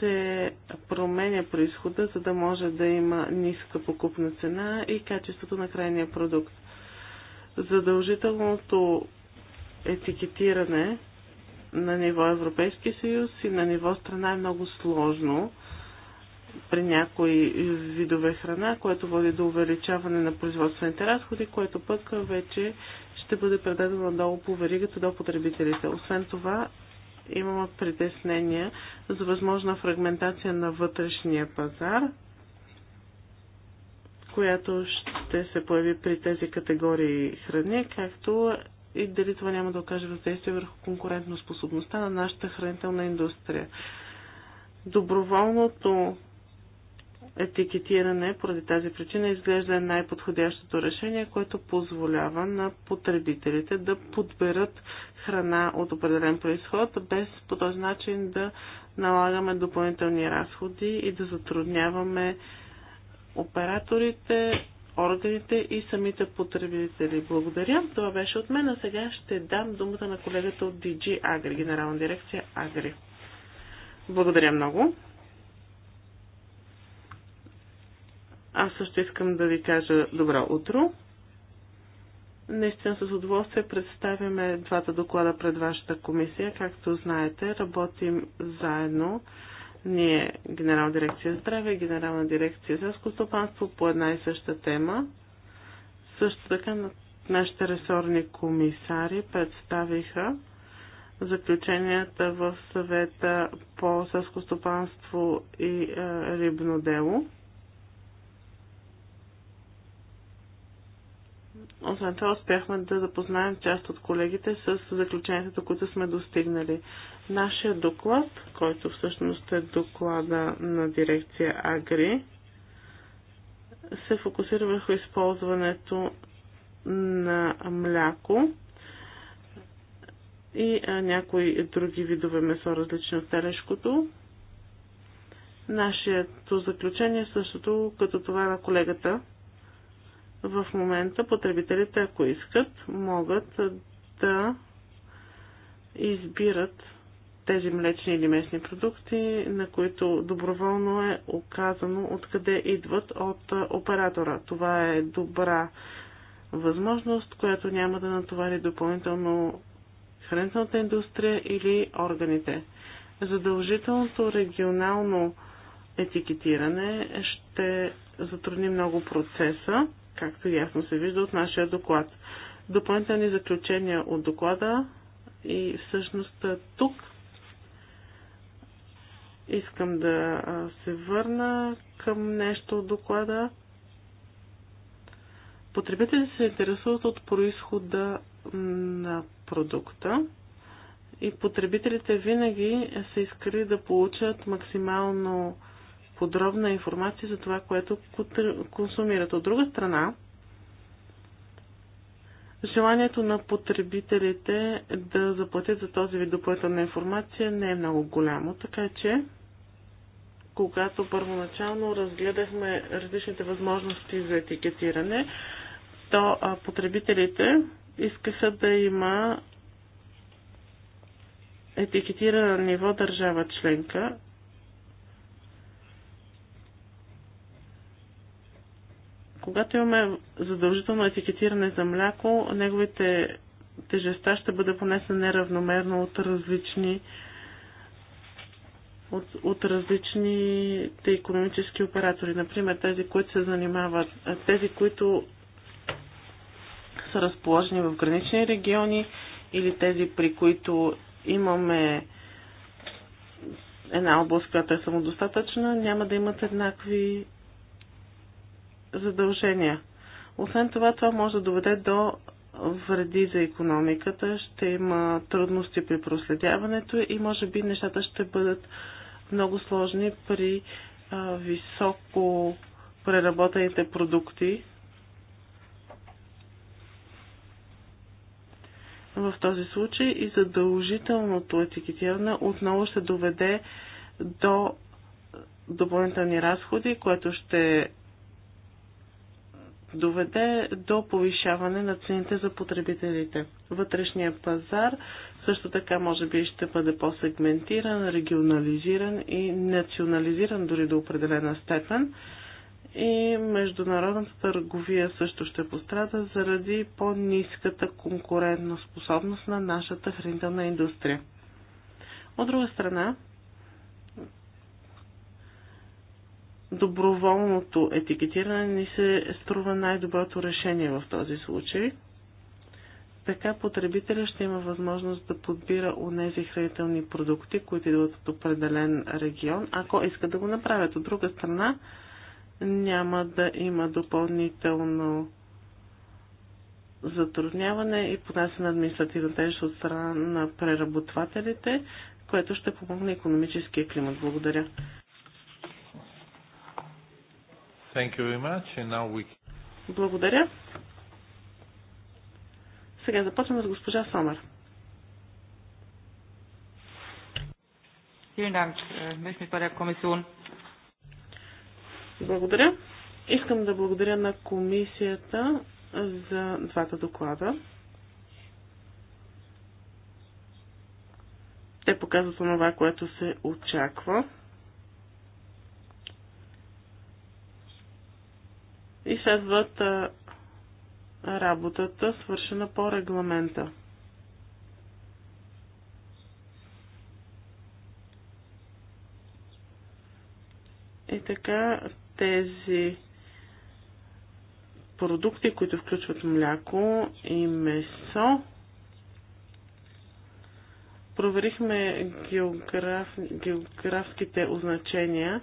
се променя происхода, за да може да има ниска покупна цена и качеството на крайния продукт. Задължителното етикетиране на ниво Европейски съюз и на ниво страна е много сложно при някои видове храна, което води до увеличаване на производствените разходи, което пък вече ще бъде предадено долу по веригата до потребителите. Освен това, имаме притеснения за възможна фрагментация на вътрешния пазар, която ще се появи при тези категории храни, както и дали това няма да окаже въздействие върху конкурентоспособността на нашата хранителна индустрия. Доброволното етикетиране поради тази причина изглежда е най-подходящото решение, което позволява на потребителите да подберат храна от определен происход, без по този начин да налагаме допълнителни разходи и да затрудняваме операторите, органите и самите потребители. Благодаря. Това беше от мен, а сега ще дам думата на колегата от DG Agri, Генерална дирекция Агри. Благодаря много. Аз също искам да ви кажа добро утро. Наистина с удоволствие представяме двата доклада пред вашата комисия. Както знаете, работим заедно. Ние, Генерална дирекция здраве Генерална дирекция селско стопанство, по една и съща тема. Също така нашите ресорни комисари представиха заключенията в съвета по селско стопанство и е, рибно дело. Освен това успяхме да запознаем част от колегите с заключенията, които сме достигнали. Нашия доклад, който всъщност е доклада на дирекция Агри, се фокусира върху използването на мляко и някои други видове месо, различни от телешкото. Нашето заключение е същото като това на колегата в момента потребителите, ако искат, могат да избират тези млечни или местни продукти, на които доброволно е оказано откъде идват от оператора. Това е добра възможност, която няма да натовари допълнително хранителната индустрия или органите. Задължителното регионално етикетиране ще затрудни много процеса както ясно се вижда от нашия доклад. Допълнителни заключения от доклада и всъщност тук искам да се върна към нещо от доклада. Потребителите се интересуват от происхода на продукта и потребителите винаги са искали да получат максимално подробна информация за това, което консумират. От друга страна, желанието на потребителите да заплатят за този вид допълнителна информация не е много голямо, така че когато първоначално разгледахме различните възможности за етикетиране, то потребителите искаха да има етикетиране на ниво държава членка Когато имаме задължително етикетиране за мляко, неговите тежеста ще бъде понесена неравномерно от различни от, от различните економически оператори. Например, тези, които се занимават, тези, които са разположени в гранични региони или тези, при които имаме една област, която е самодостатъчна, няма да имат еднакви задължения. Освен това, това може да доведе до вреди за економиката, ще има трудности при проследяването и може би нещата ще бъдат много сложни при а, високо преработените продукти. В този случай и задължителното етикетиране отново ще доведе до допълнителни разходи, което ще доведе до повишаване на цените за потребителите. Вътрешния пазар също така може би ще бъде по-сегментиран, регионализиран и национализиран дори до определена степен. И международната търговия също ще пострада заради по-низката конкурентна способност на нашата хранителна индустрия. От друга страна, доброволното етикетиране ни се струва най-доброто решение в този случай. Така потребителя ще има възможност да подбира онези хранителни продукти, които идват от определен регион, ако иска да го направят. От друга страна, няма да има допълнително затрудняване и понася на административна тежест от страна на преработвателите, което ще помогне економическия климат. Благодаря. Thank you very much. And now we... Благодаря. Сега започваме с госпожа Сомер. Äh, благодаря. Искам да благодаря на комисията за двата доклада. Те показват това, което се очаква. и следват работата, свършена по регламента. И така тези продукти, които включват мляко и месо, проверихме географ... географските означения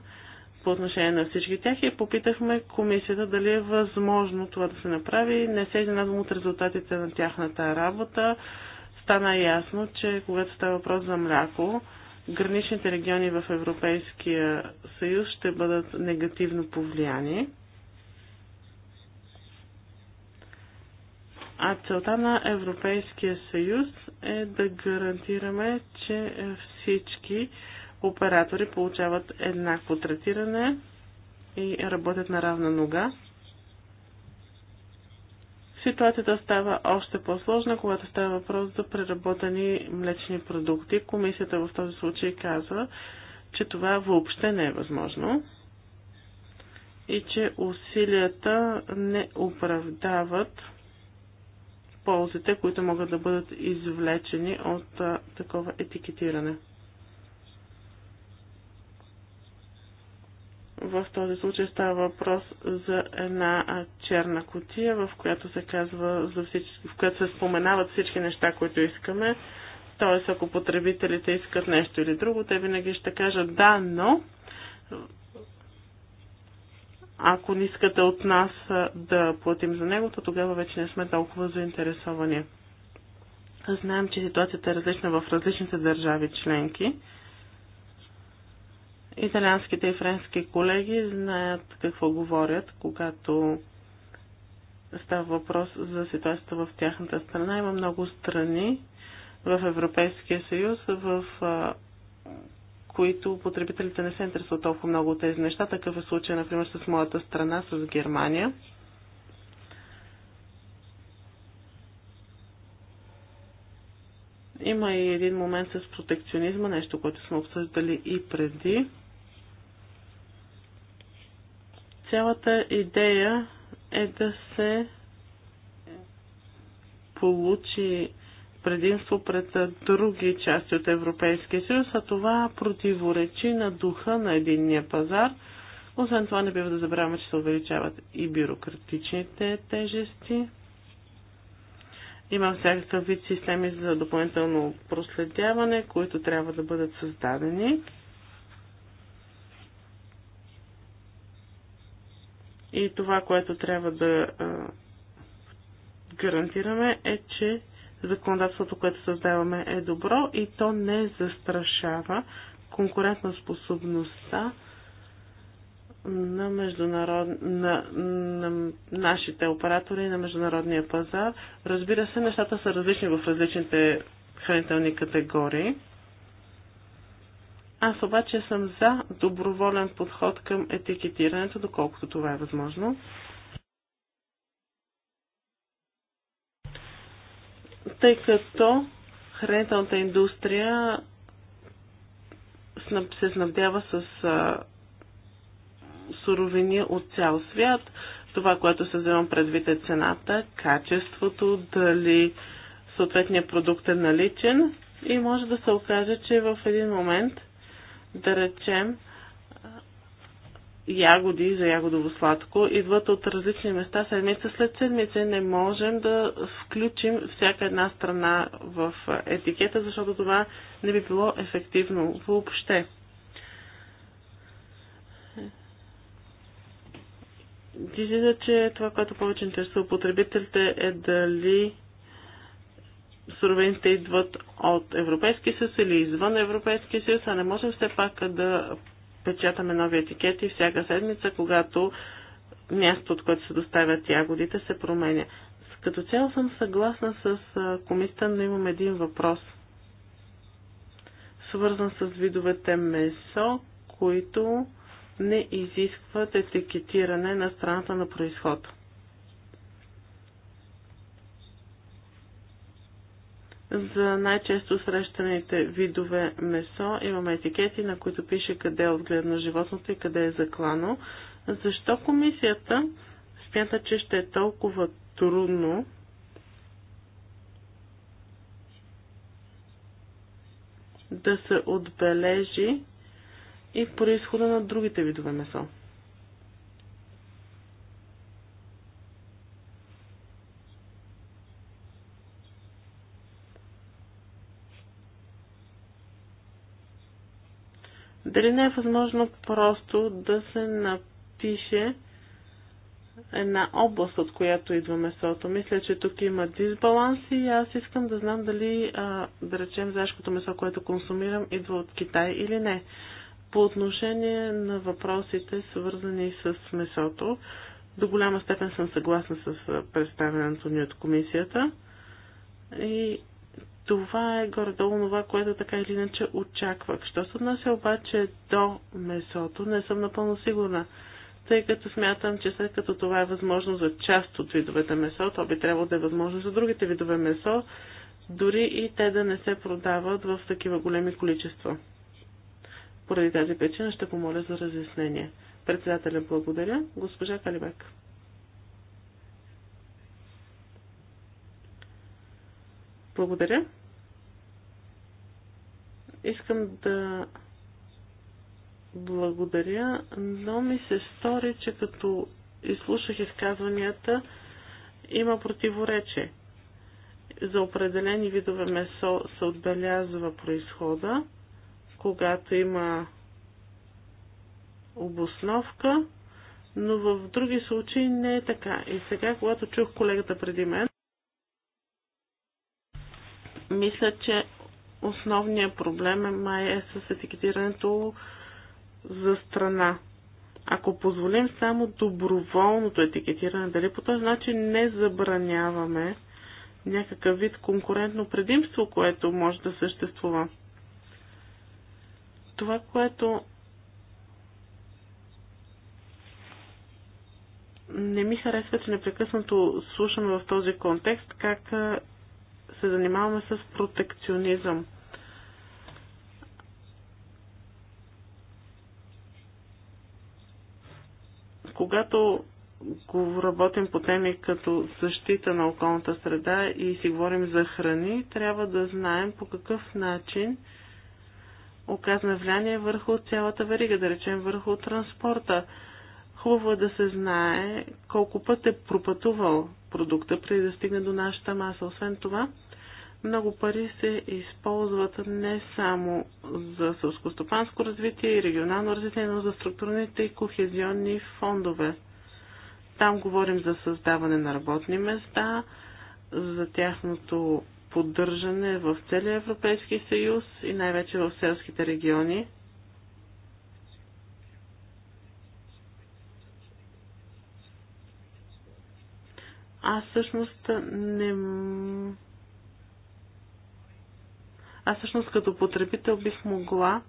по отношение на всички тях и попитахме комисията дали е възможно това да се направи. Не се изненадвам от резултатите на тяхната работа. Стана ясно, че когато става въпрос за мляко, граничните региони в Европейския съюз ще бъдат негативно повлияни. А целта на Европейския съюз е да гарантираме, че всички оператори получават еднакво третиране и работят на равна нога. Ситуацията става още по-сложна, когато става въпрос за преработени млечни продукти. Комисията в този случай казва, че това въобще не е възможно и че усилията не оправдават ползите, които могат да бъдат извлечени от а, такова етикетиране. В този случай става въпрос за една черна котия, в която се казва, за всички, в която се споменават всички неща, които искаме. Тоест, ако потребителите искат нещо или друго, те винаги ще кажат да, но ако не искате от нас да платим за него, то тогава вече не сме толкова заинтересовани. Знаем, че ситуацията е различна в различните държави членки. Италианските и френски колеги знаят какво говорят, когато става въпрос за ситуацията в тяхната страна. Има много страни в Европейския съюз, в които потребителите не се интересуват толкова много от тези неща. Такъв е случай, например, с моята страна, с Германия. Има и един момент с протекционизма, нещо, което сме обсъждали и преди. Цялата идея е да се получи предимство пред други части от Европейския съюз, а това противоречи на духа на единния пазар. Освен това не бива да забравяме, че се увеличават и бюрократичните тежести. Има всякакъв вид системи за допълнително проследяване, които трябва да бъдат създадени. И това, което трябва да гарантираме е, че законодателството, което създаваме е добро и то не застрашава конкурентна способността на, международ... на, на нашите оператори на международния пазар. Разбира се, нещата са различни в различните хранителни категории. Аз обаче съм за доброволен подход към етикетирането, доколкото това е възможно. Тъй като хранителната индустрия се снабдява с суровини от цял свят. Това, което се взема предвид е цената, качеството, дали съответният продукт е наличен и може да се окаже, че в един момент – да речем, ягоди за ягодово сладко идват от различни места седмица след седмица. Не можем да включим всяка една страна в етикета, защото това не би било ефективно въобще. Ти че това, което повече интересува потребителите е дали суровините идват от Европейския съюз или извън Европейския съюз, а не можем все пак да печатаме нови етикети всяка седмица, когато мястото от което се доставят ягодите, се променя. Като цяло съм съгласна с комисията, но имам един въпрос. Свързан с видовете месо, които не изискват етикетиране на страната на происхода. За най-често срещаните видове месо имаме етикети, на които пише къде е отгледано животното и къде е заклано. Защо комисията смята, че ще е толкова трудно да се отбележи и происхода на другите видове месо? Дали не е възможно просто да се напише една област, от която идва месото. Мисля, че тук има дисбаланс и аз искам да знам дали, а, да речем, зашкото месо, което консумирам, идва от Китай или не. По отношение на въпросите, свързани с месото, до голяма степен съм съгласна с представянето ни от комисията. И това е горе-долу това, което така или иначе очаквах. Що се отнася обаче до месото, не съм напълно сигурна, тъй като смятам, че след като това е възможно за част от видовете месо, то би трябвало да е възможно за другите видове месо, дори и те да не се продават в такива големи количества. Поради тази причина ще помоля за разяснение. Председателя благодаря. Госпожа Калибек. Благодаря. Искам да благодаря, но ми се стори, че като изслушах изказванията, има противоречие. За определени видове месо се отбелязва происхода, когато има обосновка, но в други случаи не е така. И сега, когато чух колегата преди мен, мисля, че основният проблем е май е с етикетирането за страна. Ако позволим само доброволното етикетиране, дали по този начин не забраняваме някакъв вид конкурентно предимство, което може да съществува. Това, което не ми харесва, че непрекъснато слушаме в този контекст как се занимаваме с протекционизъм. Когато го работим по теми като защита на околната среда и си говорим за храни, трябва да знаем по какъв начин оказваме влияние върху цялата верига, да речем върху транспорта. Хубаво е да се знае колко път е пропътувал продукта, преди да стигне до нашата маса. Освен това, много пари се използват не само за сълскостопанско развитие и регионално развитие, но за структурните и кохезионни фондове. Там говорим за създаване на работни места, за тяхното поддържане в целия Европейски съюз и най-вече в селските региони. аз всъщност не... Аз всъщност като потребител бих могла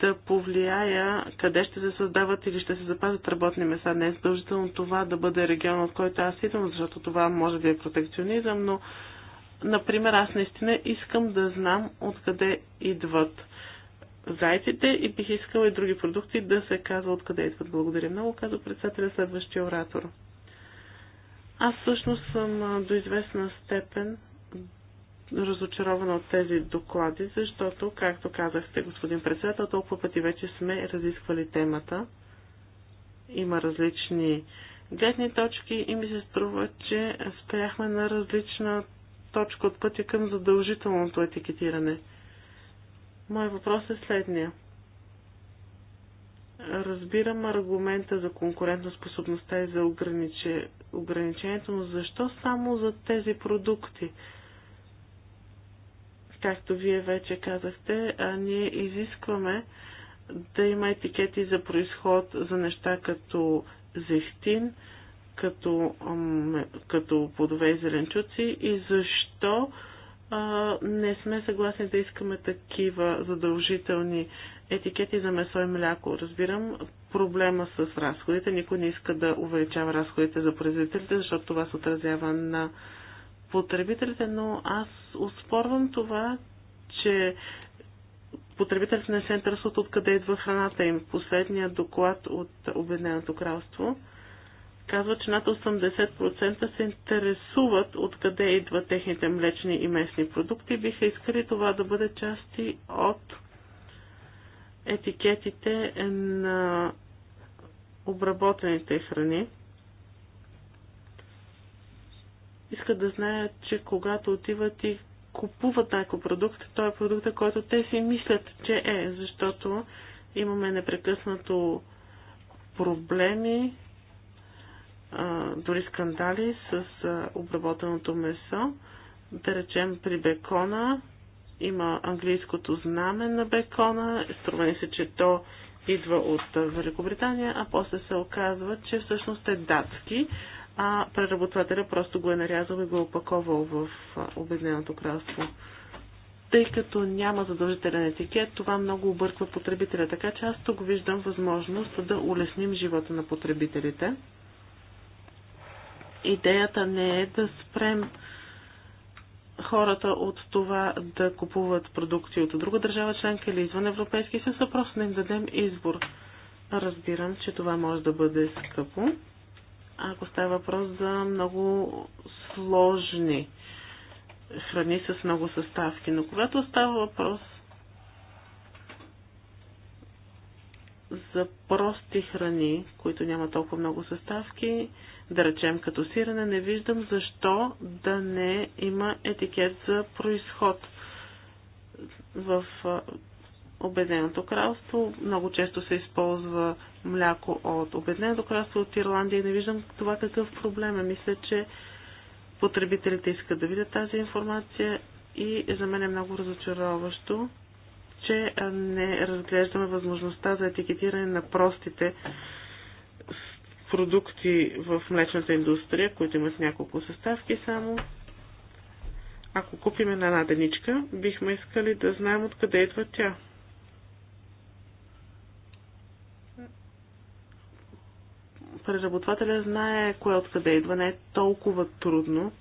да повлияя къде ще се създават или ще се запазят работни места. Не е задължително това да бъде регион, от който аз идвам, защото това може да е протекционизъм, но, например, аз наистина искам да знам откъде идват зайците и бих искала и други продукти да се казва откъде идват. Благодаря много, казва председателя следващия оратор. Аз всъщност съм до известна степен разочарована от тези доклади, защото, както казахте, господин председател, толкова пъти вече сме разисквали темата. Има различни гледни точки и ми се струва, че спряхме на различна точка от пътя към задължителното етикетиране. Моят въпрос е следния. Разбирам аргумента за конкурентоспособността и за ограниче, ограничението, но защо само за тези продукти? Както вие вече казахте, а ние изискваме да има етикети за происход за неща като зехтин, като, като плодове и зеленчуци и защо а, не сме съгласни да искаме такива задължителни етикети за месо и мляко. Разбирам проблема с разходите. Никой не иска да увеличава разходите за производителите, защото това се отразява на потребителите, но аз успорвам това, че потребителите не се интересуват откъде идва храната им. Последният доклад от Обединеното кралство казва, че над 80% се интересуват откъде идват техните млечни и местни продукти. Биха искали това да бъде части от етикетите на обработените храни, искат да знаят, че когато отиват и купуват някой продукт, той е продукта, който те си мислят, че е, защото имаме непрекъснато проблеми, дори скандали с обработеното месо. Да речем при бекона има английското знаме на бекона. Струва се, че то идва от Великобритания, а после се оказва, че всъщност е датски, а преработвателя просто го е нарязал и го е опаковал в Обединеното кралство. Тъй като няма задължителен етикет, това много обърква потребителя, така че аз тук виждам възможност да улесним живота на потребителите. Идеята не е да спрем хората от това да купуват продукти от друга държава членка или извън Европейския съюз, просто да им дадем избор. Разбирам, че това може да бъде скъпо, ако става въпрос за много сложни храни с много съставки, но когато става въпрос за прости храни, които няма толкова много съставки, да речем като сирене, не виждам защо да не има етикет за происход. В Обединеното кралство много често се използва мляко от Обединеното кралство, от Ирландия и не виждам това какъв проблем е. Мисля, че потребителите искат да видят тази информация и за мен е много разочароващо, че не разглеждаме възможността за етикетиране на простите продукти в млечната индустрия, които имат няколко съставки само. Ако купим една наденичка, бихме искали да знаем откъде идва тя. Преработвателя знае кое откъде идва, не е толкова трудно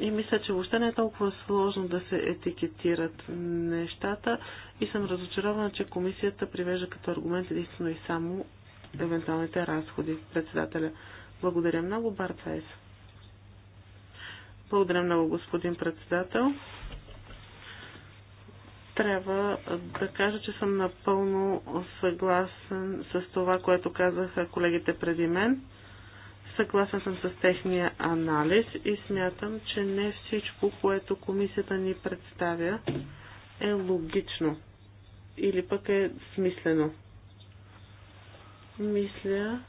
И мисля, че въобще не е толкова сложно да се етикетират нещата и съм разочарована, че комисията привежда като аргумент единствено и само евентуалните разходи. Председателя, благодаря много, Бартайс. Благодаря много, господин председател. Трябва да кажа, че съм напълно съгласен с това, което казаха колегите преди мен. Съгласен съм с техния анализ и смятам, че не всичко, което комисията ни представя, е логично или пък е смислено. Мисля,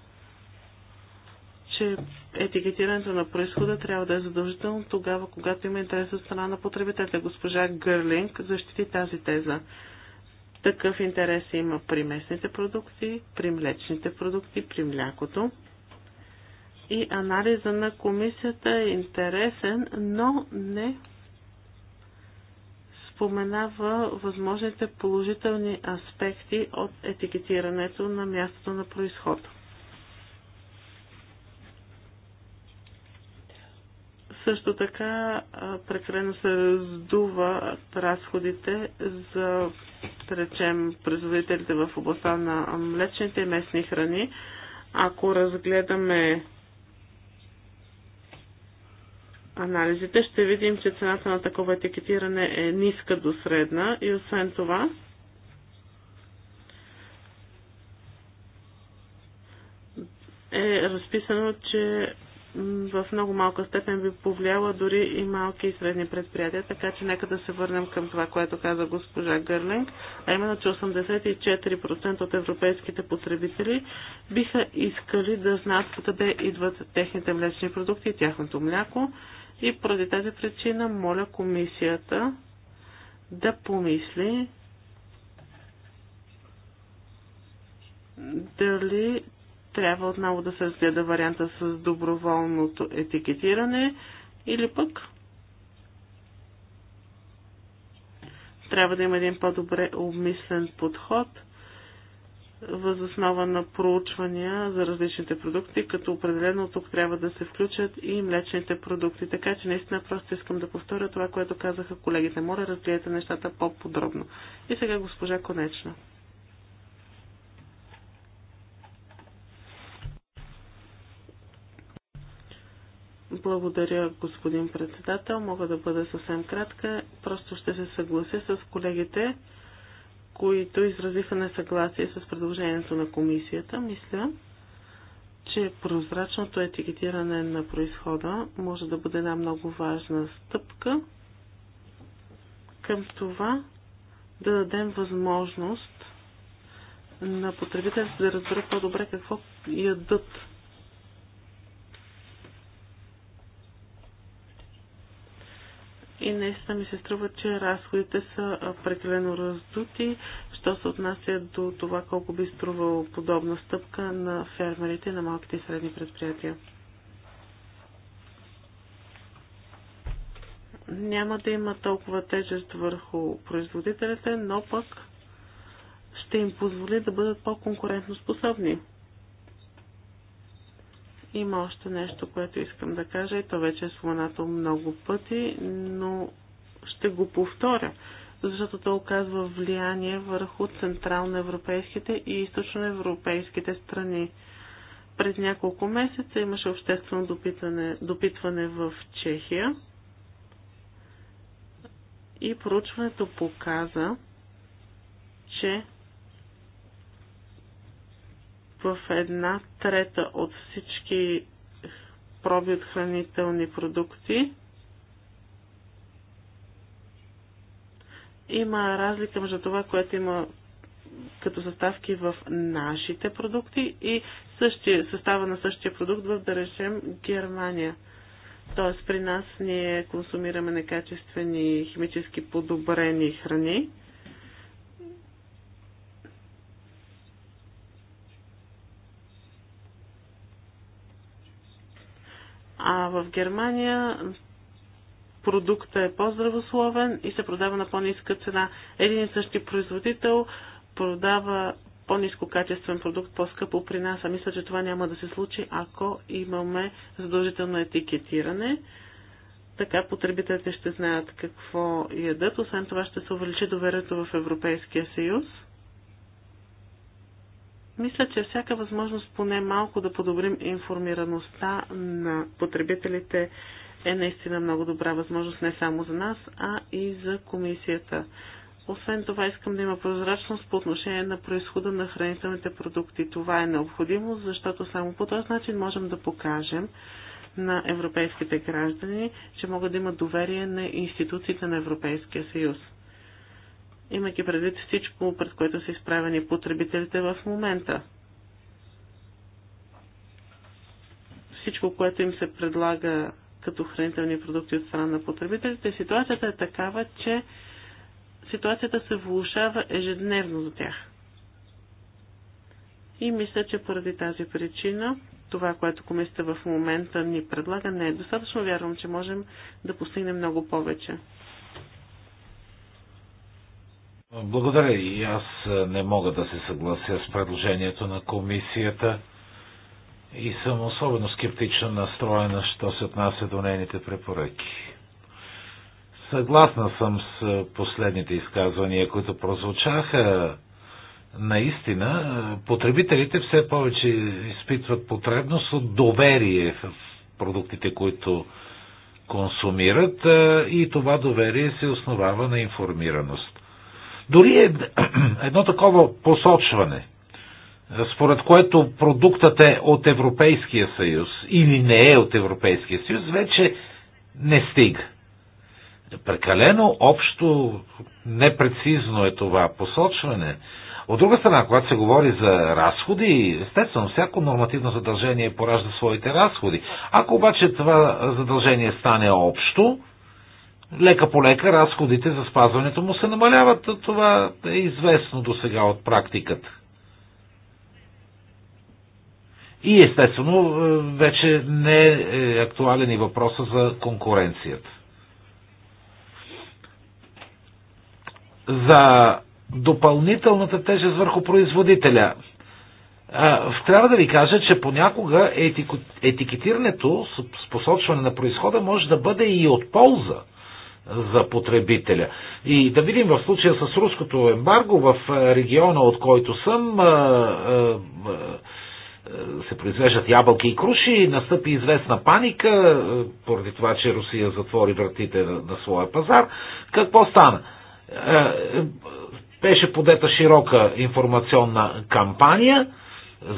че етикетирането на происхода трябва да е задължително тогава, когато има интерес от страна на потребителя. Госпожа Гърлинг защити тази теза. Такъв интерес има при местните продукти, при млечните продукти, при млякото и анализа на комисията е интересен, но не споменава възможните положителни аспекти от етикетирането на мястото на происход. Също така прекалено се раздува разходите за, да речем, производителите в областта на млечните и местни храни. Ако разгледаме анализите ще видим, че цената на такова етикетиране е ниска до средна и освен това е разписано, че в много малка степен би повлияла дори и малки и средни предприятия, така че нека да се върнем към това, което каза госпожа Гърлинг, а именно, че 84% от европейските потребители биха искали да знаят къде идват техните млечни продукти и тяхното мляко. И поради тази причина моля комисията да помисли дали трябва отново да се разгледа варианта с доброволното етикетиране или пък трябва да има един по-добре обмислен подход – възоснова на проучвания за различните продукти, като определено тук трябва да се включат и млечните продукти. Така че наистина просто искам да повторя това, което казаха колегите. Моля, разгледайте нещата по-подробно. И сега госпожа Конечна. Благодаря, господин председател. Мога да бъда съвсем кратка. Просто ще се съглася с колегите които изразиха несъгласие с предложението на комисията, мисля, че прозрачното етикетиране на происхода може да бъде една много важна стъпка към това да дадем възможност на потребителите да разберат по-добре какво ядат и наистина ми се струва, че разходите са прекалено раздути, що се отнася до това колко би струвало подобна стъпка на фермерите и на малките и средни предприятия. Няма да има толкова тежест върху производителите, но пък ще им позволи да бъдат по-конкурентно способни. Има още нещо, което искам да кажа и то вече е споменато много пъти, но ще го повторя, защото то оказва влияние върху централноевропейските и източноевропейските страни. През няколко месеца имаше обществено допитване, допитване в Чехия и проучването показа, че в една трета от всички проби от хранителни продукти има разлика между това, което има като съставки в нашите продукти и същия, състава на същия продукт в, да речем, Германия. Тоест при нас ние консумираме некачествени химически подобрени храни, А в Германия продукта е по-здравословен и се продава на по-ниска цена. Един и същи производител продава по-низко качествен продукт по-скъпо при нас. А мисля, че това няма да се случи, ако имаме задължително етикетиране. Така потребителите ще знаят какво ядат. Освен това ще се увеличи доверието в Европейския съюз. Мисля, че е всяка възможност поне малко да подобрим информираността на потребителите е наистина много добра възможност не само за нас, а и за комисията. Освен това искам да има прозрачност по отношение на происхода на хранителните продукти. Това е необходимо, защото само по този начин можем да покажем на европейските граждани, че могат да имат доверие на институциите на Европейския съюз имайки предвид всичко, пред което са изправени потребителите в момента. Всичко, което им се предлага като хранителни продукти от страна на потребителите, ситуацията е такава, че ситуацията се влушава ежедневно за тях. И мисля, че поради тази причина това, което комисията в момента ни предлага, не е достатъчно. Вярвам, че можем да постигнем много повече. Благодаря и аз не мога да се съглася с предложението на комисията и съм особено скептично настроена, що се отнася до нейните препоръки. Съгласна съм с последните изказвания, които прозвучаха. Наистина, потребителите все повече изпитват потребност от доверие в продуктите, които консумират и това доверие се основава на информираност. Дори е <clears throat> едно такова посочване, според което продуктът е от Европейския съюз или не е от Европейския съюз, вече не стига. Прекалено общо непрецизно е това посочване. От друга страна, когато се говори за разходи, естествено, всяко нормативно задължение поражда своите разходи. Ако обаче това задължение стане общо, лека по лека разходите за спазването му се намаляват. Това е известно до сега от практиката. И естествено, е, вече не е актуален и въпроса за конкуренцията. За допълнителната тежест върху производителя. Е, трябва да ви кажа, че понякога етикетирането с посочване на происхода може да бъде и от полза за потребителя. И да видим в случая с руското ембарго в региона, от който съм, се произвеждат ябълки и круши, настъпи известна паника, поради това, че Русия затвори вратите на, своя пазар. Какво стана? Беше подета широка информационна кампания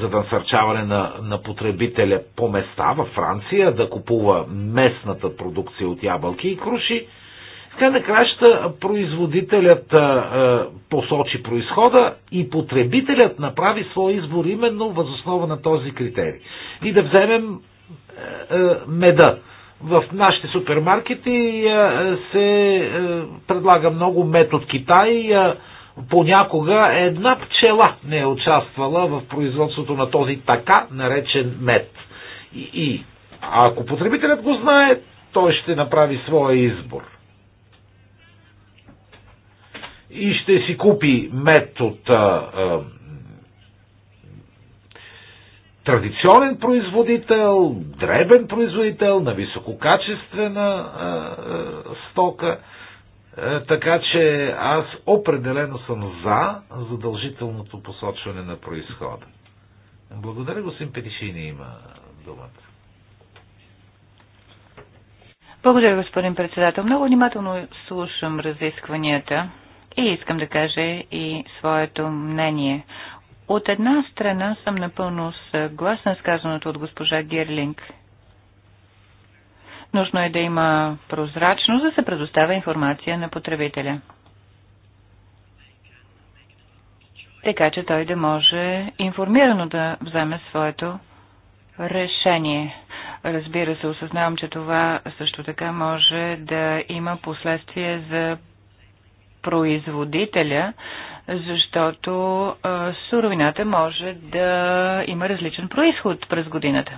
за да насърчаване на, на потребителя по места във Франция да купува местната продукция от ябълки и круши така на краща производителят посочи происхода и потребителят направи свой избор именно възоснова на този критерий. И да вземем меда. В нашите супермаркети се предлага много мед от Китай. Понякога една пчела не е участвала в производството на този така наречен мед. И, и ако потребителят го знае, той ще направи своя избор и ще си купи мед от а, а, традиционен производител, дребен производител на висококачествена а, а, стока. А, така че аз определено съм за задължителното посочване на происхода. Благодаря, господин Петишини има думата. Благодаря, господин председател. Много внимателно слушам разискванията и искам да кажа и своето мнение. От една страна съм напълно съгласна с казаното от госпожа Герлинг. Нужно е да има прозрачност, да се предоставя информация на потребителя. Така че той да може информирано да вземе своето решение. Разбира се, осъзнавам, че това също така може да има последствия за производителя, защото суровината може да има различен происход през годината.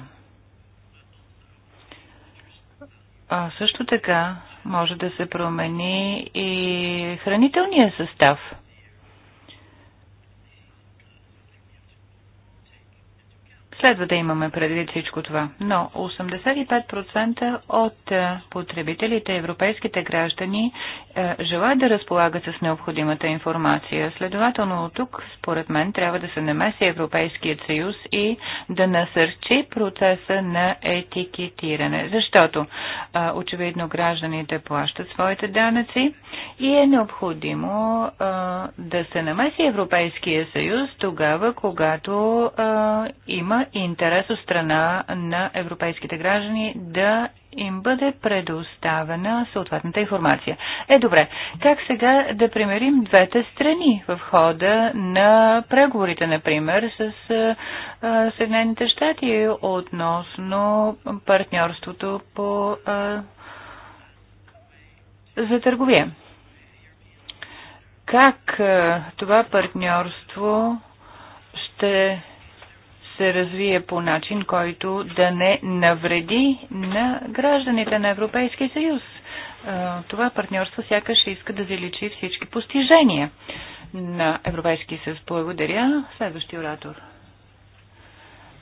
А също така може да се промени и хранителния състав – Следва да имаме предвид всичко това. Но 85% от е, потребителите, европейските граждани, е, желаят да разполагат с необходимата информация. Следователно тук, според мен, трябва да се намеси Европейският съюз и да насърчи процеса на етикетиране. Защото е, очевидно гражданите плащат своите данъци и е необходимо да се намеси Европейския съюз тогава, когато има интерес от страна на европейските граждани да им бъде предоставена съответната информация. Е, добре, как сега да примерим двете страни в хода на преговорите, например, с Съединените щати относно партньорството по, а, за търговия? Как а, това партньорство ще се развие по начин, който да не навреди на гражданите на Европейския съюз. Това партньорство сякаш иска да заличи всички постижения на Европейския съюз. Благодаря. Следващия оратор.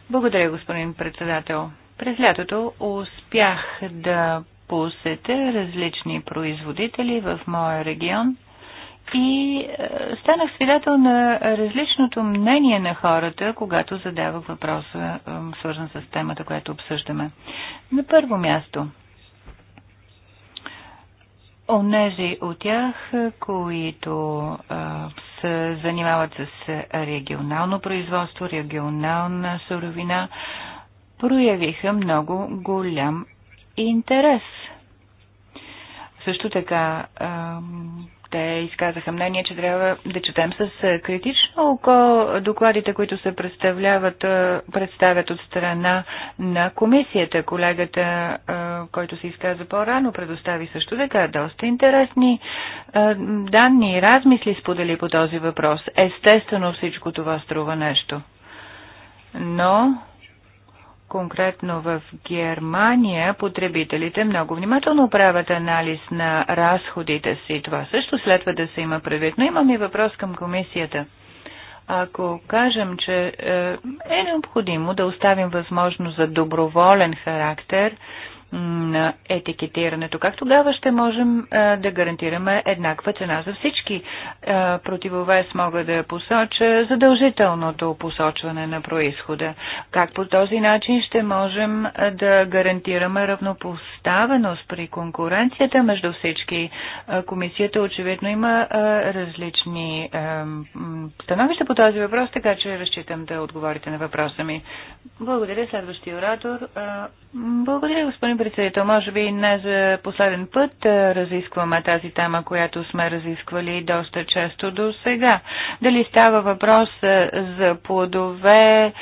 Благодаря, господин председател. През лятото успях да посетя различни производители в моя регион и е, станах свидетел на различното мнение на хората, когато задавах въпроса, свързан с темата, която обсъждаме. На първо място, онези от тях, е, които е, се занимават с регионално производство, регионална суровина, проявиха много голям интерес. Също така, те изказаха мнение, че трябва да четем с е, критично око докладите, които се представляват, е, представят от страна на комисията. Колегата, е, който се изказа по-рано, предостави също така доста интересни данни и размисли сподели по този въпрос. Естествено всичко това струва нещо. Но Конкретно в Германия потребителите много внимателно правят анализ на разходите си. Това също следва да се има предвид. Но имам и въпрос към комисията. Ако кажем, че е, е необходимо да оставим възможност за доброволен характер, на етикетирането. Как тогава ще можем да гарантираме еднаква цена за всички? Противовес мога да посоча задължителното посочване на происхода. Как по този начин ще можем да гарантираме равнопоставеност при конкуренцията между всички? Комисията очевидно има различни становища по този въпрос, така че разчитам да отговорите на въпроса ми. Благодаря, следващия оратор. Благодаря, господин председател, може би не за последен път разискваме тази тема, която сме разисквали доста често до сега. Дали става въпрос за плодове,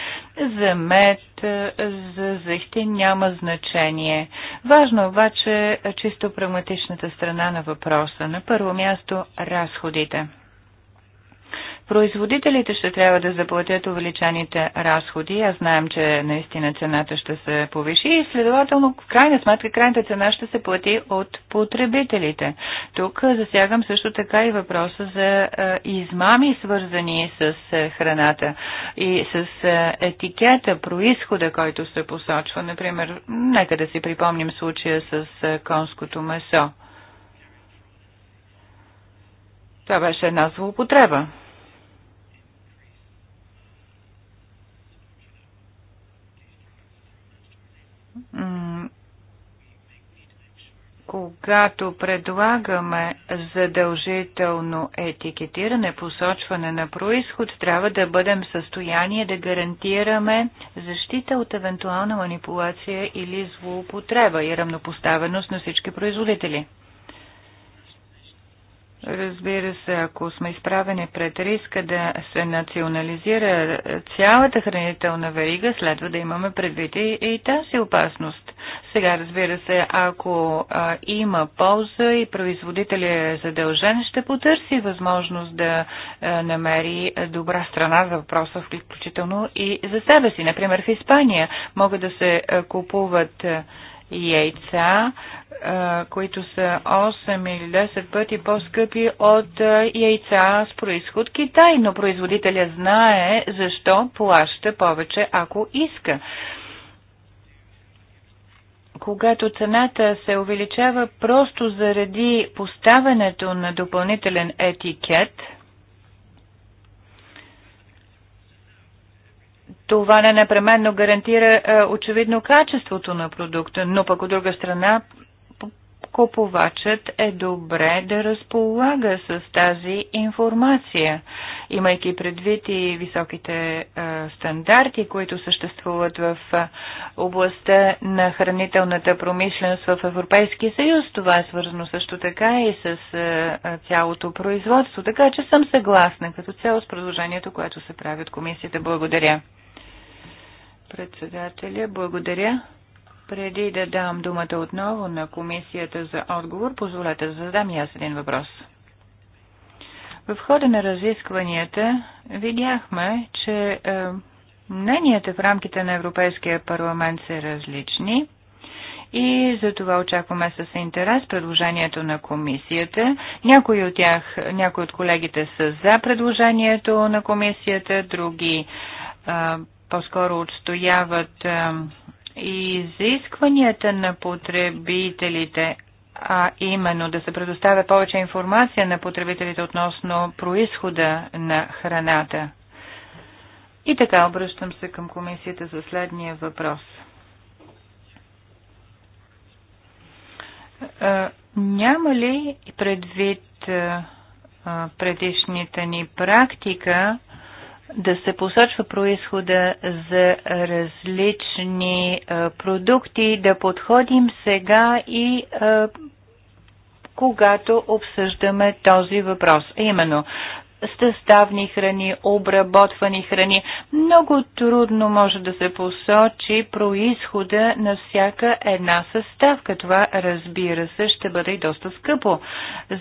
за мед, за зехтин, няма значение. Важно обаче е чисто прагматичната страна на въпроса. На първо място разходите. Производителите ще трябва да заплатят увеличените разходи. Аз знаем, че наистина цената ще се повиши и следователно в крайна сметка крайната цена ще се плати от потребителите. Тук засягам също така и въпроса за измами, свързани с храната и с етикета, происхода, който се посочва. Например, нека да си припомним случая с конското месо. Това беше една злоупотреба. когато предлагаме задължително етикетиране, посочване на происход, трябва да бъдем в състояние да гарантираме защита от евентуална манипулация или злоупотреба и равнопоставеност на всички производители. Разбира се, ако сме изправени пред риска да се национализира цялата хранителна верига, следва да имаме предвид и, и тази опасност. Сега, разбира се, ако а, има полза и производителя е задължен, ще потърси възможност да а, намери добра страна за въпроса, включително и за себе си. Например, в Испания могат да се купуват яйца, които са 8 или 10 пъти по-скъпи от яйца с происход Китай, но производителя знае защо плаща повече, ако иска. Когато цената се увеличава просто заради поставянето на допълнителен етикет, това не непременно гарантира очевидно качеството на продукта, но пък от друга страна купувачът е добре да разполага с тази информация, имайки предвид и високите е, стандарти, които съществуват в е, областта на хранителната промишленост в Европейския съюз. Това е свързано също така и с е, е, цялото производство. Така че съм съгласна като цяло с предложението, което се прави от комисията. Благодаря. Председателя, благодаря. Преди да дам думата отново на комисията за отговор, позволете да задам и аз един въпрос. В хода на разискванията видяхме, че е, мненията в рамките на Европейския парламент са различни и за това очакваме с интерес предложението на комисията. Някои от тях, някои от колегите са за предложението на комисията, други е, по-скоро отстояват а, е, изискванията на потребителите, а именно да се предоставя повече информация на потребителите относно происхода на храната. И така обръщам се към комисията за следния въпрос. Няма ли предвид предишните ни практика да се посочва происхода за различни а, продукти, да подходим сега и а, когато обсъждаме този въпрос. Именно съставни храни, обработвани храни. Много трудно може да се посочи происхода на всяка една съставка. Това, разбира се, ще бъде и доста скъпо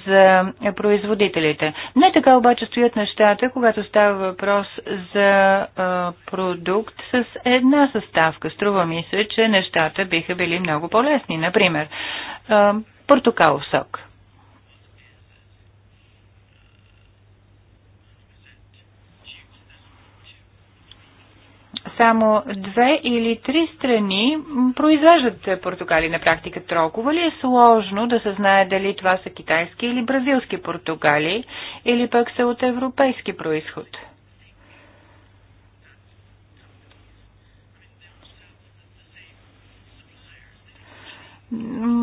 за производителите. Не така обаче стоят нещата, когато става въпрос за а, продукт с една съставка. Струва ми се, че нещата биха били много по-лесни. Например, а, портокалов сок само две или три страни произвеждат портокали на практика. Толкова ли е сложно да се знае дали това са китайски или бразилски портокали, или пък са от европейски происход?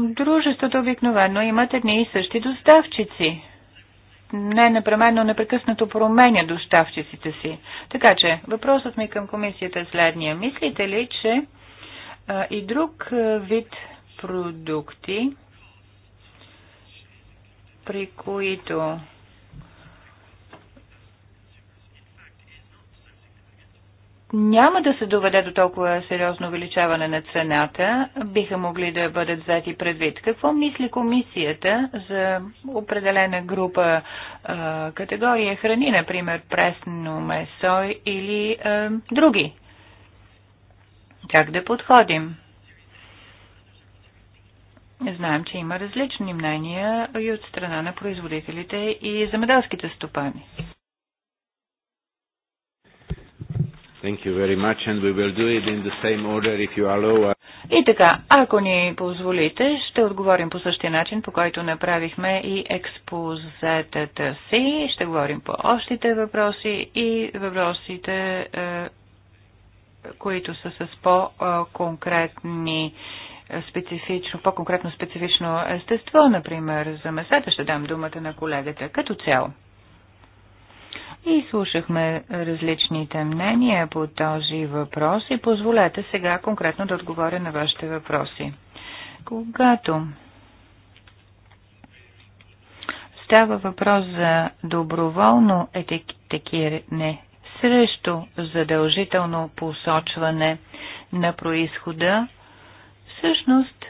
Дружеството обикновено имат едни и същи доставчици – не непременно непрекъснато променя доставчиците си. Така че, въпросът ми към комисията е следния. Мислите ли, че а, и друг а, вид продукти, при които няма да се доведе до толкова сериозно увеличаване на цената, биха могли да бъдат взети предвид. Какво мисли комисията за определена група а, категория храни, например пресно месо или а, други? Как да подходим? Знаем, че има различни мнения и от страна на производителите и земеделските стопани. Thank you very much and we will do it in the same order if you allow. И така, ако ни позволите, ще отговорим по същия начин, по който направихме и експозетата си. Ще говорим по общите въпроси и въпросите, е, които са с по-конкретни е, специфично, по-конкретно специфично естество, например, за месата, ще дам думата на колегата като цяло и слушахме различните мнения по този въпрос и позволете сега конкретно да отговоря на вашите въпроси. Когато става въпрос за доброволно етикетиране срещу задължително посочване на происхода, всъщност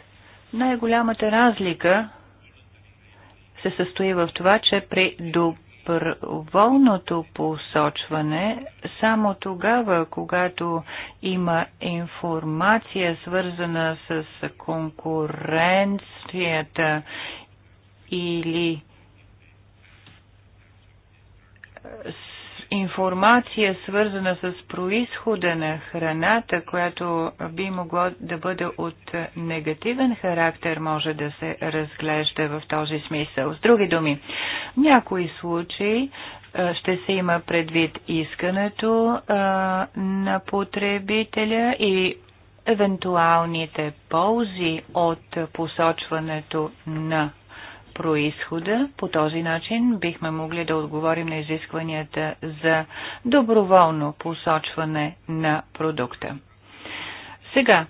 най-голямата разлика се състои в това, че при доброволно доброволното посочване само тогава, когато има информация свързана с конкуренцията или информация, свързана с происхода на храната, която би могло да бъде от негативен характер, може да се разглежда в този смисъл. С други думи, в някои случаи ще се има предвид искането на потребителя и евентуалните ползи от посочването на происхода. По този начин бихме могли да отговорим на изискванията за доброволно посочване на продукта. Сега,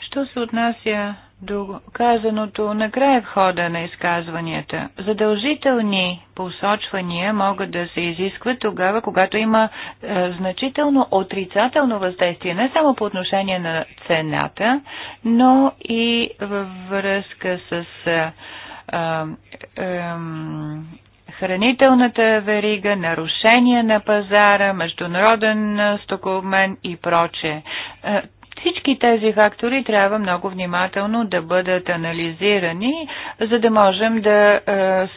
що се отнася до казаното накрая в хода на изказванията. Задължителни посочвания могат да се изискват тогава, когато има е, значително отрицателно въздействие, не само по отношение на цената, но и във връзка с е, е, хранителната верига, нарушения на пазара, международен стокомен и прочее. Е, всички тези фактори трябва много внимателно да бъдат анализирани, за да можем да е,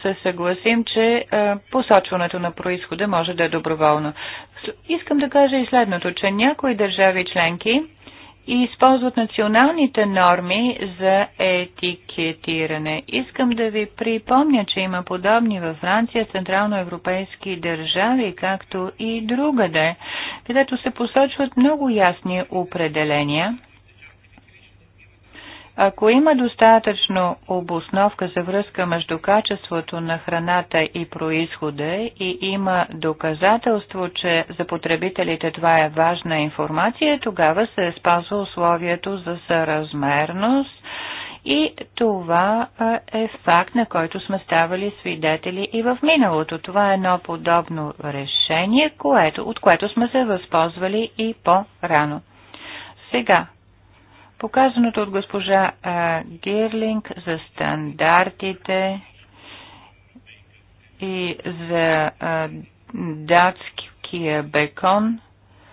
се съгласим, че е, посочването на происхода може да е доброволно. Искам да кажа и следното, че някои държави членки и използват националните норми за етикетиране. Искам да ви припомня, че има подобни във Франция, централноевропейски държави, както и другаде, където се посочват много ясни определения – ако има достатъчно обосновка за връзка между качеството на храната и происхода и има доказателство, че за потребителите това е важна информация, тогава се е спазва условието за съразмерност и това е факт, на който сме ставали свидетели и в миналото. Това е едно подобно решение, което, от което сме се възползвали и по-рано. Сега, Показаното от госпожа Гирлинг за стандартите и за датския бекон,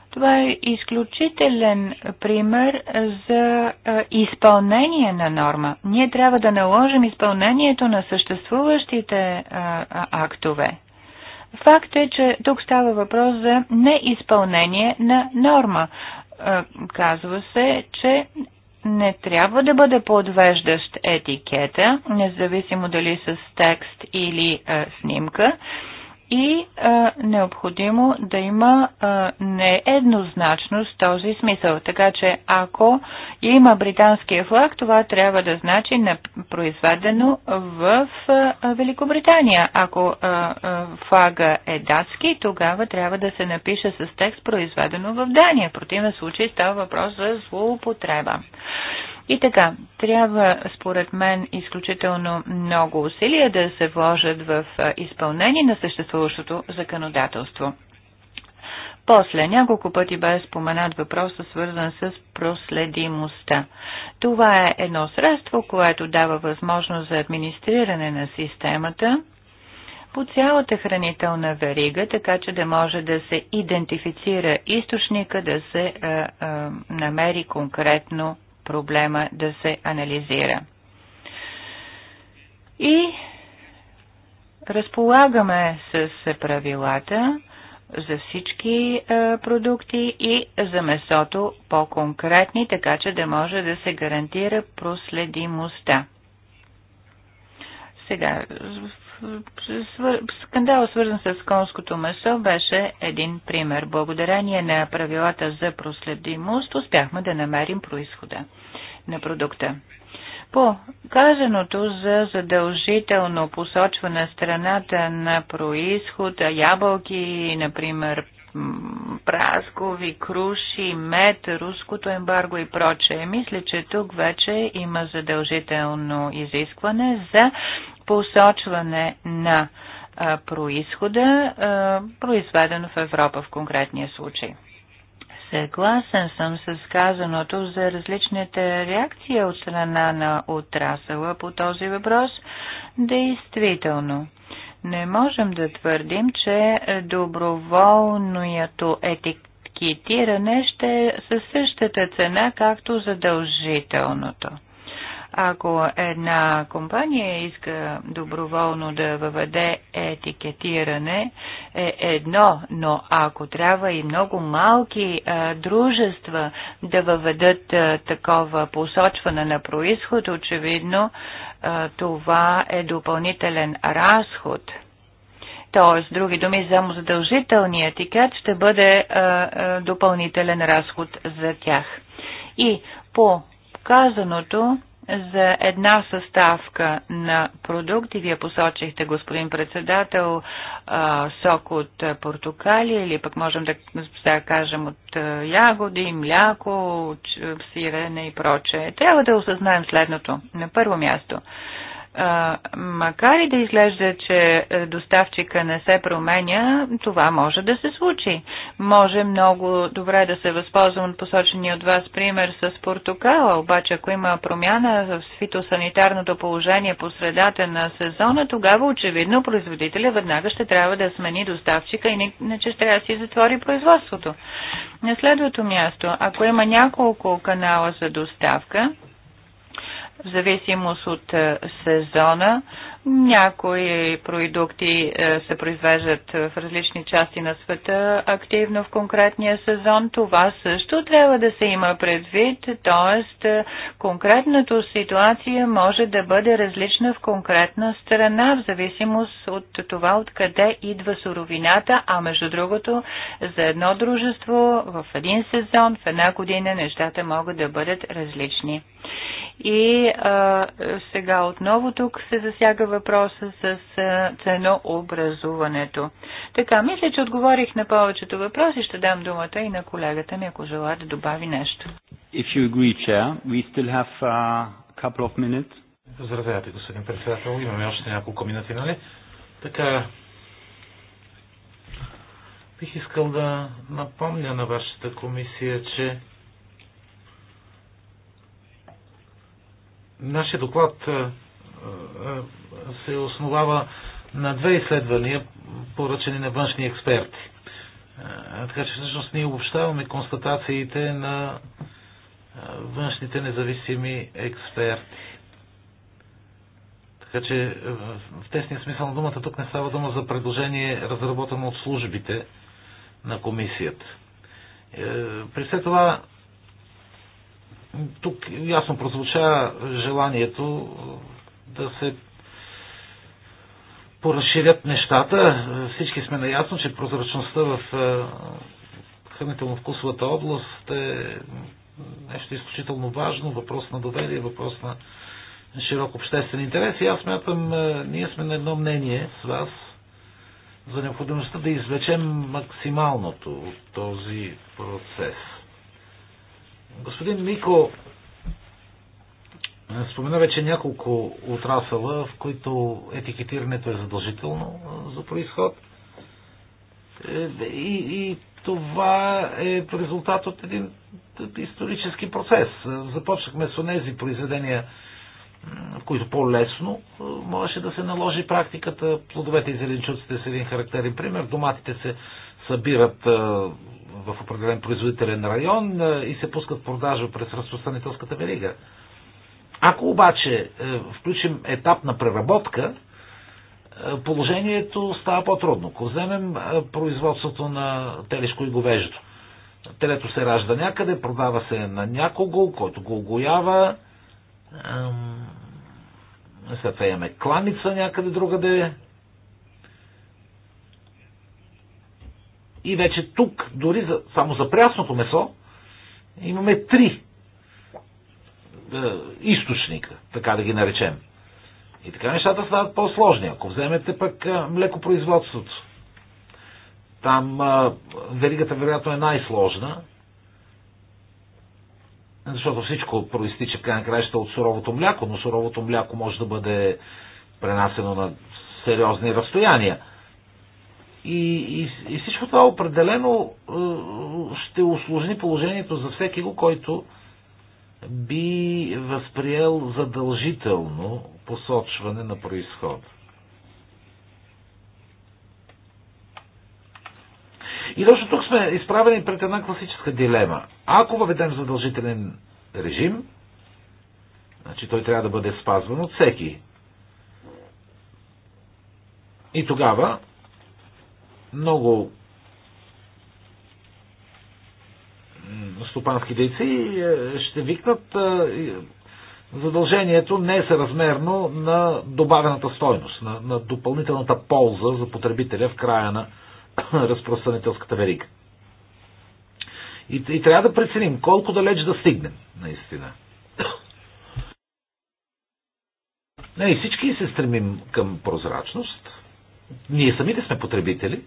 това е изключителен пример за изпълнение на норма. Ние трябва да наложим изпълнението на съществуващите актове. Факт е, че тук става въпрос за неизпълнение на норма. Казва се, че не трябва да бъде подвеждащ етикета, независимо дали с текст или а, е, снимка и а, необходимо да има а, нееднозначност в този смисъл. Така че ако има британския флаг, това трябва да значи на, произведено в а, Великобритания. Ако а, а, флага е датски, тогава трябва да се напише с текст произведено в Дания. В противен случай става въпрос за злоупотреба. И така, трябва според мен изключително много усилия да се вложат в изпълнение на съществуващото законодателство. После няколко пъти бе споменат въпроса, свързан с проследимостта. Това е едно средство, което дава възможност за администриране на системата по цялата хранителна верига, така че да може да се идентифицира източника, да се а, а, намери конкретно проблема да се анализира. И разполагаме с правилата за всички е, продукти и за месото по-конкретни, така че да може да се гарантира проследимостта. Сега, Скандал, свързан с конското месо, беше един пример. Благодарение на правилата за проследимост успяхме да намерим происхода на продукта. По казаното за задължително посочване страната на происход, ябълки, например, праскови, круши, мед, руското ембарго и прочее. Мисля, че тук вече има задължително изискване за посочване на а, происхода, а, произведено в Европа в конкретния случай. Съгласен съм с казаното за различните реакции от страна на отрасъла по този въпрос. Действително, не можем да твърдим, че доброволното етикетиране ще е със същата цена, както задължителното. Ако една компания иска доброволно да въведе етикетиране, е едно, но ако трябва и много малки а, дружества да въведат а, такова посочване на происход, очевидно а, това е допълнителен разход. Тоест, други думи, само задължителният етикет ще бъде а, а, допълнителен разход за тях. И по казаното за една съставка на продукти. Вие посочихте, господин председател, сок от портокали или пък можем да, да кажем от ягоди, мляко, сирене и прочее. Трябва да осъзнаем следното. На първо място – макар и да изглежда, че е, доставчика не се променя, това може да се случи. Може много добре да се възползвам от посочения от вас пример с портокала, обаче ако има промяна в фитосанитарното положение по средата на сезона, тогава очевидно производителя веднага ще трябва да смени доставчика и иначе трябва да си затвори производството. На следвато място, ако има няколко канала за доставка, в зависимост от е, сезона. Някои продукти е, се произвеждат в различни части на света активно в конкретния сезон. Това също трябва да се има предвид, т.е. конкретната ситуация може да бъде различна в конкретна страна, в зависимост от това откъде идва суровината, а между другото за едно дружество в един сезон, в една година нещата могат да бъдат различни. И а, сега отново тук се засяга въпроса с ценообразуването. Така, мисля, че отговорих на повечето въпроси. Ще дам думата и на колегата ми, ако желая да добави нещо. If you agree, Chair, we still have uh, a couple of minutes. Здравейте, господин председател. Имаме още няколко минути, нали? Така, бих искал да напомня на вашата комисия, че Нашия доклад е, е, се основава на две изследвания, поръчани на външни експерти. Е, така че всъщност ние обобщаваме констатациите на външните независими експерти. Така че в тесния смисъл на думата тук не става дума за предложение, разработено от службите на комисията. При все това тук ясно прозвуча желанието е, да се поразширят нещата. Всички сме наясно, че прозрачността в е, хранително-вкусовата област е нещо изключително важно, въпрос на доверие, въпрос на широк обществен интерес. И аз смятам, е, ние сме на едно мнение с вас за необходимостта да извлечем максималното от този процес. Господин Мико е, спомена вече няколко отрасъла, в които етикетирането е задължително е, за происход. Е, и, и това е резултат от един исторически процес. Започнахме с тези произведения, в които по-лесно можеше да се наложи практиката. Плодовете и зеленчуците са един характерен пример. Доматите се събират в определен производителен район е, и се пускат в продажа през разпространителската верига. Ако обаче е, включим етап на преработка, е, положението става по-трудно. Ако вземем производството на телешко и говеждо, телето се ражда някъде, продава се на някого, който го огоява, след това имаме кланица някъде другаде, И вече тук, дори за, само за прясното месо, имаме три е, източника, така да ги наречем. И така нещата стават по-сложни. Ако вземете пък е, млекопроизводството, там е, веригата вероятно е най-сложна, защото всичко проистича в крайна краища от суровото мляко, но суровото мляко може да бъде пренасено на сериозни разстояния. И, и, и всичко това определено е, ще усложни положението за всеки го, който би възприел задължително посочване на происхода. И точно тук сме изправени пред една класическа дилема. Ако въведем задължителен режим, значи той трябва да бъде спазван от всеки. И тогава много стопански дейци ще викнат задължението не е съразмерно на добавената стойност, на, на допълнителната полза за потребителя в края на <coughs> разпространителската верига. И, и трябва да преценим колко далеч да стигнем, наистина. <coughs> Не, и нали, всички се стремим към прозрачност. Ние самите сме потребители,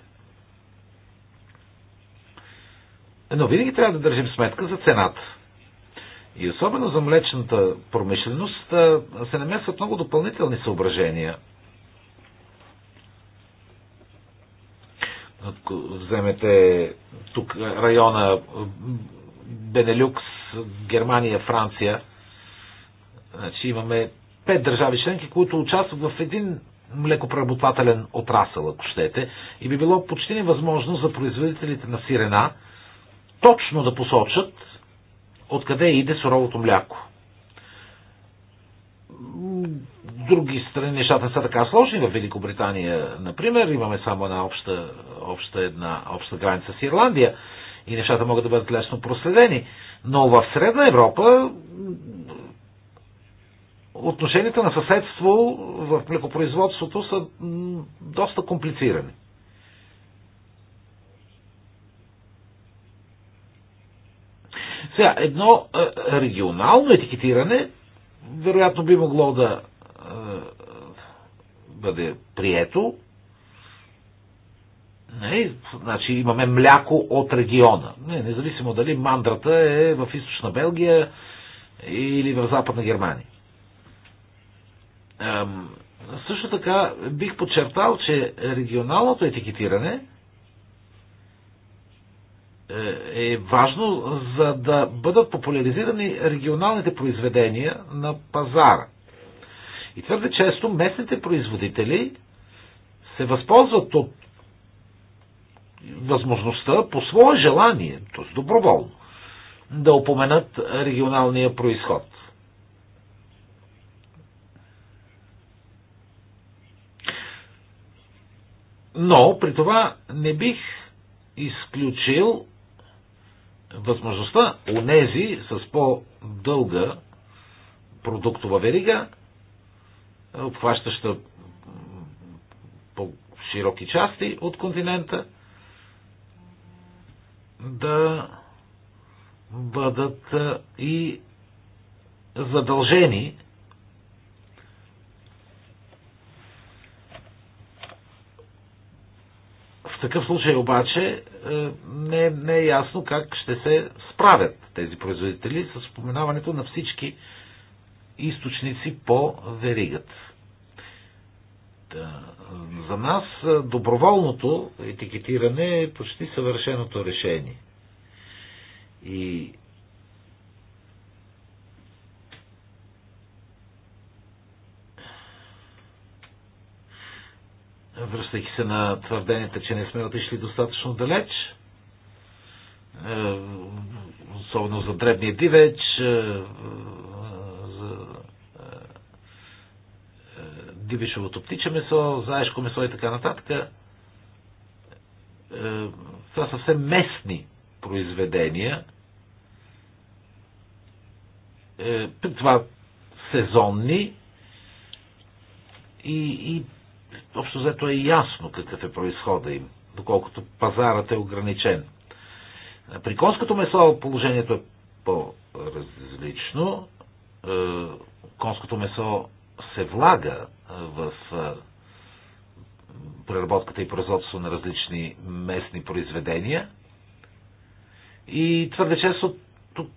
Но винаги трябва да държим сметка за цената. И особено за млечната промишленост се намесват много допълнителни съображения. Ако вземете тук района Бенелюкс, Германия, Франция, значи имаме пет държави членки, които участват в един млекопреработвателен отрасъл, ако щете, и би било почти невъзможно за производителите на сирена точно да посочат откъде иде суровото мляко. Други страни нещата не са така сложни. В Великобритания, например, имаме само една обща, обща, една, обща граница с Ирландия и нещата могат да бъдат лесно проследени. Но в Средна Европа отношенията на съседство в млекопроизводството са доста комплицирани. Сега, едно е, регионално етикетиране вероятно би могло да е, бъде прието. Не, значи имаме мляко от региона. Не, независимо дали мандрата е в източна Белгия или в западна Германия. също така бих подчертал, че регионалното етикетиране – е, е важно, за да бъдат популяризирани регионалните произведения на пазара. И твърде често местните производители се възползват от възможността по свое желание, т.е. доброволно, да упоменат регионалния происход. Но при това не бих изключил възможността у нези с по-дълга продуктова верига, обхващаща по-широки части от континента, да бъдат и задължени в такъв случай обаче е, не, не е ясно как ще се справят тези производители с споменаването на всички източници по веригата. За нас е, доброволното етикетиране е почти съвършеното решение. И връщайки се на твърденията, че не сме отишли достатъчно далеч, е, особено за дребния дивеч, е, е, за дивешовото птиче месо, заешко месо и така нататък. Това са все местни произведения. Това сезонни и, и общо взето е ясно какъв е происхода им, доколкото пазарът е ограничен. При конското месо положението е по-различно. Е, конското месо се влага е, в е, преработката и производство на различни местни произведения. И твърде често тук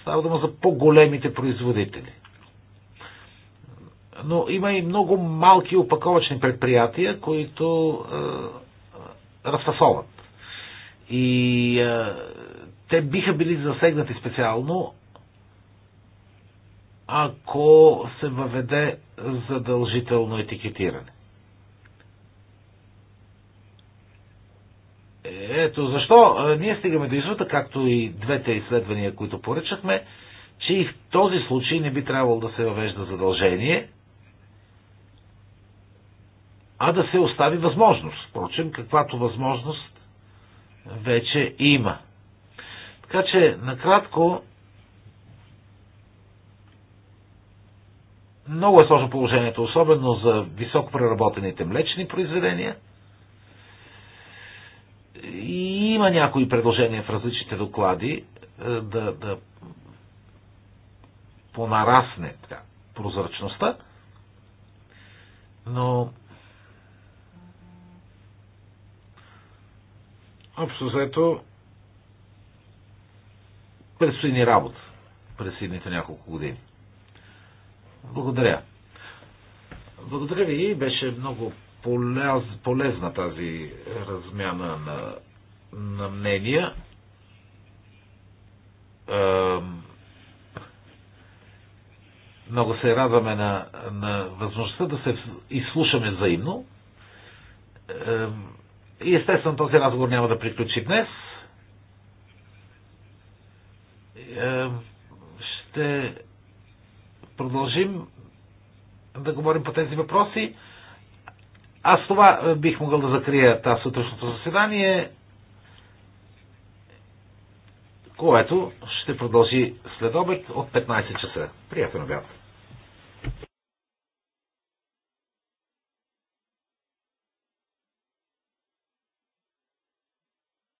става дума за по-големите производители но има и много малки опаковъчни предприятия, които е, разфасоват. И е, те биха били засегнати специално, ако се въведе задължително етикетиране. Ето защо ние стигаме до извода, както и двете изследвания, които поръчахме, че и в този случай не би трябвало да се въвежда задължение – а да се остави възможност. Впрочем, каквато възможност вече има. Така че, накратко, много е сложно положението, особено за високо преработените млечни произведения. И има някои предложения в различните доклади е, да, да понарасне така, прозрачността, но Общо заето предстои ни работа през едните няколко години. Благодаря. Благодаря ви. Беше много полез, полезна тази размяна на, на мнения. много се радваме на, на възможността да се изслушаме взаимно. И естествено този разговор няма да приключи днес. Е, ще продължим да говорим по тези въпроси. Аз това е, бих могъл да закрия тази сутрешното заседание, което ще продължи след обед от 15 часа. Приятен обяд!